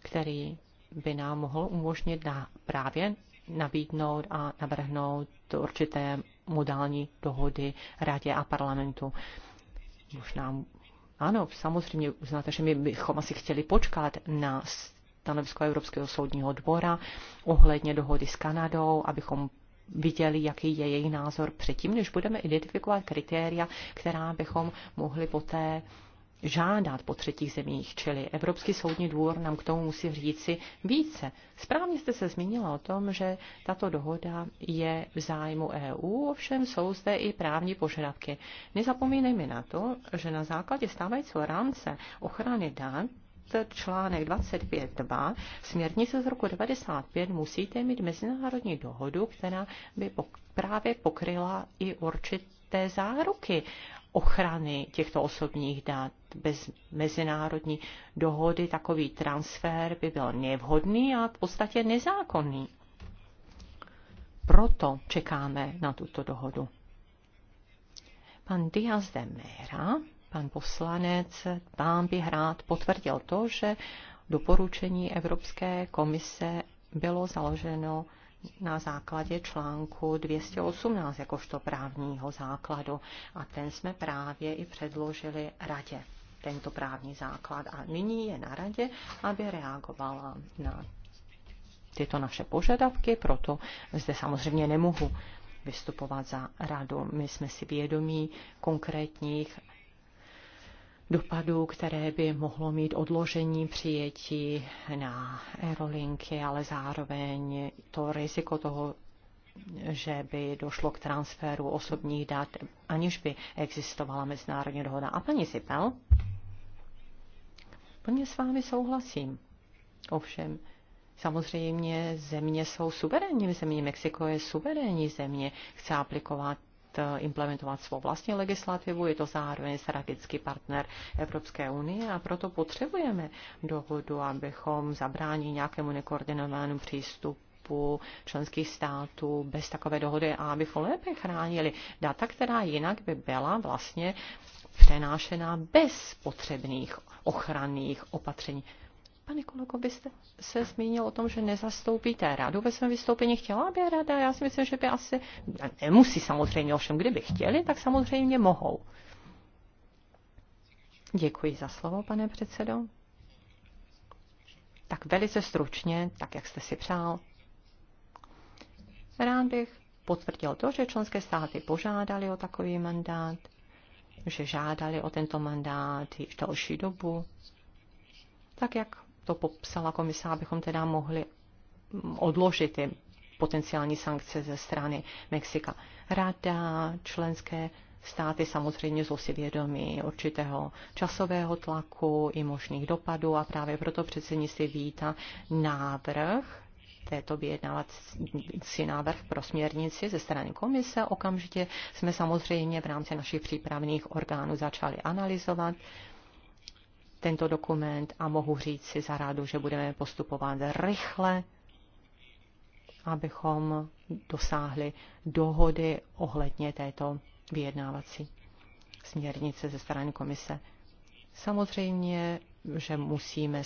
který by nám mohl umožnit na, právě nabídnout a navrhnout určité modální dohody radě a parlamentu. Možná ano, samozřejmě uznáte, že my bychom asi chtěli počkat na stanovisko Evropského soudního dvora ohledně dohody s Kanadou, abychom viděli, jaký je její názor předtím, než budeme identifikovat kritéria, která bychom mohli poté žádat po třetích zemích, čili Evropský soudní dvůr nám k tomu musí říci více. Správně jste se zmínila o tom, že tato dohoda je v zájmu EU, ovšem jsou zde i právní požadavky. Nezapomínejme na to, že na základě stávajícího rámce ochrany dat článek 25.2 směrnice z roku 95 musíte mít mezinárodní dohodu, která by právě pokryla i určité záruky ochrany těchto osobních dat. Bez mezinárodní dohody takový transfer by byl nevhodný a v podstatě nezákonný. Proto čekáme na tuto dohodu. Pan Diaz de Mera pan poslanec, tam bych rád potvrdil to, že doporučení Evropské komise bylo založeno na základě článku 218 jakožto právního základu a ten jsme právě i předložili radě, tento právní základ. A nyní je na radě, aby reagovala na tyto naše požadavky, proto zde samozřejmě nemohu vystupovat za radu. My jsme si vědomí konkrétních dopadů, které by mohlo mít odložení přijetí na aerolinky, ale zároveň to riziko toho, že by došlo k transferu osobních dat, aniž by existovala mezinárodní dohoda. A paní Sipel? Plně s vámi souhlasím. Ovšem, samozřejmě země jsou suverénní země. Mexiko je suverénní země. Chce aplikovat Eh, implementovat svou vlastní legislativu, je to zároveň strategický partner Evropské unie a proto potřebujeme dohodu, abychom zabránili nějakému nekoordinovanému přístupu členských států bez takové dohody a abychom lépe chránili data, která jinak by byla vlastně přenášena bez potřebných ochranných opatření. Pane kolego, vy jste se zmínil o tom, že nezastoupíte radu ve svém vystoupení. Chtěla by rada, já si myslím, že by asi, nemusí samozřejmě, ovšem kdyby chtěli, tak samozřejmě mohou. Děkuji za slovo, pane předsedo. Tak velice stručně, tak jak jste si přál. Rád bych potvrdil to, že členské státy požádali o takový mandát, že žádali o tento mandát již další dobu, tak jak to popsala komisa, abychom teda mohli odložit ty potenciální sankce ze strany Mexika. Rada, členské státy samozřejmě jsou si vědomí určitého časového tlaku i možných dopadů a právě proto předsednictví vítá návrh této vyjednávací návrh pro směrnici ze strany komise. Okamžitě jsme samozřejmě v rámci našich přípravných orgánů začali analyzovat tento dokument a mohu říct si za rádu, že budeme postupovat rychle, abychom dosáhli dohody ohledně této vyjednávací směrnice ze strany komise. Samozřejmě, že musíme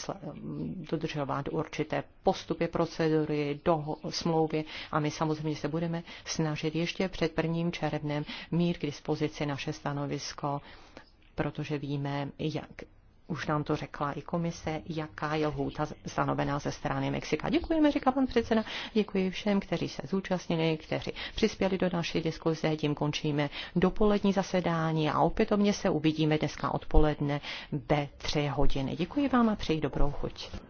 dodržovat určité postupy, procedury, do smlouvy a my samozřejmě se budeme snažit ještě před prvním červnem mít k dispozici naše stanovisko, protože víme, jak už nám to řekla i komise, jaká je lhůta stanovená ze strany Mexika. Děkujeme, říká pan předseda, děkuji všem, kteří se zúčastnili, kteří přispěli do naší diskuze, tím končíme dopolední zasedání a opětovně se uvidíme dneska odpoledne ve tři hodiny. Děkuji vám a přeji dobrou chuť.